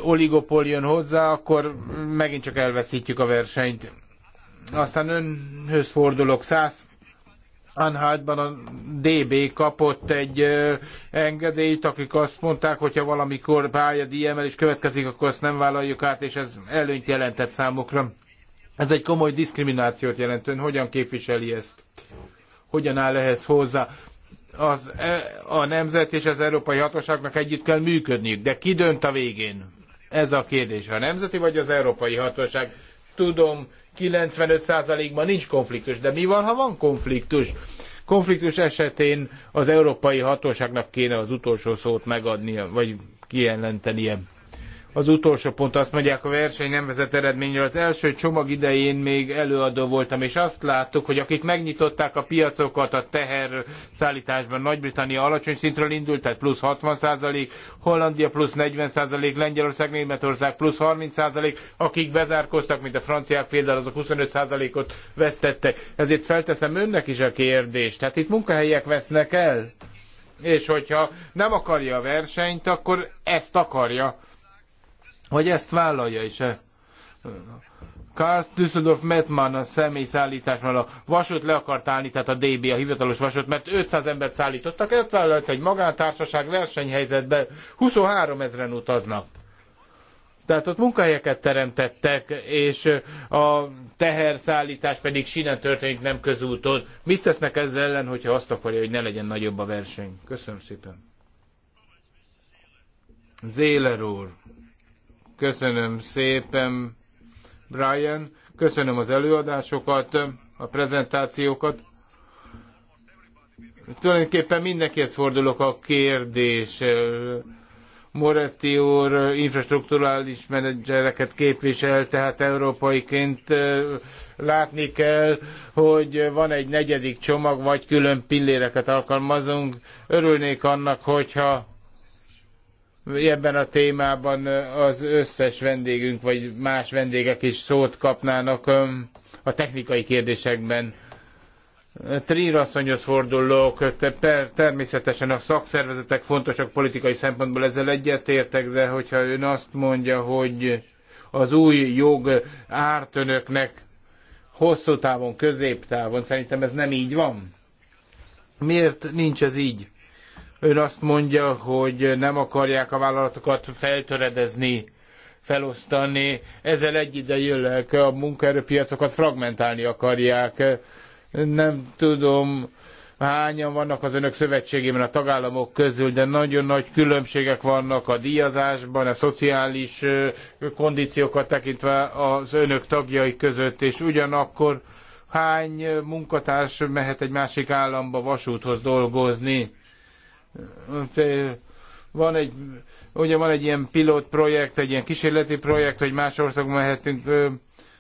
oligopol jön hozzá, akkor megint csak elveszítjük a versenyt. Aztán önhöz fordulok, 100 Anhaltban a DB kapott egy ö, engedélyt, akik azt mondták, hogyha valamikor pályadíj is következik, akkor azt nem vállaljuk át, és ez előnyt jelentett számukra. Ez egy komoly diszkriminációt jelent. Ön hogyan képviseli ezt? Hogyan áll ehhez hozzá? Az, e, a nemzet és az európai hatóságnak együtt kell működniük, de ki dönt a végén? Ez a kérdés. A nemzeti vagy az európai hatóság? Tudom, 95%-ban nincs konfliktus, de mi van, ha van konfliktus? Konfliktus esetén az európai hatóságnak kéne az utolsó szót megadnia, vagy kijelentenie. Az utolsó pont azt mondják, a verseny nem vezet eredményre. Az első csomag idején még előadó voltam, és azt láttuk, hogy akik megnyitották a piacokat a teher szállításban, Nagy-Britannia alacsony szintről indult, tehát plusz 60 százalék, Hollandia plusz 40 százalék, Lengyelország, Németország plusz 30 százalék, akik bezárkoztak, mint a franciák például, azok 25 százalékot vesztettek. Ezért felteszem önnek is a kérdést. Tehát itt munkahelyek vesznek el? És hogyha nem akarja a versenyt, akkor ezt akarja hogy ezt vállalja is. Eh, Karst Düsseldorf Metman a személyszállításnál a vasút le akart állni, tehát a DB, a hivatalos vasút, mert 500 embert szállítottak, ezt vállalt egy magántársaság versenyhelyzetbe, 23 ezeren utaznak. Tehát ott munkahelyeket teremtettek, és eh, a teherszállítás pedig sínen történik, nem közúton. Mit tesznek ezzel ellen, hogyha azt akarja, hogy ne legyen nagyobb a verseny? Köszönöm szépen. Zéler úr. Köszönöm szépen, Brian. Köszönöm az előadásokat, a prezentációkat. Tulajdonképpen mindenkihez fordulok a kérdés. Moretti úr infrastruktúrális menedzsereket képvisel, tehát európaiként látni kell, hogy van egy negyedik csomag, vagy külön pilléreket alkalmazunk. Örülnék annak, hogyha ebben a témában az összes vendégünk, vagy más vendégek is szót kapnának a technikai kérdésekben. Trír asszonyhoz fordulok, természetesen a szakszervezetek fontosak politikai szempontból, ezzel egyetértek, de hogyha ön azt mondja, hogy az új jog árt önöknek hosszú távon, középtávon, szerintem ez nem így van. Miért nincs ez így? Ön azt mondja, hogy nem akarják a vállalatokat feltöredezni, felosztani. Ezzel egyidejűleg a munkaerőpiacokat fragmentálni akarják. Nem tudom, hányan vannak az önök szövetségében a tagállamok közül, de nagyon nagy különbségek vannak a díjazásban, a szociális kondíciókat tekintve az önök tagjai között, és ugyanakkor hány munkatárs mehet egy másik államba vasúthoz dolgozni. Van egy, ugye van egy ilyen pilot projekt, egy ilyen kísérleti projekt, hogy más országban mehetünk,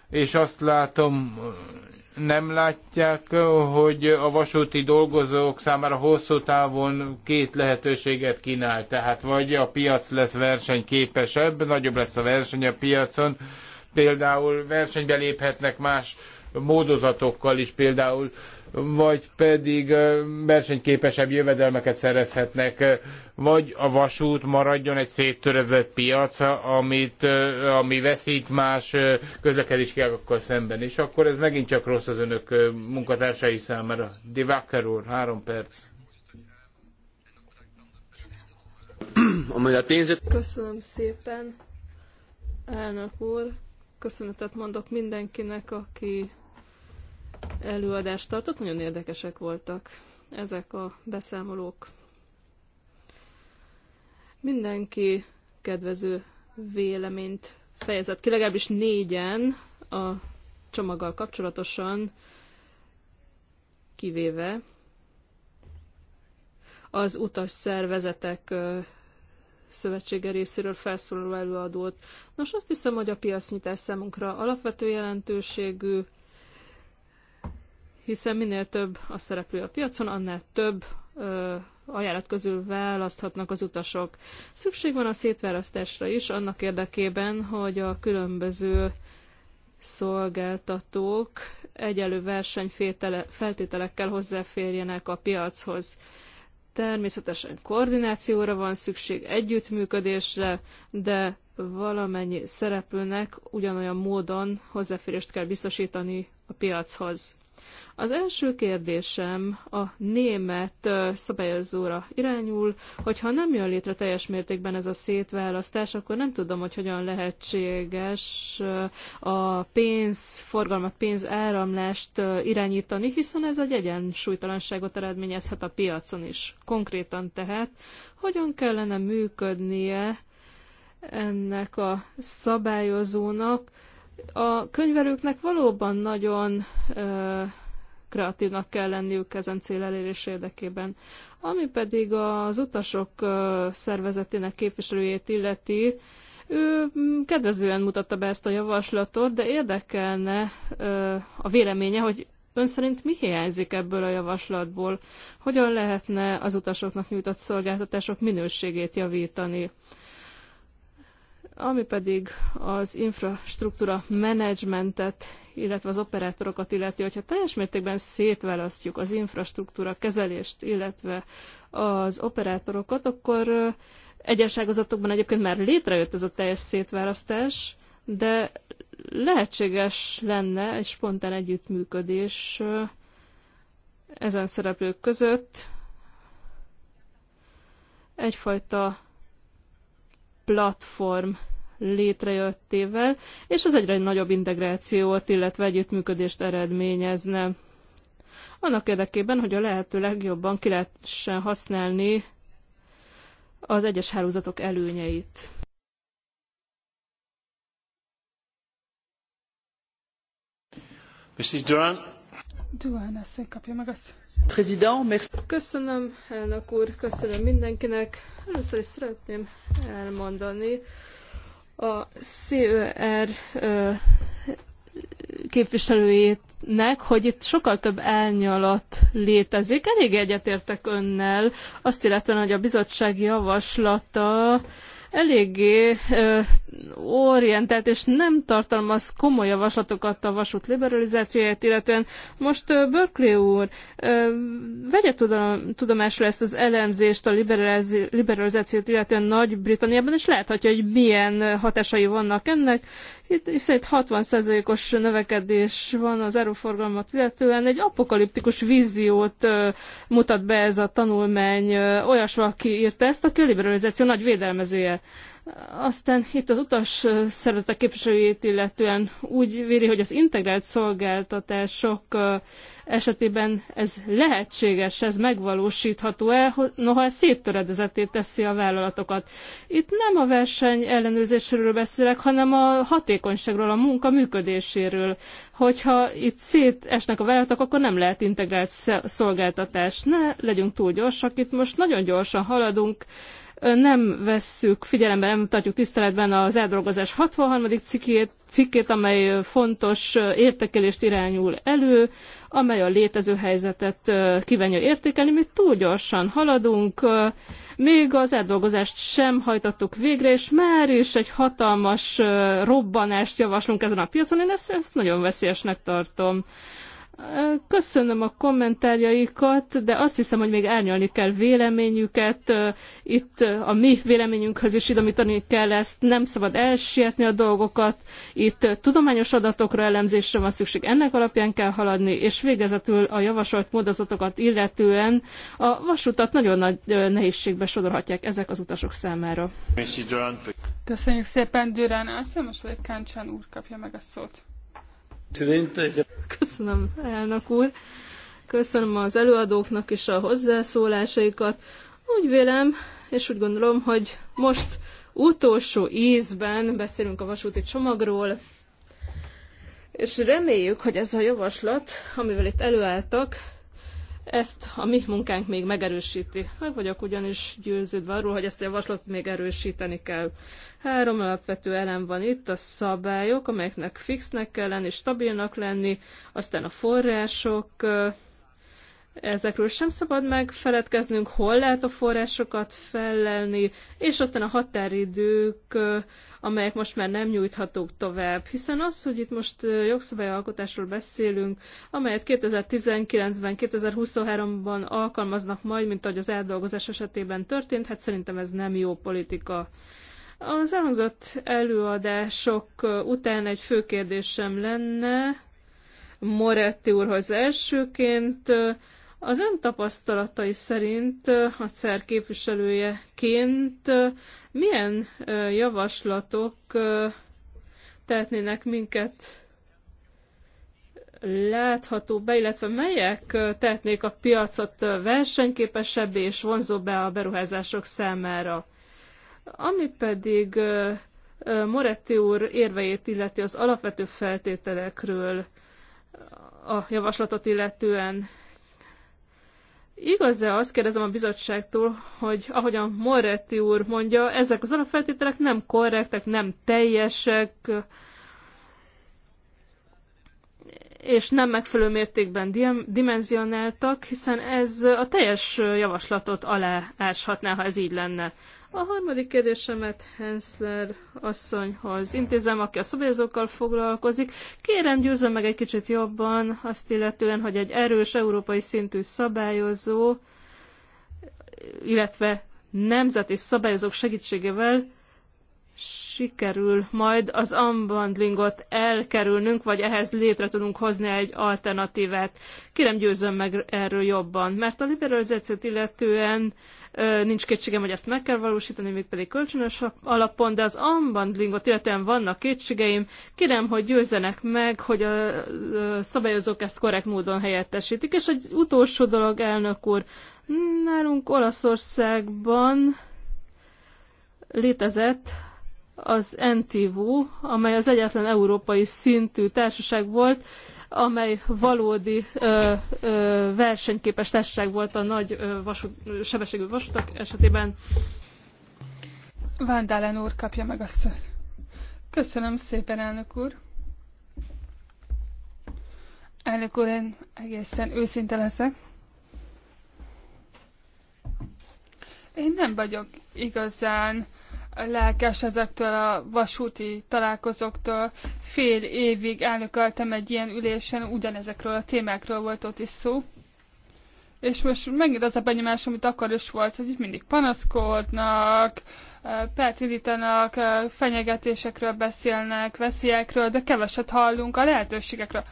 és azt látom, nem látják, hogy a vasúti dolgozók számára hosszú távon két lehetőséget kínál. Tehát vagy a piac lesz versenyképesebb, nagyobb lesz a verseny a piacon, például versenybe léphetnek más módozatokkal is, például vagy pedig versenyképesebb jövedelmeket szerezhetnek, vagy a vasút maradjon egy széttörezett piac, amit, ami veszít más közlekedéskiágokkal szemben, és akkor ez megint csak rossz az önök munkatársai számára. Divacker úr, három perc. Köszönöm szépen, elnök úr. Köszönetet mondok mindenkinek, aki előadást tartott, nagyon érdekesek voltak ezek a beszámolók. Mindenki kedvező véleményt fejezett ki, legalábbis négyen a csomaggal kapcsolatosan, kivéve az utas szervezetek szövetsége részéről felszólaló előadót. Nos, azt hiszem, hogy a piacnyitás számunkra alapvető jelentőségű, hiszen minél több a szereplő a piacon, annál több ö, ajánlat közül választhatnak az utasok. Szükség van a szétválasztásra is, annak érdekében, hogy a különböző szolgáltatók egyelő versenyfeltételekkel hozzáférjenek a piachoz. Természetesen koordinációra van szükség, együttműködésre, de valamennyi szereplőnek ugyanolyan módon hozzáférést kell biztosítani a piachoz. Az első kérdésem a német szabályozóra irányul, hogyha nem jön létre teljes mértékben ez a szétválasztás, akkor nem tudom, hogy hogyan lehetséges a pénz, forgalmat, pénz áramlást irányítani, hiszen ez egy egyensúlytalanságot eredményezhet a piacon is. Konkrétan tehát, hogyan kellene működnie ennek a szabályozónak, a könyvelőknek valóban nagyon ö, kreatívnak kell lenniük ezen cél elérés érdekében. Ami pedig az utasok ö, szervezetének képviselőjét illeti, ő mm, kedvezően mutatta be ezt a javaslatot, de érdekelne ö, a véleménye, hogy ön szerint mi hiányzik ebből a javaslatból? Hogyan lehetne az utasoknak nyújtott szolgáltatások minőségét javítani? Ami pedig az infrastruktúra menedzsmentet, illetve az operátorokat illeti, hogyha teljes mértékben szétválasztjuk az infrastruktúra kezelést, illetve az operátorokat, akkor egyes ágazatokban egyébként már létrejött ez a teljes szétválasztás, de lehetséges lenne egy spontán együttműködés ezen szereplők között, egyfajta platform létrejöttével, és az egyre nagyobb integrációt, illetve együttműködést eredményezne. Annak érdekében, hogy a lehető legjobban ki lehessen használni az egyes hálózatok előnyeit. Mrs. Duran. Duran, asszony kapja meg azt. Köszönöm, elnök úr, köszönöm mindenkinek Először is szeretném elmondani a CÖR képviselőjének, hogy itt sokkal több elnyalat létezik. Elég egyetértek önnel, azt illetően, hogy a bizottság javaslata eléggé ö, orientált és nem tartalmaz komoly javaslatokat a vasút liberalizációját, illetően most ö, Berkeley úr, ö, vegye tudom, tudomásra ezt az elemzést a liberaliz- liberalizációt, illetően Nagy-Britanniában, és láthatja, hogy milyen hatásai vannak ennek, itt, is egy 60%-os növekedés van az erőforgalmat illetően. Egy apokaliptikus víziót ö, mutat be ez a tanulmány. olyas valaki írta ezt, aki a liberalizáció nagy védelmezője. Aztán itt az utas szeretek képviselőjét illetően úgy véri, hogy az integrált szolgáltatások esetében ez lehetséges, ez megvalósítható el, noha széttöredezetté teszi a vállalatokat. Itt nem a verseny ellenőrzésről beszélek, hanem a hatékonyságról, a munka működéséről. Hogyha itt szétesnek a vállalatok, akkor nem lehet integrált szolgáltatás. Ne legyünk túl gyorsak, itt most nagyon gyorsan haladunk, nem vesszük figyelembe, nem tartjuk tiszteletben az eldolgozás 63. cikkét, cikkét, amely fontos értekelést irányul elő, amely a létező helyzetet kívánja értékelni. Mi túl gyorsan haladunk, még az eldolgozást sem hajtottuk végre, és már is egy hatalmas robbanást javaslunk ezen a piacon. Én ezt, ezt nagyon veszélyesnek tartom. Köszönöm a kommentárjaikat, de azt hiszem, hogy még árnyalni kell véleményüket. Itt a mi véleményünkhöz is idomítani kell ezt, nem szabad elsietni a dolgokat. Itt tudományos adatokra, elemzésre van szükség, ennek alapján kell haladni, és végezetül a javasolt módozatokat illetően a vasutat nagyon nagy nehézségbe sodorhatják ezek az utasok számára. Köszönjük szépen, Dürán. Azt most, hogy Káncsán úr kapja meg a szót. Köszönöm, elnök úr. Köszönöm az előadóknak is a hozzászólásaikat. Úgy vélem, és úgy gondolom, hogy most utolsó ízben beszélünk a vasúti csomagról, és reméljük, hogy ez a javaslat, amivel itt előálltak, ezt a mi munkánk még megerősíti. Meg vagyok ugyanis győződve arról, hogy ezt a javaslatot még erősíteni kell. Három alapvető elem van itt, a szabályok, amelyeknek fixnek kell lenni, stabilnak lenni, aztán a források, ezekről sem szabad megfeledkeznünk, hol lehet a forrásokat fellelni, és aztán a határidők, amelyek most már nem nyújthatók tovább. Hiszen az, hogy itt most jogszabályalkotásról beszélünk, amelyet 2019-ben, 2023-ban alkalmaznak majd, mint ahogy az eldolgozás esetében történt, hát szerintem ez nem jó politika. Az elhangzott előadások után egy fő kérdésem lenne, Moretti úrhoz elsőként. Az ön tapasztalatai szerint a CER képviselőjeként milyen javaslatok tehetnének minket láthatóbbá, illetve melyek tehetnék a piacot versenyképesebbé és vonzóbbá a beruházások számára. Ami pedig Moretti úr érveit illeti az alapvető feltételekről a javaslatot illetően Igaz-e, azt kérdezem a bizottságtól, hogy ahogyan Moretti úr mondja, ezek az alapfeltételek nem korrektek, nem teljesek, és nem megfelelő mértékben dimenzionáltak, hiszen ez a teljes javaslatot alááshatná, ha ez így lenne. A harmadik kérdésemet Hensler asszonyhoz intézem, aki a szabályozókkal foglalkozik. Kérem, győzzön meg egy kicsit jobban azt illetően, hogy egy erős európai szintű szabályozó, illetve nemzeti szabályozók segítségével sikerül majd az unbundlingot elkerülnünk, vagy ehhez létre tudunk hozni egy alternatívát. Kérem győzzön meg erről jobban, mert a liberalizációt illetően nincs kétségem, hogy ezt meg kell valósítani, mégpedig kölcsönös alapon, de az unbundlingot illetően vannak kétségeim. Kérem, hogy győzzenek meg, hogy a szabályozók ezt korrekt módon helyettesítik. És egy utolsó dolog, elnök úr, nálunk Olaszországban létezett az NTV, amely az egyetlen európai szintű társaság volt, amely valódi ö, ö, versenyképes társaság volt a nagy ö, vasút, sebességű vasutak esetében. Vandálen úr kapja meg a szót. Köszönöm szépen, elnök úr. Elnök úr, én egészen őszinte leszek. Én nem vagyok igazán lelkes ezektől a vasúti találkozóktól. Fél évig elnököltem egy ilyen ülésen, ugyanezekről a témákról volt ott is szó. És most megint az a benyomás, amit akkor is volt, hogy itt mindig panaszkodnak, eh, pert eh, fenyegetésekről beszélnek, veszélyekről, de keveset hallunk a lehetőségekről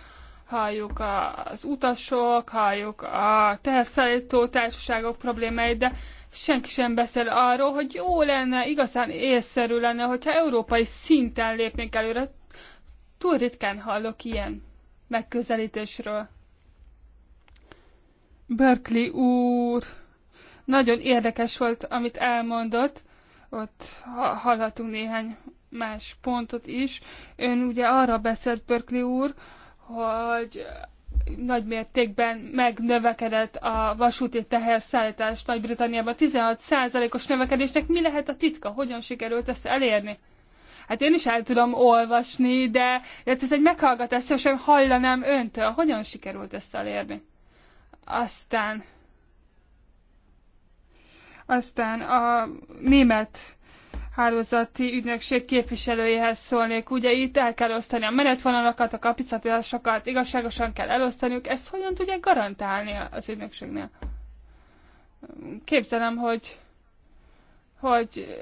halljuk az utasok, halljuk a teherszállító társaságok problémáit, de senki sem beszél arról, hogy jó lenne, igazán észszerű lenne, hogyha európai szinten lépnénk előre. Túl ritkán hallok ilyen megközelítésről. Berkeley úr, nagyon érdekes volt, amit elmondott. Ott hallhatunk néhány más pontot is. Ön ugye arra beszélt, Berkeley úr, hogy nagy mértékben megnövekedett a vasúti teherszállítás Nagy-Britanniában. 16%-os növekedésnek mi lehet a titka? Hogyan sikerült ezt elérni? Hát én is el tudom olvasni, de, de hát ez egy meghallgatás, szóval sem hallanám öntől. Hogyan sikerült ezt elérni? Aztán aztán a német hálózati ügynökség képviselőjéhez szólnék. Ugye itt el kell osztani a menetvonalakat, a kapicatásokat, igazságosan kell elosztaniuk. Ezt hogyan tudják garantálni az ügynökségnél? Képzelem, hogy hogy,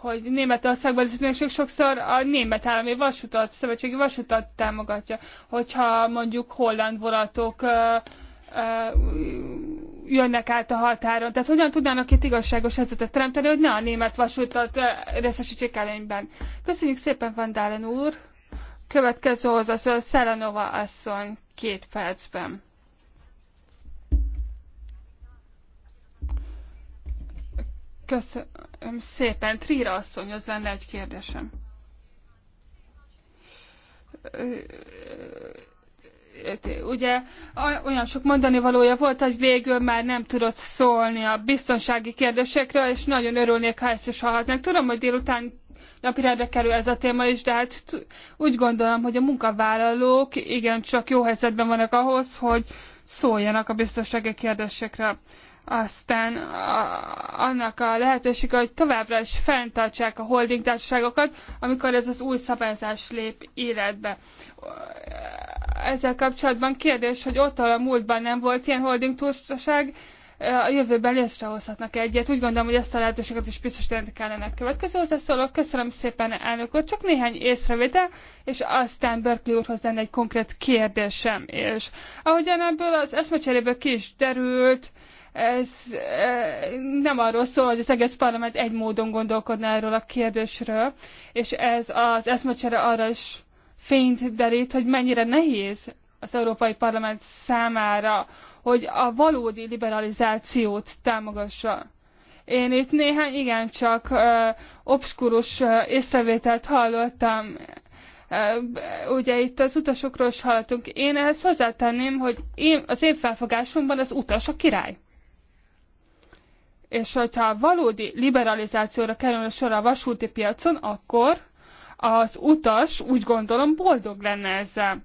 hogy Németországban az ügynökség sokszor a német állami vasutat, szövetségi vasutat támogatja. Hogyha mondjuk holland vonatok jönnek át a határon. Tehát hogyan tudnának itt igazságos helyzetet teremteni, hogy ne a német vasútat részesítsék előnyben. Köszönjük szépen, Van Dálen úr! Következő az a Szelenova asszony két percben. Köszönöm szépen. Trira az lenne egy kérdésem ugye olyan sok mondani valója volt, hogy végül már nem tudott szólni a biztonsági kérdésekről, és nagyon örülnék, ha ezt is hallhatnánk. Tudom, hogy délután napirendre kerül ez a téma is, de hát úgy gondolom, hogy a munkavállalók igen csak jó helyzetben vannak ahhoz, hogy szóljanak a biztonsági kérdésekre aztán a, annak a lehetősége, hogy továbbra is fenntartsák a holding társaságokat, amikor ez az új szabályozás lép életbe. Ezzel kapcsolatban kérdés, hogy ott, ahol a múltban nem volt ilyen holding társaság, a jövőben létrehozhatnak egyet. Úgy gondolom, hogy ezt a lehetőséget is biztosítani kellene a következő hozzászólók. Köszönöm szépen, elnök úr. Csak néhány észrevétel, és aztán Berkeley úrhoz lenne egy konkrét kérdésem. És ahogyan ebből az eszmecseréből ki is derült, ez nem arról szól, hogy az egész parlament egy módon gondolkodna erről a kérdésről, és ez az eszmecsere arra is fényt derít, hogy mennyire nehéz az Európai Parlament számára, hogy a valódi liberalizációt támogassa. Én itt néhány igencsak ö, obskurus ö, észrevételt hallottam. Ö, ugye itt az utasokról is hallottunk. Én ehhez hozzátenném, hogy én, az én felfogásomban az utas a király. És hogyha valódi liberalizációra a sor a vasúti piacon, akkor az utas úgy gondolom boldog lenne ezzel.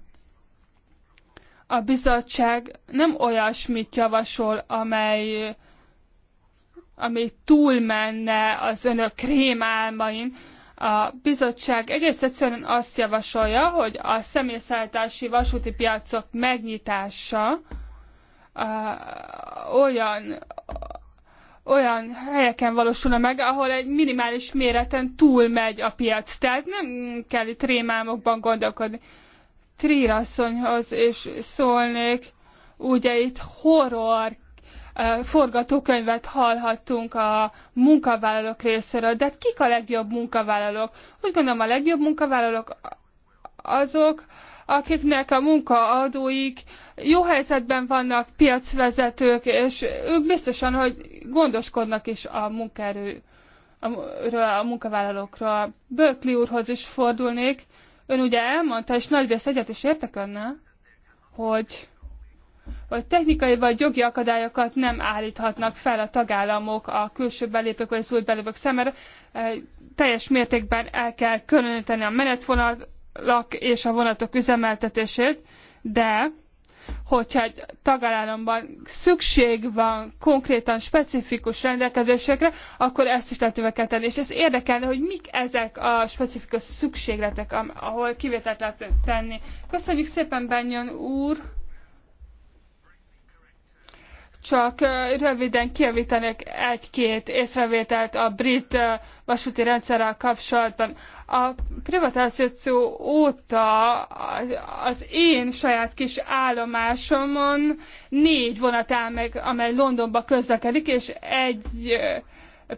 A bizottság nem olyasmit javasol, amely amely túlmenne az önök rémálmain. A bizottság egész egyszerűen azt javasolja, hogy a személyszállítási vasúti piacok megnyitása olyan olyan helyeken valósulna meg, ahol egy minimális méreten túlmegy a piac. Tehát nem kell itt rémálmokban gondolkodni. Trílasszonyhoz is szólnék, ugye itt horror forgatókönyvet hallhattunk a munkavállalók részéről, de kik a legjobb munkavállalók? Úgy gondolom a legjobb munkavállalók azok, akiknek a munkaadóik jó helyzetben vannak, piacvezetők, és ők biztosan, hogy gondoskodnak is a munkaerő, a munkavállalókról. Berkeley úrhoz is fordulnék. Ön ugye elmondta, és nagyrészt egyet is értek önnel, hogy vagy technikai vagy jogi akadályokat nem állíthatnak fel a tagállamok a külső belépők vagy az új belépők számára. Teljes mértékben el kell különíteni a menetvonalat lak és a vonatok üzemeltetését, de hogyha egy tagállamban szükség van konkrétan specifikus rendelkezésekre, akkor ezt is lehetővé kell tenni. És ez érdekelne, hogy mik ezek a specifikus szükségletek, ahol kivételt lehet tenni. Köszönjük szépen, Benyon úr! csak röviden kijavítanék egy-két észrevételt a brit vasúti rendszerrel kapcsolatban. A privatizáció óta az én saját kis állomásomon négy vonat áll meg, amely Londonba közlekedik, és egy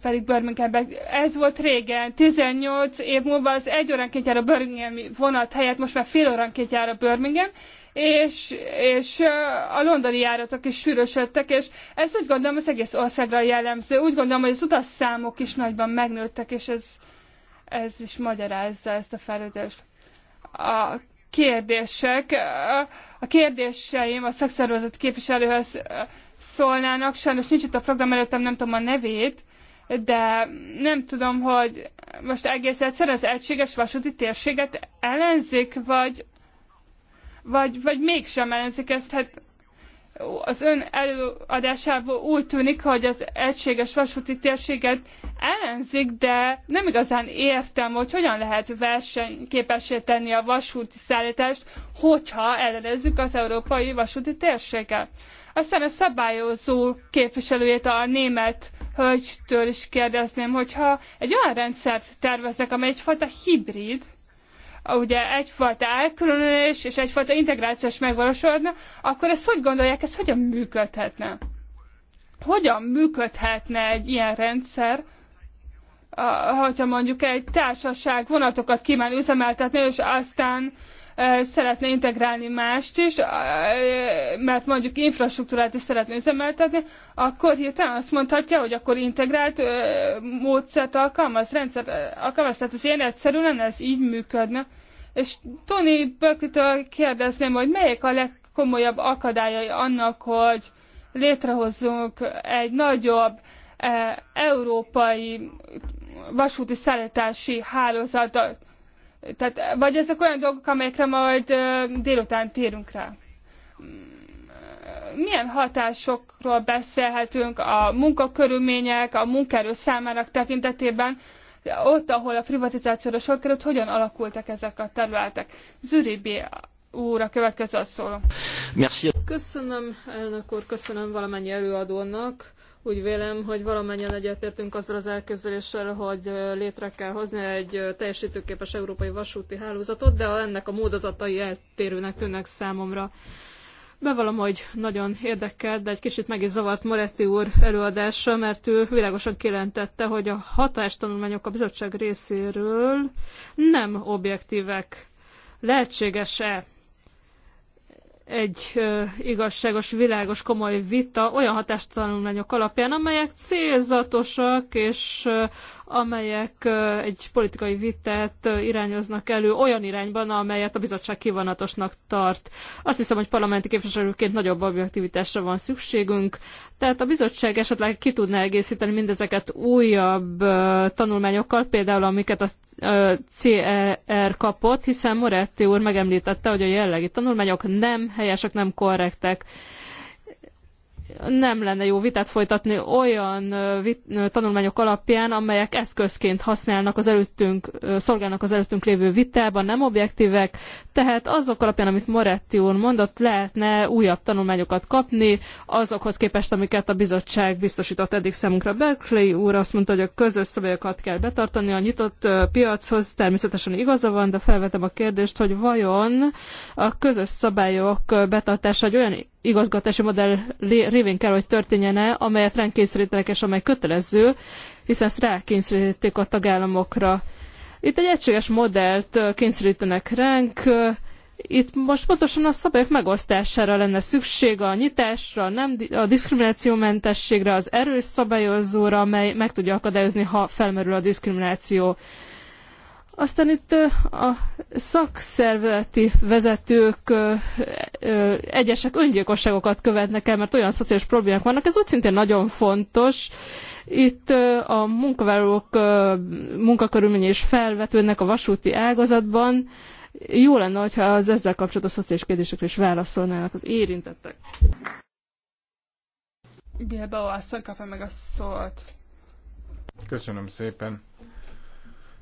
pedig Birminghamben. Ez volt régen, 18 év múlva az egy óránként jár a Birmingham vonat helyett, most már fél óránként jár a Birmingham, és, és a londoni járatok is sűrösödtek, és ez úgy gondolom az egész országra jellemző. Úgy gondolom, hogy az utasszámok is nagyban megnőttek, és ez, ez is magyarázza ezt a fejlődést. A kérdések, a kérdéseim a szakszervezet képviselőhöz szólnának, sajnos nincs itt a program előttem, nem tudom a nevét, de nem tudom, hogy most egész egyszer az egységes vasúti térséget ellenzik, vagy vagy, vagy mégsem ellenzik ezt. Hát az ön előadásából úgy tűnik, hogy az egységes vasúti térséget ellenzik, de nem igazán értem, hogy hogyan lehet versenyképessé tenni a vasúti szállítást, hogyha ellenezzük az európai vasúti térséggel. Aztán a szabályozó képviselőjét a német hölgytől is kérdezném, hogyha egy olyan rendszert terveznek, amely egyfajta hibrid, ugye egyfajta elkülönülés és egyfajta integrációs megvalósulna, akkor ezt hogy gondolják, ez hogyan működhetne? Hogyan működhetne egy ilyen rendszer, hogyha mondjuk egy társaság vonatokat kíván üzemeltetni, és aztán e, szeretne integrálni mást is, e, mert mondjuk infrastruktúrát is szeretne üzemeltetni, akkor hirtelen azt mondhatja, hogy akkor integrált e, módszert alkalmaz, rendszert alkalmaz. Tehát ez ilyen egyszerűen, ez így működne. És Tony Bökitől kérdezném, hogy melyek a legkomolyabb akadályai annak, hogy létrehozzunk egy nagyobb e, európai vasúti szállítási hálózatot. Tehát, vagy ezek olyan dolgok, amelyekre majd e, délután térünk rá. Milyen hatásokról beszélhetünk a munkakörülmények, a munkaerő számának tekintetében, ott, ahol a privatizációra sor került, hogyan alakultak ezek a területek. Züribi úr, a következő a szó. Köszönöm, elnök úr, köszönöm valamennyi előadónak. Úgy vélem, hogy valamennyien egyetértünk azzal az elképzeléssel, hogy létre kell hozni egy teljesítőképes európai vasúti hálózatot, de ennek a módozatai eltérőnek tűnnek számomra. Bevallom, hogy nagyon érdekel, de egy kicsit meg is zavart Moretti úr előadása, mert ő világosan kijelentette, hogy a hatástanulmányok a bizottság részéről nem objektívek. Lehetséges-e egy ö, igazságos, világos, komoly vita olyan hatástanulmányok alapján, amelyek célzatosak és ö, amelyek egy politikai vitát irányoznak elő olyan irányban, amelyet a bizottság kivonatosnak tart. Azt hiszem, hogy parlamenti képviselőként nagyobb objektivitásra van szükségünk, tehát a bizottság esetleg ki tudná egészíteni mindezeket újabb tanulmányokkal, például amiket a CER kapott, hiszen Moretti úr megemlítette, hogy a jellegi tanulmányok nem helyesek, nem korrektek nem lenne jó vitát folytatni olyan vit, tanulmányok alapján, amelyek eszközként használnak az előttünk, szolgálnak az előttünk lévő vitában, nem objektívek. Tehát azok alapján, amit Moretti úr mondott, lehetne újabb tanulmányokat kapni, azokhoz képest, amiket a bizottság biztosított eddig számunkra. Berkeley úr azt mondta, hogy a közös szabályokat kell betartani a nyitott piachoz, természetesen igaza van, de felvetem a kérdést, hogy vajon a közös szabályok betartása egy olyan igazgatási modell révén kell, hogy történjene, amelyet ránk és amely kötelező, hiszen ezt rákényszerítik a tagállamokra. Itt egy egységes modellt kényszerítenek ránk, itt most pontosan a szabályok megosztására lenne szükség, a nyitásra, nem a diszkriminációmentességre, az erős szabályozóra, amely meg tudja akadályozni, ha felmerül a diszkrimináció. Aztán itt a szakszervezeti vezetők egyesek öngyilkosságokat követnek el, mert olyan szociális problémák vannak. Ez úgy szintén nagyon fontos. Itt a munkavállalók munkakörülményei is felvetődnek a vasúti ágazatban. Jó lenne, hogyha az ezzel kapcsolatos szociális kérdésekre is válaszolnának az érintettek. Bilbao asszony kapja meg a szót. Köszönöm szépen.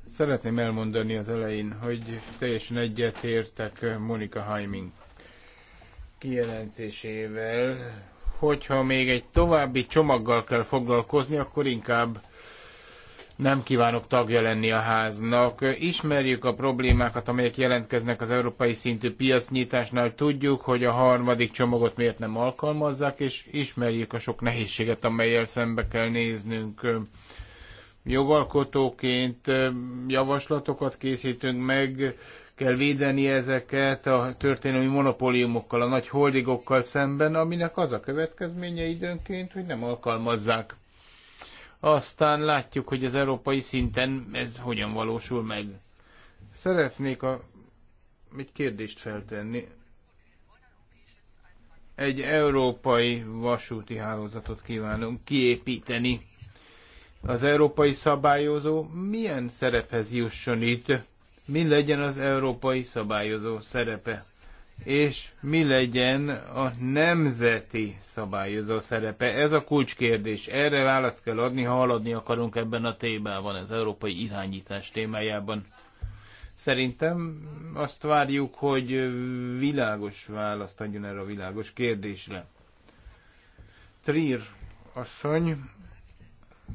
Szeretném elmondani az elején, hogy teljesen egyetértek Monika Haiming kijelentésével, hogyha még egy további csomaggal kell foglalkozni, akkor inkább nem kívánok tagja lenni a háznak. Ismerjük a problémákat, amelyek jelentkeznek az európai szintű piacnyitásnál, tudjuk, hogy a harmadik csomagot miért nem alkalmazzák, és ismerjük a sok nehézséget, amelyel szembe kell néznünk jogalkotóként javaslatokat készítünk meg, kell védeni ezeket a történelmi monopóliumokkal, a nagy holdigokkal szemben, aminek az a következménye időnként, hogy nem alkalmazzák. Aztán látjuk, hogy az európai szinten ez hogyan valósul meg. Szeretnék a, egy kérdést feltenni. Egy európai vasúti hálózatot kívánunk kiépíteni az európai szabályozó milyen szerephez jusson itt, mi legyen az európai szabályozó szerepe, és mi legyen a nemzeti szabályozó szerepe. Ez a kulcskérdés. Erre választ kell adni, ha haladni akarunk ebben a témában, az európai irányítás témájában. Szerintem azt várjuk, hogy világos választ adjon erre a világos kérdésre. Trier asszony,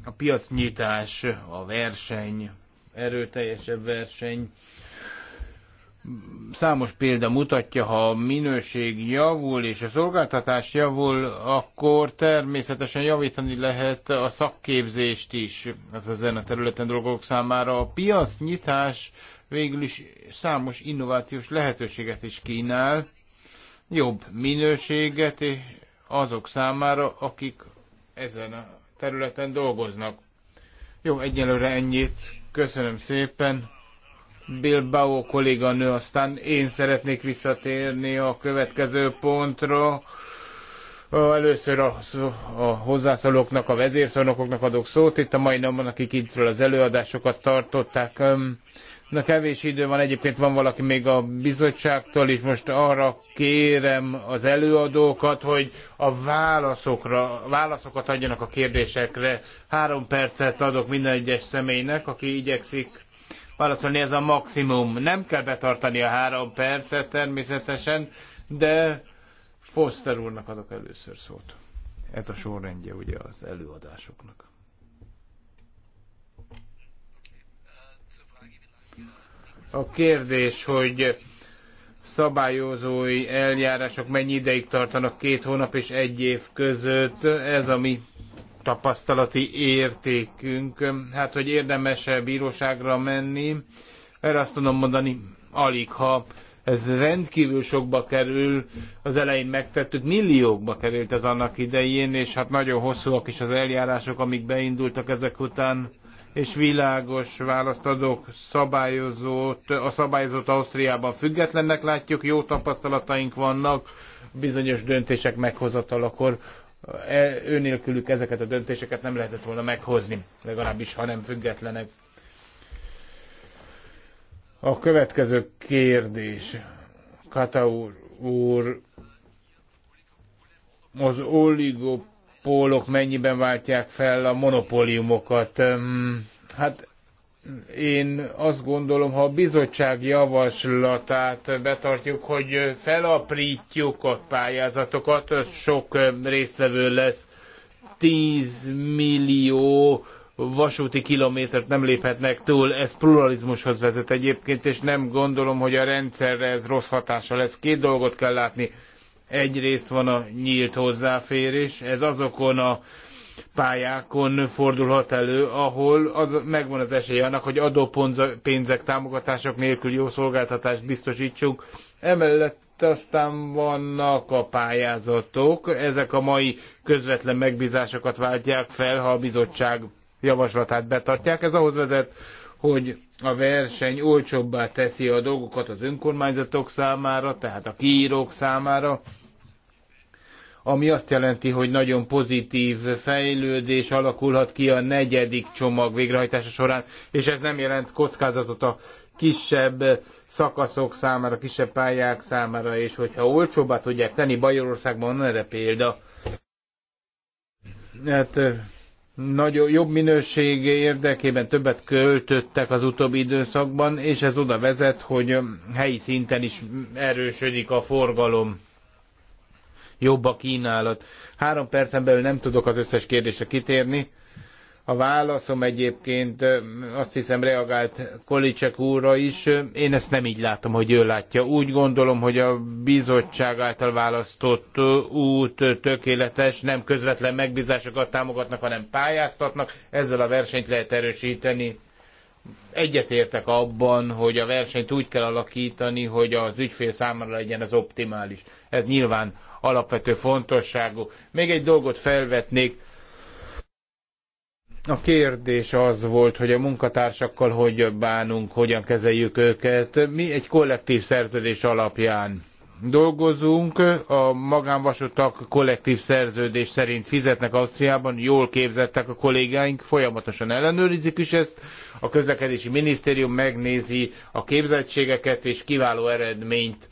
a piacnyitás, a verseny, erőteljesebb verseny. Számos példa mutatja, ha a minőség javul és a szolgáltatás javul, akkor természetesen javítani lehet a szakképzést is az ezen a területen dolgok számára. A piacnyitás végül is számos innovációs lehetőséget is kínál, jobb minőséget azok számára, akik ezen a területen dolgoznak. Jó, egyelőre ennyit. Köszönöm szépen. Bilbao kolléganő, aztán én szeretnék visszatérni a következő pontra. Először a, a hozzászólóknak, a vezérszónokoknak adok szót. Itt a mai napon, akik itt az előadásokat tartották, Na kevés idő van, egyébként van valaki még a bizottságtól is, most arra kérem az előadókat, hogy a válaszokra, válaszokat adjanak a kérdésekre. Három percet adok minden egyes személynek, aki igyekszik válaszolni, ez a maximum. Nem kell betartani a három percet természetesen, de Foster úrnak adok először szót. Ez a sorrendje ugye az előadásoknak. A kérdés, hogy szabályozói eljárások mennyi ideig tartanak két hónap és egy év között, ez a mi tapasztalati értékünk. Hát, hogy érdemese bíróságra menni, erre azt tudom mondani, alig, ha ez rendkívül sokba kerül, az elején megtettük, milliókba került ez annak idején, és hát nagyon hosszúak is az eljárások, amik beindultak ezek után és világos választ adok szabályozót, a szabályozót Ausztriában függetlennek látjuk, jó tapasztalataink vannak bizonyos döntések meghozatalakor. Önélkülük e, ezeket a döntéseket nem lehetett volna meghozni, legalábbis ha nem függetlenek. A következő kérdés. Kata úr, úr az oligop pólok mennyiben váltják fel a monopóliumokat. Hát én azt gondolom, ha a bizottság javaslatát betartjuk, hogy felaprítjuk a pályázatokat, az sok részlevő lesz, 10 millió vasúti kilométert nem léphetnek túl, ez pluralizmushoz vezet egyébként, és nem gondolom, hogy a rendszerre ez rossz hatása lesz. Két dolgot kell látni Egyrészt van a nyílt hozzáférés, ez azokon a pályákon fordulhat elő, ahol az, megvan az esély annak, hogy adópénzek, támogatások nélkül jó szolgáltatást biztosítsunk. Emellett aztán vannak a pályázatok, ezek a mai közvetlen megbízásokat váltják fel, ha a bizottság javaslatát betartják. Ez ahhoz vezet, hogy a verseny olcsóbbá teszi a dolgokat az önkormányzatok számára, tehát a kiírók számára, ami azt jelenti, hogy nagyon pozitív fejlődés alakulhat ki a negyedik csomag végrehajtása során, és ez nem jelent kockázatot a kisebb szakaszok számára, kisebb pályák számára, és hogyha olcsóbbá tudják tenni, Bajorországban van erre példa. Hát, nagyon jobb minőség érdekében többet költöttek az utóbbi időszakban, és ez oda vezet, hogy helyi szinten is erősödik a forgalom jobb a kínálat. Három percen belül nem tudok az összes kérdésre kitérni. A válaszom egyébként azt hiszem reagált Kolicek úrra is. Én ezt nem így látom, hogy ő látja. Úgy gondolom, hogy a bizottság által választott út tökéletes, nem közvetlen megbízásokat támogatnak, hanem pályáztatnak. Ezzel a versenyt lehet erősíteni. Egyetértek abban, hogy a versenyt úgy kell alakítani, hogy az ügyfél számára legyen az optimális. Ez nyilván alapvető fontosságú. Még egy dolgot felvetnék. A kérdés az volt, hogy a munkatársakkal hogy bánunk, hogyan kezeljük őket. Mi egy kollektív szerződés alapján dolgozunk, a magánvasutak kollektív szerződés szerint fizetnek Ausztriában, jól képzettek a kollégáink, folyamatosan ellenőrizik is ezt, a közlekedési minisztérium megnézi a képzettségeket, és kiváló eredményt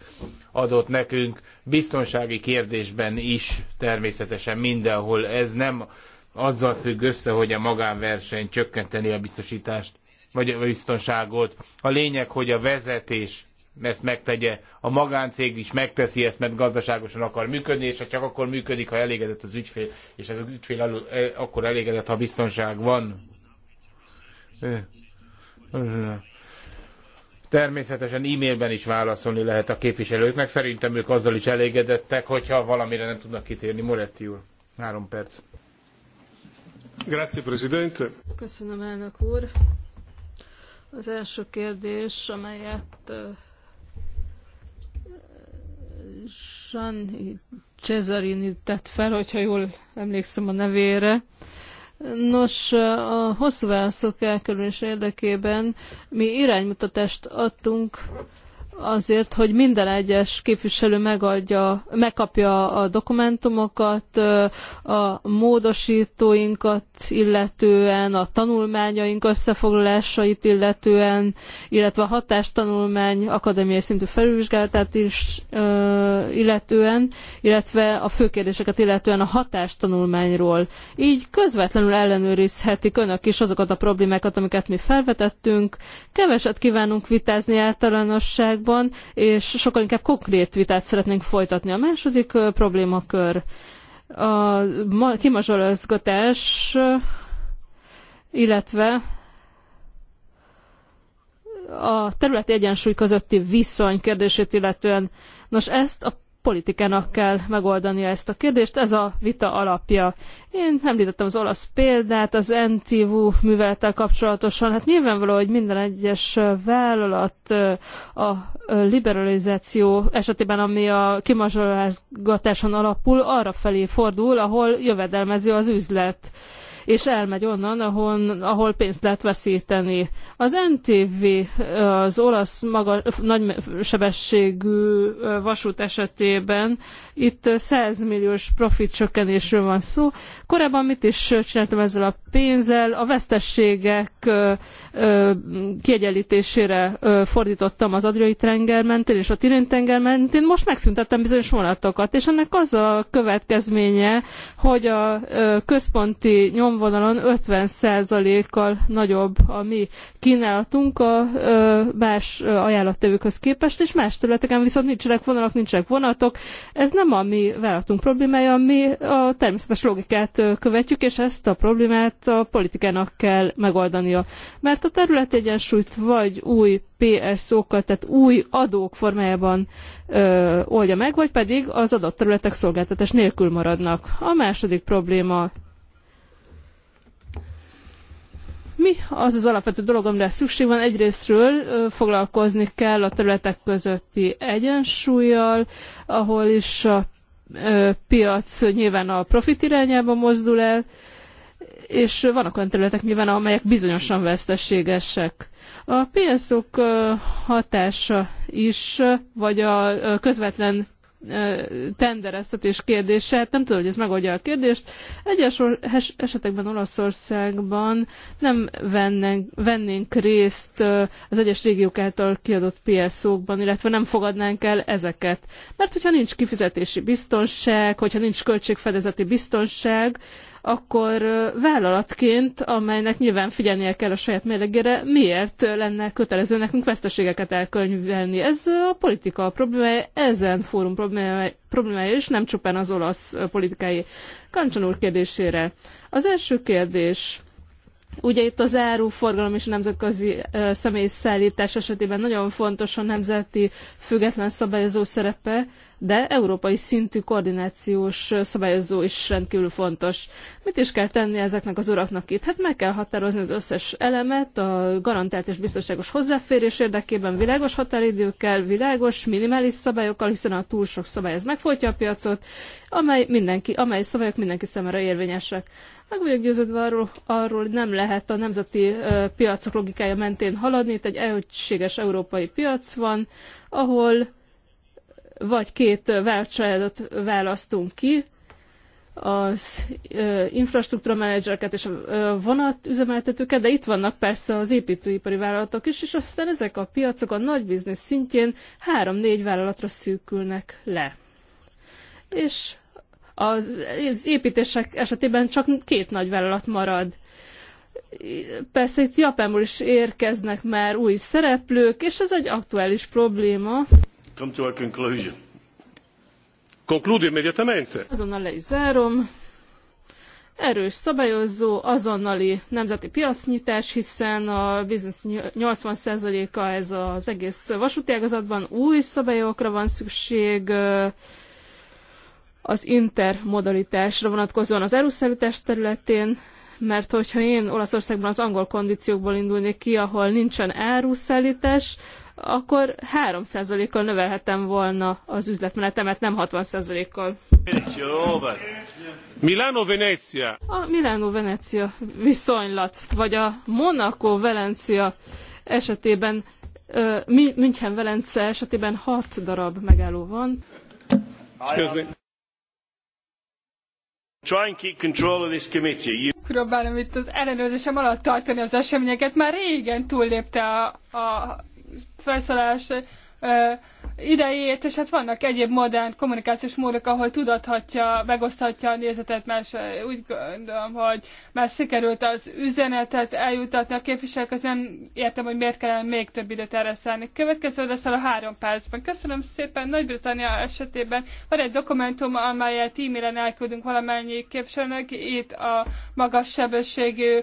adott nekünk biztonsági kérdésben is természetesen mindenhol. Ez nem azzal függ össze, hogy a magánverseny csökkenteni a biztosítást, vagy a biztonságot. A lényeg, hogy a vezetés ezt megtegye. A magáncég is megteszi ezt, mert gazdaságosan akar működni, és csak akkor működik, ha elégedett az ügyfél, és az ügyfél elő, eh, akkor elégedett, ha biztonság van. Természetesen e-mailben is válaszolni lehet a képviselőknek. Szerintem ők azzal is elégedettek, hogyha valamire nem tudnak kitérni. Moretti úr, három perc. Grazie, Presidente. Köszönöm, elnök úr. Az első kérdés, amelyet eh, Jean Cesarini tett fel, hogyha jól emlékszem a nevére. Nos, a hosszú válaszok elkerülés érdekében mi iránymutatást adtunk azért, hogy minden egyes képviselő megadja, megkapja a dokumentumokat, a módosítóinkat illetően, a tanulmányaink összefoglalásait illetően, illetve a hatástanulmány akadémiai szintű felülvizsgálatát is illetően, illetve a főkérdéseket illetően a hatástanulmányról. Így közvetlenül ellenőrizhetik önök is azokat a problémákat, amiket mi felvetettünk. Keveset kívánunk vitázni általánosságban, témában, és sokkal inkább konkrét vitát szeretnénk folytatni. A második problémakör a kimazsolozgatás, illetve a területi egyensúly közötti viszony kérdését illetően. Nos, ezt a politikának kell megoldania ezt a kérdést, ez a vita alapja. Én említettem az olasz példát, az NTV művelettel kapcsolatosan, hát nyilvánvaló, hogy minden egyes vállalat a liberalizáció esetében, ami a kimazsolásgatáson alapul, arra felé fordul, ahol jövedelmező az üzlet és elmegy onnan, ahon, ahol pénzt lehet veszíteni. Az NTV, az olasz maga, nagysebességű vasút esetében itt 100 milliós profit csökkenésről van szó. Korábban mit is csináltam ezzel a pénzzel? A vesztességek kiegyenlítésére fordítottam az adriai tenger mentén és a Tirén tenger mentén. Most megszüntettem bizonyos vonatokat, és ennek az a következménye, hogy a központi nyom színvonalon 50%-kal nagyobb a mi kínálatunk a más ajánlattevőkhöz képest, és más területeken viszont nincsenek vonalak, nincsenek vonatok. Ez nem a mi vállalatunk problémája, mi a természetes logikát követjük, és ezt a problémát a politikának kell megoldania. Mert a terület egyensúlyt vagy új PSO-kat, tehát új adók formájában ö, oldja meg, vagy pedig az adott területek szolgáltatás nélkül maradnak. A második probléma Mi az az alapvető dolog, amire szükség van? Egyrésztről foglalkozni kell a területek közötti egyensúlyjal, ahol is a piac nyilván a profit irányába mozdul el, és vannak olyan területek nyilván, amelyek bizonyosan veszteségesek. A psz hatása is, vagy a közvetlen tendereztetés kérdése. Hát nem tudom, hogy ez megoldja a kérdést. Egyes esetekben Olaszországban nem vennénk, vennénk részt az egyes régiók által kiadott PSO-kban, illetve nem fogadnánk el ezeket. Mert hogyha nincs kifizetési biztonság, hogyha nincs költségfedezeti biztonság, akkor vállalatként, amelynek nyilván figyelnie kell a saját mérlegére, miért lenne kötelező nekünk veszteségeket elkönyvelni? Ez a politika a problémája, ezen fórum problémája, is, és nem csupán az olasz politikai. Kancson úr kérdésére. Az első kérdés, Ugye itt az áruforgalom és a nemzetközi személyszállítás esetében nagyon fontos a nemzeti független szabályozó szerepe, de európai szintű koordinációs szabályozó is rendkívül fontos. Mit is kell tenni ezeknek az uraknak itt? Hát meg kell határozni az összes elemet, a garantált és biztonságos hozzáférés érdekében világos határidőkkel, világos minimális szabályokkal, hiszen a túl sok szabály ez megfolytja a piacot, amely, mindenki, amely szabályok mindenki számára érvényesek. Meg vagyok győződve arról, arról hogy nem lehet a nemzeti uh, piacok logikája mentén haladni. Itt egy egységes európai piac van, ahol vagy két váltcsaládot választunk ki, az infrastruktúra menedzsereket és a vonatüzemeltetőket, de itt vannak persze az építőipari vállalatok is, és aztán ezek a piacok a nagy biznisz szintjén három-négy vállalatra szűkülnek le. És az, az építések esetében csak két nagy vállalat marad. Persze itt Japánból is érkeznek már új szereplők, és ez egy aktuális probléma come to a conclusion. Concludo immediatamente. Azonnal le is zárom. Erős szabályozó, azonnali nemzeti piacnyitás, hiszen a biznisz 80%-a ez az egész vasúti ágazatban. Új szabályokra van szükség az intermodalitásra vonatkozóan az áruszállítás területén, mert hogyha én Olaszországban az angol kondíciókból indulnék ki, ahol nincsen áruszállítás, akkor 3%-kal növelhettem volna az üzletmenetemet, nem 60%-kal. Milano-Venecia. A Milano-Venecia viszonylat, vagy a Monaco-Valencia esetében, uh, München-Velence esetében 6 darab megálló van. Try and keep control of this committee. You... Próbálom itt az ellenőrzésem alatt tartani az eseményeket, már régen túllépte a, a felszólás idejét, és hát vannak egyéb modern kommunikációs módok, ahol tudathatja, megoszthatja a nézetet, más úgy gondolom, hogy már sikerült az üzenetet eljutatni a képviselők, az nem értem, hogy miért kellene még több időt erre szállni. Következő odaszal a három percben. Köszönöm szépen, Nagy-Britannia esetében van egy dokumentum, amelyet e-mailen elküldünk valamennyi képviselőnek, itt a magas sebességű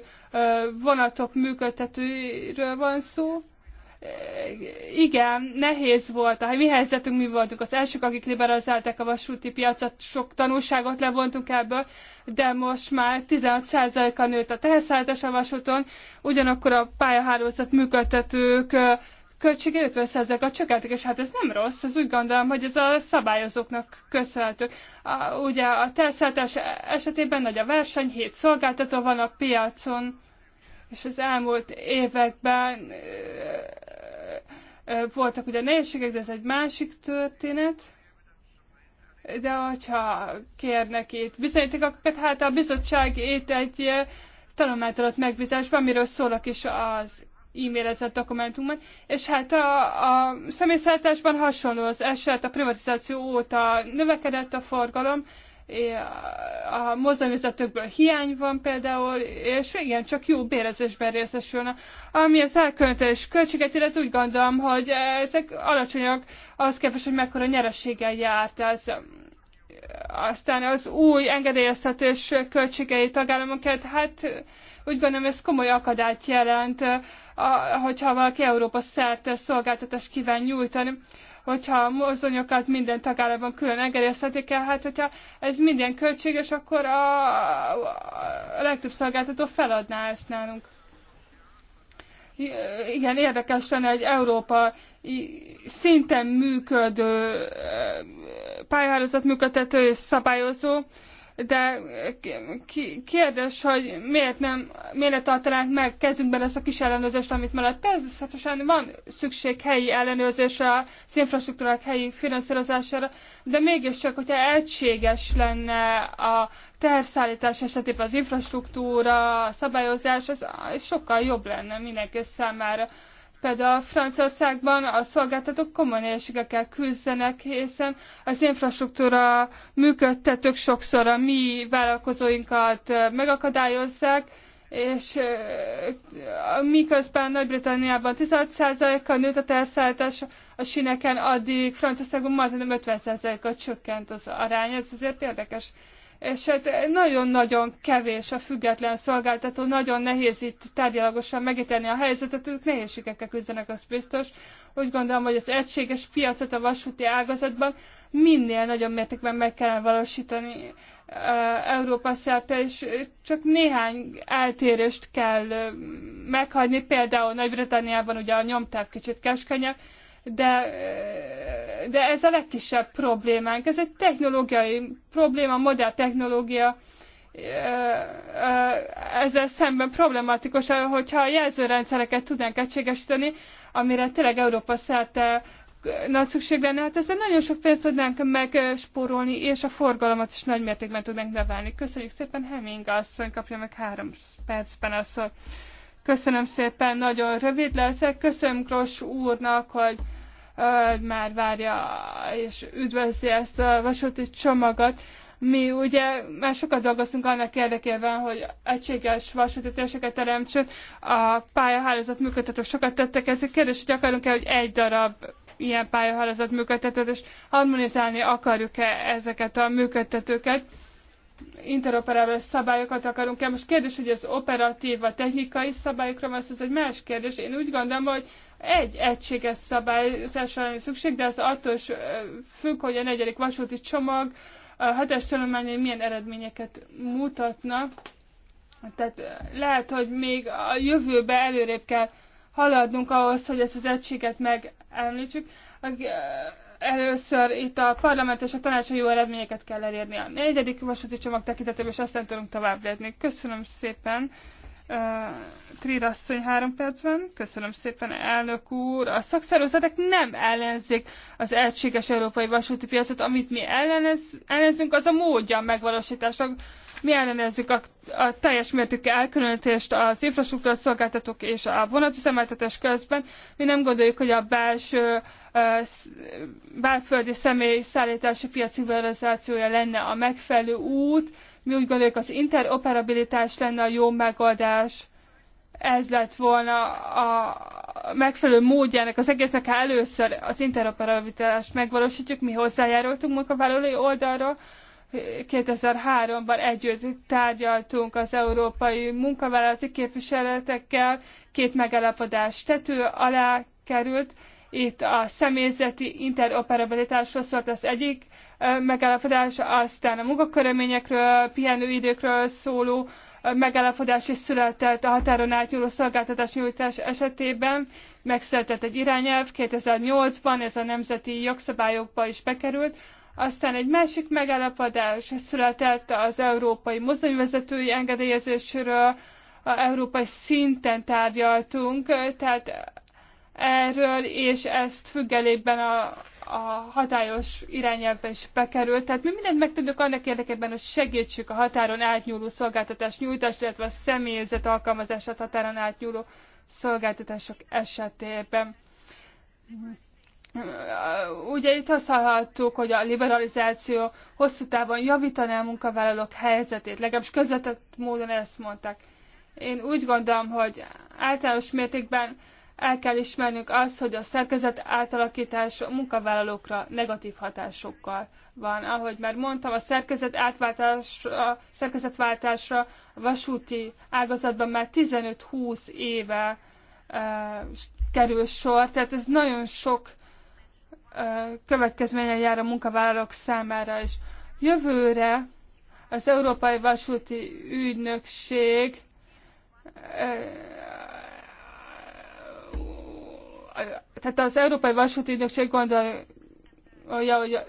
vonatok működtetőiről van szó, igen, nehéz volt. A mi helyzetünk mi voltunk az elsők, akik liberalizálták a vasúti piacot, sok tanulságot levontunk ebből, de most már 16%-a nőtt a teherszállítás a vasúton, ugyanakkor a pályahálózat működtetők költsége 50%-a csökkentek, és hát ez nem rossz, ez úgy gondolom, hogy ez a szabályozóknak köszönhető. A, ugye a teherszállítás esetében nagy a verseny, hét szolgáltató van a piacon, és az elmúlt években voltak ugye nehézségek, de ez egy másik történet. De hogyha kérnek itt bizonyítékokat, hát a bizottság itt egy tanulmányt adott megbízásban, amiről szólok is az e-mailezett dokumentumban, és hát a, a személyszállításban hasonló az eset, a privatizáció óta növekedett a forgalom, a mozdonyvezetőkből hiány van például, és igen, csak jó bérezésben részesülne. Ami az elköltés költséget illetve úgy gondolom, hogy ezek alacsonyak, az képest, hogy mekkora nyerességgel járt ez. Aztán az új engedélyeztetés költségei tagállamokért, hát úgy gondolom ez komoly akadályt jelent, hogyha valaki Európa szerte szolgáltatást kíván nyújtani hogyha a mozdonyokat minden tagállamban külön engedélyeztetik el, hát hogyha ez minden költséges, akkor a, a legtöbb szolgáltató feladná ezt nálunk. Igen, érdekes lenne egy Európa szinten működő pályahálózat működtető és szabályozó, de kérdés, hogy miért nem, miért ne tartanánk meg kezünkben ezt a kis ellenőrzést, amit mellett természetesen van szükség helyi ellenőrzésre, az infrastruktúrák helyi finanszírozására, de mégiscsak, hogyha egységes lenne a teherszállítás esetében az infrastruktúra, a szabályozás, az sokkal jobb lenne mindenki számára. Például Franciaországban a szolgáltatók komoly nehézségekkel küzdenek, hiszen az infrastruktúra működtetők sokszor a mi vállalkozóinkat megakadályozzák, és miközben Nagy-Britanniában 16%-kal nőtt a terszállítás a sineken, addig Franciaországban majdnem 50%-kal csökkent az arány. Ez azért érdekes és hát nagyon-nagyon kevés a független szolgáltató, nagyon nehéz itt tárgyalagosan megítélni a helyzetet, ők nehézségekkel küzdenek, az biztos. Úgy gondolom, hogy az egységes piacot a vasúti ágazatban minél nagyobb mértékben meg kellene valósítani Európa szerte, és csak néhány eltérést kell meghagyni, például Nagy-Britanniában ugye a nyomtáv kicsit keskenyebb, de, de ez a legkisebb problémánk. Ez egy technológiai probléma, modern technológia, ezzel szemben problematikus, hogyha a jelzőrendszereket tudnánk egységesíteni, amire tényleg Európa szerte nagy szükség lenne, hát ezzel nagyon sok pénzt tudnánk megspórolni, és a forgalmat is nagy mértékben tudnánk nevelni. Köszönjük szépen, Heming asszony kapja meg három percben a szót. Köszönöm szépen, nagyon rövid leszek. Köszönöm Gross úrnak, hogy már várja és üdvözli ezt a vasúti csomagot. Mi ugye már sokat dolgoztunk annak érdekében, hogy egységes vasúti térséget teremtsük, a pályahálózat működtetők sokat tettek, ezek. kérdés, hogy akarunk-e, hogy egy darab ilyen pályahálózat működtetőt, és harmonizálni akarjuk-e ezeket a működtetőket interoperábilis szabályokat akarunk e Most kérdés, hogy ez operatív, a technikai szabályokra van, ez egy más kérdés. Én úgy gondolom, hogy egy egységes szabályozásra lenne szükség, de az attól is függ, hogy a negyedik vasúti csomag a hetes tanulmányai milyen eredményeket mutatnak. Tehát lehet, hogy még a jövőbe előrébb kell haladnunk ahhoz, hogy ezt az egységet megemlítsük. Először itt a parlament és a tanács jó eredményeket kell elérni. A negyedik vasúti csomag tekintetében, és aztán tudunk tovább lépni. Köszönöm szépen! Trirasszony három percben. Köszönöm szépen, elnök úr. A szakszervezetek nem ellenzik az egységes európai vasúti piacot, amit mi ellenez, ellenzünk, az a módja a Mi ellenezzük a, a teljes mértékű elkülönítést az infrastruktúra szolgáltatók és a vonatüzemeltetés közben. Mi nem gondoljuk, hogy a belső belföldi személyszállítási piac liberalizációja lenne a megfelelő út, mi úgy gondoljuk, az interoperabilitás lenne a jó megoldás, ez lett volna a megfelelő módjának az egésznek, ha először az interoperabilitást megvalósítjuk, mi hozzájárultunk munkavállalói oldalról, 2003-ban együtt tárgyaltunk az európai munkavállalati képviseletekkel, két megállapodás tető alá került, itt a személyzeti interoperabilitásról szólt az egyik megállapodás, aztán a munkakörülményekről, pihenőidőkről szóló megállapodás is született a határon átnyúló szolgáltatás nyújtás esetében. Megszületett egy irányelv 2008-ban, ez a nemzeti jogszabályokba is bekerült. Aztán egy másik megállapodás született az európai mozdonyvezetői engedélyezésről, a európai szinten tárgyaltunk, tehát erről, és ezt függelékben a, a hatályos irányelvbe is bekerült. Tehát mi mindent megtudjuk annak érdekében, hogy segítsük a határon átnyúló szolgáltatás nyújtást, illetve a személyzet alkalmazását határon átnyúló szolgáltatások esetében. Ugye itt azt hallhattuk, hogy a liberalizáció hosszú távon javítaná a munkavállalók helyzetét, legalábbis közvetett módon ezt mondták. Én úgy gondolom, hogy általános mértékben el kell ismernünk azt, hogy a szerkezet átalakítás a munkavállalókra negatív hatásokkal van. Ahogy már mondtam, a szerkezet átváltásra, szerkezetváltásra a vasúti ágazatban már 15-20 éve e, kerül sor, tehát ez nagyon sok e, következménye jár a munkavállalók számára is. Jövőre az Európai Vasúti Ügynökség e, tehát az Európai Vasúti Ügynökség gondolja, hogy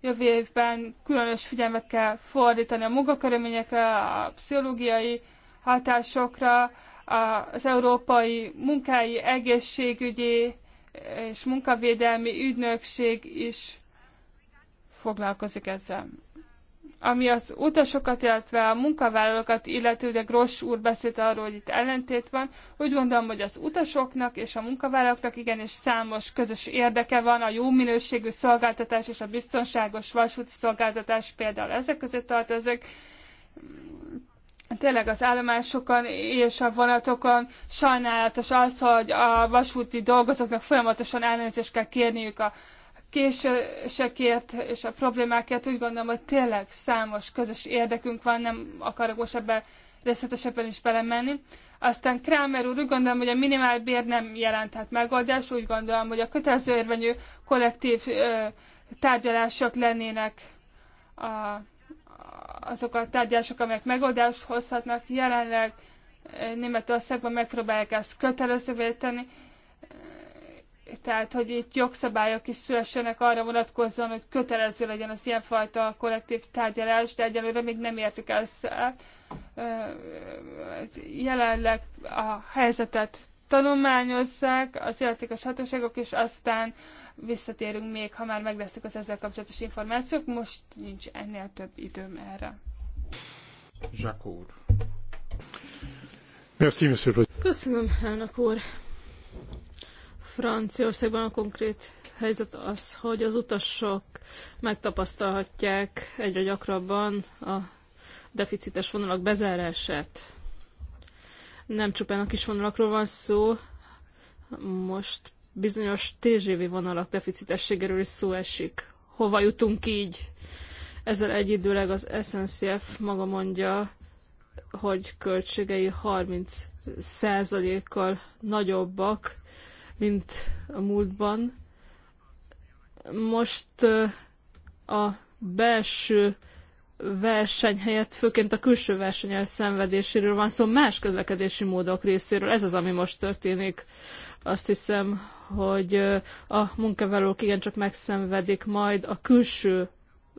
jövő évben különös figyelmet kell fordítani a munkakörülményekre, a pszichológiai hatásokra, az európai munkái egészségügyi és munkavédelmi ügynökség is foglalkozik ezzel ami az utasokat, illetve a munkavállalókat illető, de Gross úr beszélt arról, hogy itt ellentét van. Úgy gondolom, hogy az utasoknak és a munkavállalóknak igenis számos közös érdeke van, a jó minőségű szolgáltatás és a biztonságos vasúti szolgáltatás például ezek közé tartozik. Tényleg az állomásokon és a vonatokon sajnálatos az, hogy a vasúti dolgozóknak folyamatosan elnézést kell kérniük a késésekért és a problémákért úgy gondolom, hogy tényleg számos közös érdekünk van, nem akarok most ebben részletesebben is belemenni. Aztán Kramer úr, úgy gondolom, hogy a minimálbér nem jelenthet megoldást. úgy gondolom, hogy a kötelező érvényű kollektív ö, tárgyalások lennének a, azok a tárgyalások, amelyek megoldást hozhatnak. Jelenleg Németországban megpróbálják ezt kötelezővé tenni, tehát, hogy itt jogszabályok is szülessenek arra vonatkozóan, hogy kötelező legyen az ilyenfajta kollektív tárgyalás, de egyelőre még nem értük ezt Jelenleg a helyzetet tanulmányozzák az illetékes hatóságok, és aztán visszatérünk még, ha már megveszük az ezzel kapcsolatos információk. Most nincs ennél több időm erre. Zsakúr. Köszönöm, elnök úr. Franciaországban a konkrét helyzet az, hogy az utasok megtapasztalhatják egyre gyakrabban a deficites vonalak bezárását. Nem csupán a kis vonalakról van szó, most bizonyos TGV vonalak deficitességéről is szó esik. Hova jutunk így? Ezzel egyidőleg az SNCF maga mondja, hogy költségei 30 százalékkal nagyobbak, mint a múltban. Most a belső verseny helyett főként a külső verseny szenvedéséről van szó, szóval más közlekedési módok részéről. Ez az, ami most történik. Azt hiszem, hogy a munkavállalók igencsak megszenvedik majd a külső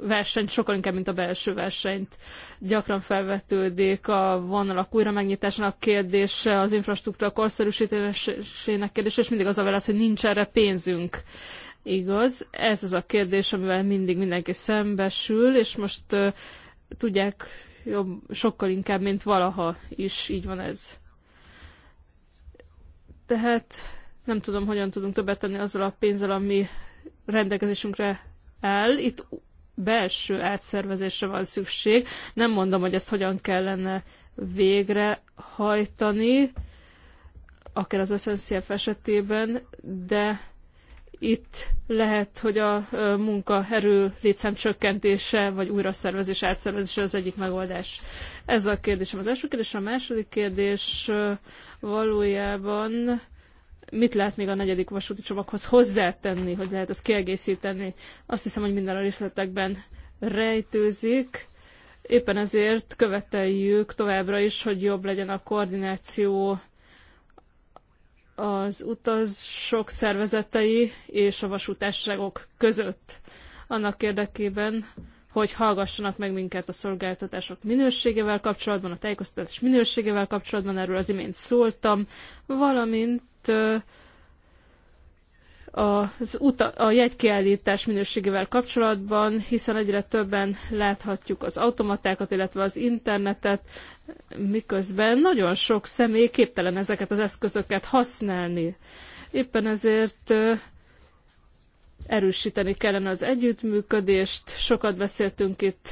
versenyt sokkal inkább, mint a belső versenyt. Gyakran felvetődik a vonalak újra megnyitásának kérdése, az infrastruktúra korszerűsítésének kérdése, és mindig az a válasz, hogy nincs erre pénzünk. Igaz, ez az a kérdés, amivel mindig mindenki szembesül, és most uh, tudják jobb, sokkal inkább, mint valaha is így van ez. Tehát nem tudom, hogyan tudunk többet tenni azzal a pénzzel, ami rendelkezésünkre áll. Itt belső átszervezésre van szükség. Nem mondom, hogy ezt hogyan kellene végrehajtani, akár az SNCF esetében, de itt lehet, hogy a munkaerő létszám csökkentése, vagy újraszervezés, átszervezése az egyik megoldás. Ez a kérdésem. Az első kérdés, a második kérdés valójában mit lehet még a negyedik vasúti csomaghoz hozzátenni, hogy lehet ezt kiegészíteni. Azt hiszem, hogy minden a részletekben rejtőzik. Éppen ezért követeljük továbbra is, hogy jobb legyen a koordináció az utasok szervezetei és a vasútárságok között. Annak érdekében, hogy hallgassanak meg minket a szolgáltatások minőségével kapcsolatban, a tájékoztatás minőségével kapcsolatban, erről az imént szóltam, valamint az uta, a jegykiállítás minőségével kapcsolatban, hiszen egyre többen láthatjuk az automatákat, illetve az internetet, miközben nagyon sok személy képtelen ezeket az eszközöket használni. Éppen ezért erősíteni kellene az együttműködést. Sokat beszéltünk itt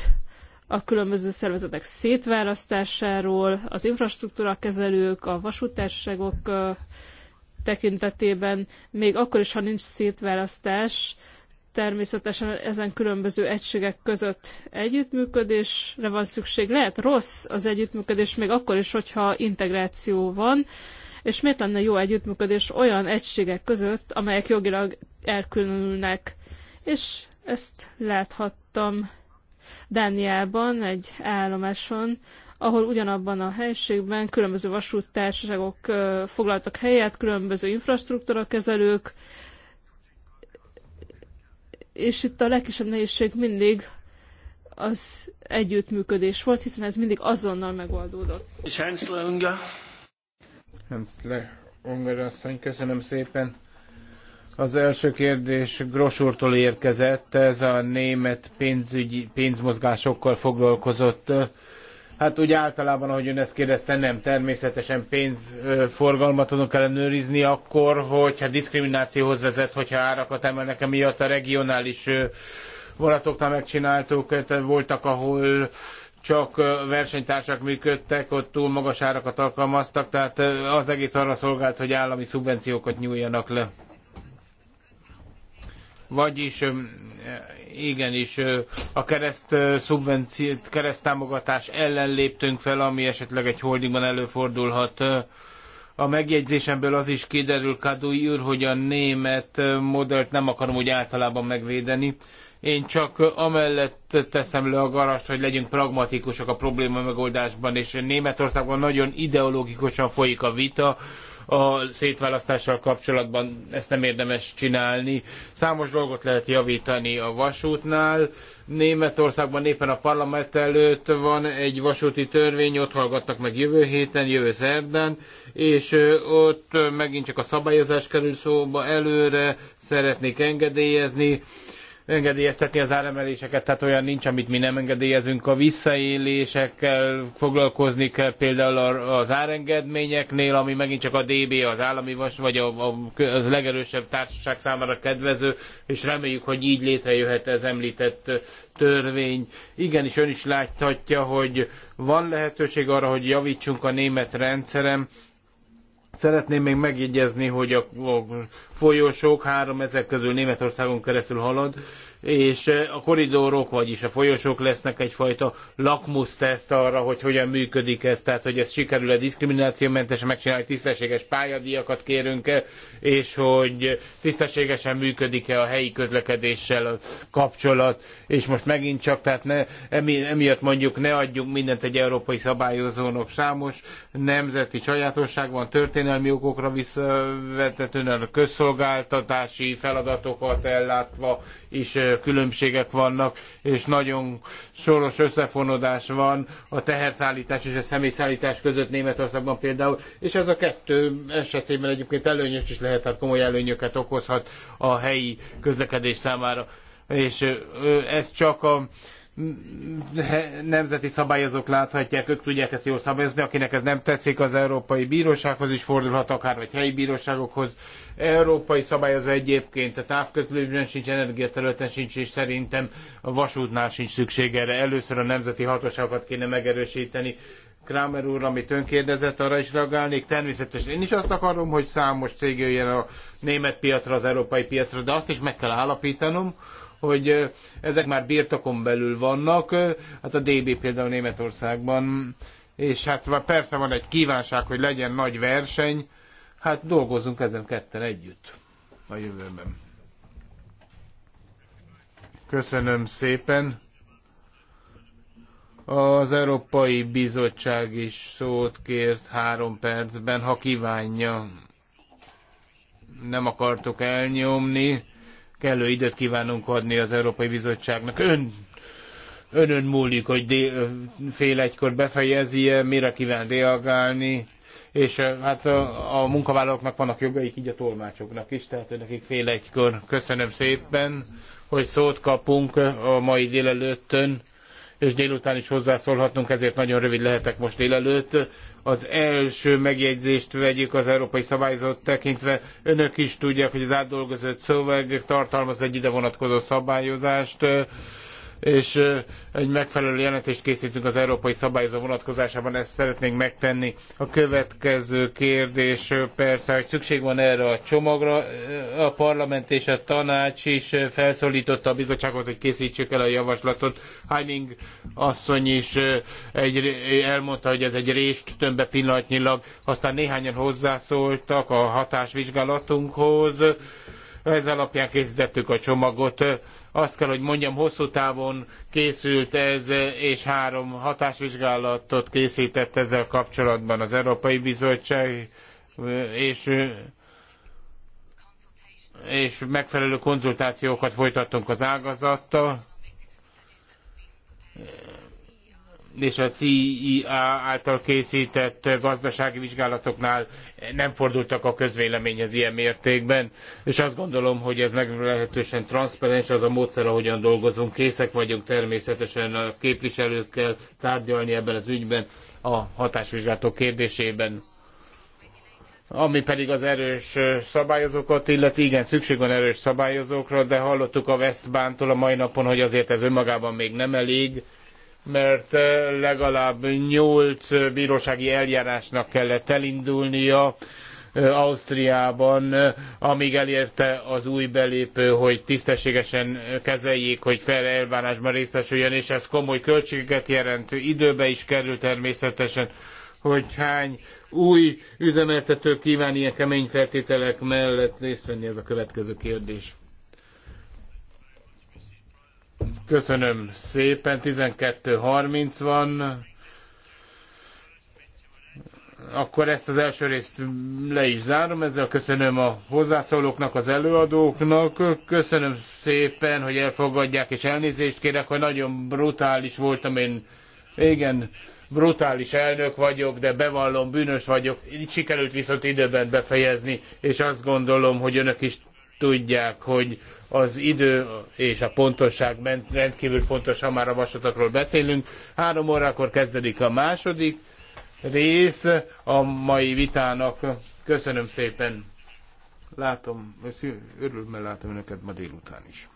a különböző szervezetek szétválasztásáról, az infrastruktúra kezelők, a vasútársaságok tekintetében, még akkor is, ha nincs szétválasztás, természetesen ezen különböző egységek között együttműködésre van szükség. Lehet rossz az együttműködés, még akkor is, hogyha integráció van, és miért lenne jó együttműködés olyan egységek között, amelyek jogilag elkülönülnek. És ezt láthattam Dániában, egy állomáson, ahol ugyanabban a helységben különböző vasúttársaságok foglaltak helyet, különböző infrastruktúra kezelők, és itt a legkisebb nehézség mindig az együttműködés volt, hiszen ez mindig azonnal megoldódott. És Hensler Unger? Hensler Unger köszönöm szépen. Az első kérdés Gross érkezett, ez a német pénzügyi, pénzmozgásokkal foglalkozott. Hát úgy általában, ahogy ön ezt kérdezte, nem természetesen pénzforgalmat tudunk ellenőrizni akkor, hogyha diszkriminációhoz vezet, hogyha árakat emelnek emiatt a regionális vonatoknál megcsináltuk, voltak, ahol csak versenytársak működtek, ott túl magas árakat alkalmaztak, tehát az egész arra szolgált, hogy állami szubvenciókat nyúljanak le. Vagyis igenis a kereszt szubvenciót, keresztámogatás ellen léptünk fel, ami esetleg egy holdingban előfordulhat. A megjegyzésemből az is kiderül, Kadúj úr, hogy a német modellt nem akarom úgy általában megvédeni. Én csak amellett teszem le a garast, hogy legyünk pragmatikusak a probléma megoldásban, és Németországban nagyon ideológikusan folyik a vita, a szétválasztással kapcsolatban ezt nem érdemes csinálni. Számos dolgot lehet javítani a vasútnál. Németországban éppen a parlament előtt van egy vasúti törvény, ott hallgattak meg jövő héten, jövő szerdán, és ott megint csak a szabályozás kerül szóba előre, szeretnék engedélyezni engedélyeztetni az áremeléseket, tehát olyan nincs, amit mi nem engedélyezünk. A visszaélésekkel foglalkozni kell például az árengedményeknél, ami megint csak a DB, az állami vagy a, a, az legerősebb társaság számára kedvező, és reméljük, hogy így létrejöhet ez említett törvény. Igenis ön is láthatja, hogy van lehetőség arra, hogy javítsunk a német rendszerem, Szeretném még megjegyezni, hogy a, folyosók három ezek közül Németországon keresztül halad, és a koridorok, vagyis a folyosók lesznek egyfajta lakmuszteszt arra, hogy hogyan működik ez, tehát hogy ez sikerül-e diszkriminációmentesen megcsinálni, tisztességes pályadíjakat kérünk-e, és hogy tisztességesen működik-e a helyi közlekedéssel a kapcsolat, és most megint csak, tehát ne, emiatt mondjuk ne adjunk mindent egy európai szabályozónak számos nemzeti sajátosság van, történelmi okokra visszavetetően a közszolgáltatási feladatokat ellátva is különbségek vannak, és nagyon soros összefonódás van a teherszállítás és a személyszállítás között Németországban például, és ez a kettő esetében egyébként előnyös is lehet, tehát komoly előnyöket okozhat a helyi közlekedés számára. És ez csak a nemzeti szabályozók láthatják, ők tudják ezt jól szabályozni, akinek ez nem tetszik, az Európai Bírósághoz is fordulhat, akár vagy helyi bíróságokhoz. Európai szabályozó egyébként a távközlőben sincs, energiaterületen sincs, és szerintem a vasútnál sincs szükség erre. Először a nemzeti hatóságokat kéne megerősíteni. Kramer úr, amit ön kérdezett, arra is reagálnék. Természetesen én is azt akarom, hogy számos cég jöjjön a német piacra, az európai piacra, de azt is meg kell állapítanom, hogy ezek már birtokon belül vannak, hát a DB például Németországban, és hát persze van egy kívánság, hogy legyen nagy verseny, hát dolgozunk ezen ketten együtt a jövőben. Köszönöm szépen. Az Európai Bizottság is szót kért három percben, ha kívánja. Nem akartok elnyomni kellő időt kívánunk adni az Európai Bizottságnak. Ön, önön múlik, hogy dél, fél egykor befejezi, -e, mire kíván reagálni, és hát a, a munkavállalóknak vannak jogaik, így a tolmácsoknak is, tehát nekik fél egykor. Köszönöm szépen, hogy szót kapunk a mai délelőttön és délután is hozzászólhatnunk, ezért nagyon rövid lehetek most délelőtt. Az első megjegyzést vegyük az európai szabályzót tekintve. Önök is tudják, hogy az átdolgozott szöveg tartalmaz egy ide vonatkozó szabályozást és egy megfelelő jelentést készítünk az európai szabályozó vonatkozásában, ezt szeretnénk megtenni. A következő kérdés persze, hogy szükség van erre a csomagra. A parlament és a tanács is felszólította a bizottságot, hogy készítsük el a javaslatot. Heiming asszony is egy, elmondta, hogy ez egy rést tömbe pillanatnyilag. Aztán néhányan hozzászóltak a hatásvizsgálatunkhoz. Ez alapján készítettük a csomagot azt kell, hogy mondjam, hosszú távon készült ez, és három hatásvizsgálatot készített ezzel kapcsolatban az Európai Bizottság, és és megfelelő konzultációkat folytattunk az ágazattal és a CIA e által készített gazdasági vizsgálatoknál nem fordultak a közvéleményhez ilyen mértékben, és azt gondolom, hogy ez meglehetősen transzparens az a módszer, ahogyan dolgozunk. Készek vagyunk természetesen a képviselőkkel tárgyalni ebben az ügyben, a hatásvizsgálatok kérdésében. Ami pedig az erős szabályozókat illeti, igen, szükség van erős szabályozókra, de hallottuk a Westbántól a mai napon, hogy azért ez önmagában még nem elég mert eh, legalább nyolc bírósági eljárásnak kellett elindulnia eh, Ausztriában, eh, amíg elérte az új belépő, hogy tisztességesen kezeljék, hogy fel elvárásban részesüljön, és ez komoly költségeket jelent, időbe is kerül természetesen, hogy hány új üzemeltető kíván ilyen kemény feltételek mellett részt venni, ez a következő kérdés. Köszönöm szépen, 12.30 van. Akkor ezt az első részt le is zárom, ezzel köszönöm a hozzászólóknak, az előadóknak, köszönöm szépen, hogy elfogadják, és elnézést kérek, hogy nagyon brutális voltam én. Igen, brutális elnök vagyok, de bevallom, bűnös vagyok. Így sikerült viszont időben befejezni, és azt gondolom, hogy önök is tudják, hogy az idő és a pontosság rendkívül fontos, ha már a vasatokról beszélünk. Három órakor kezdődik a második rész a mai vitának. Köszönöm szépen. Látom, mert látom önöket ma délután is.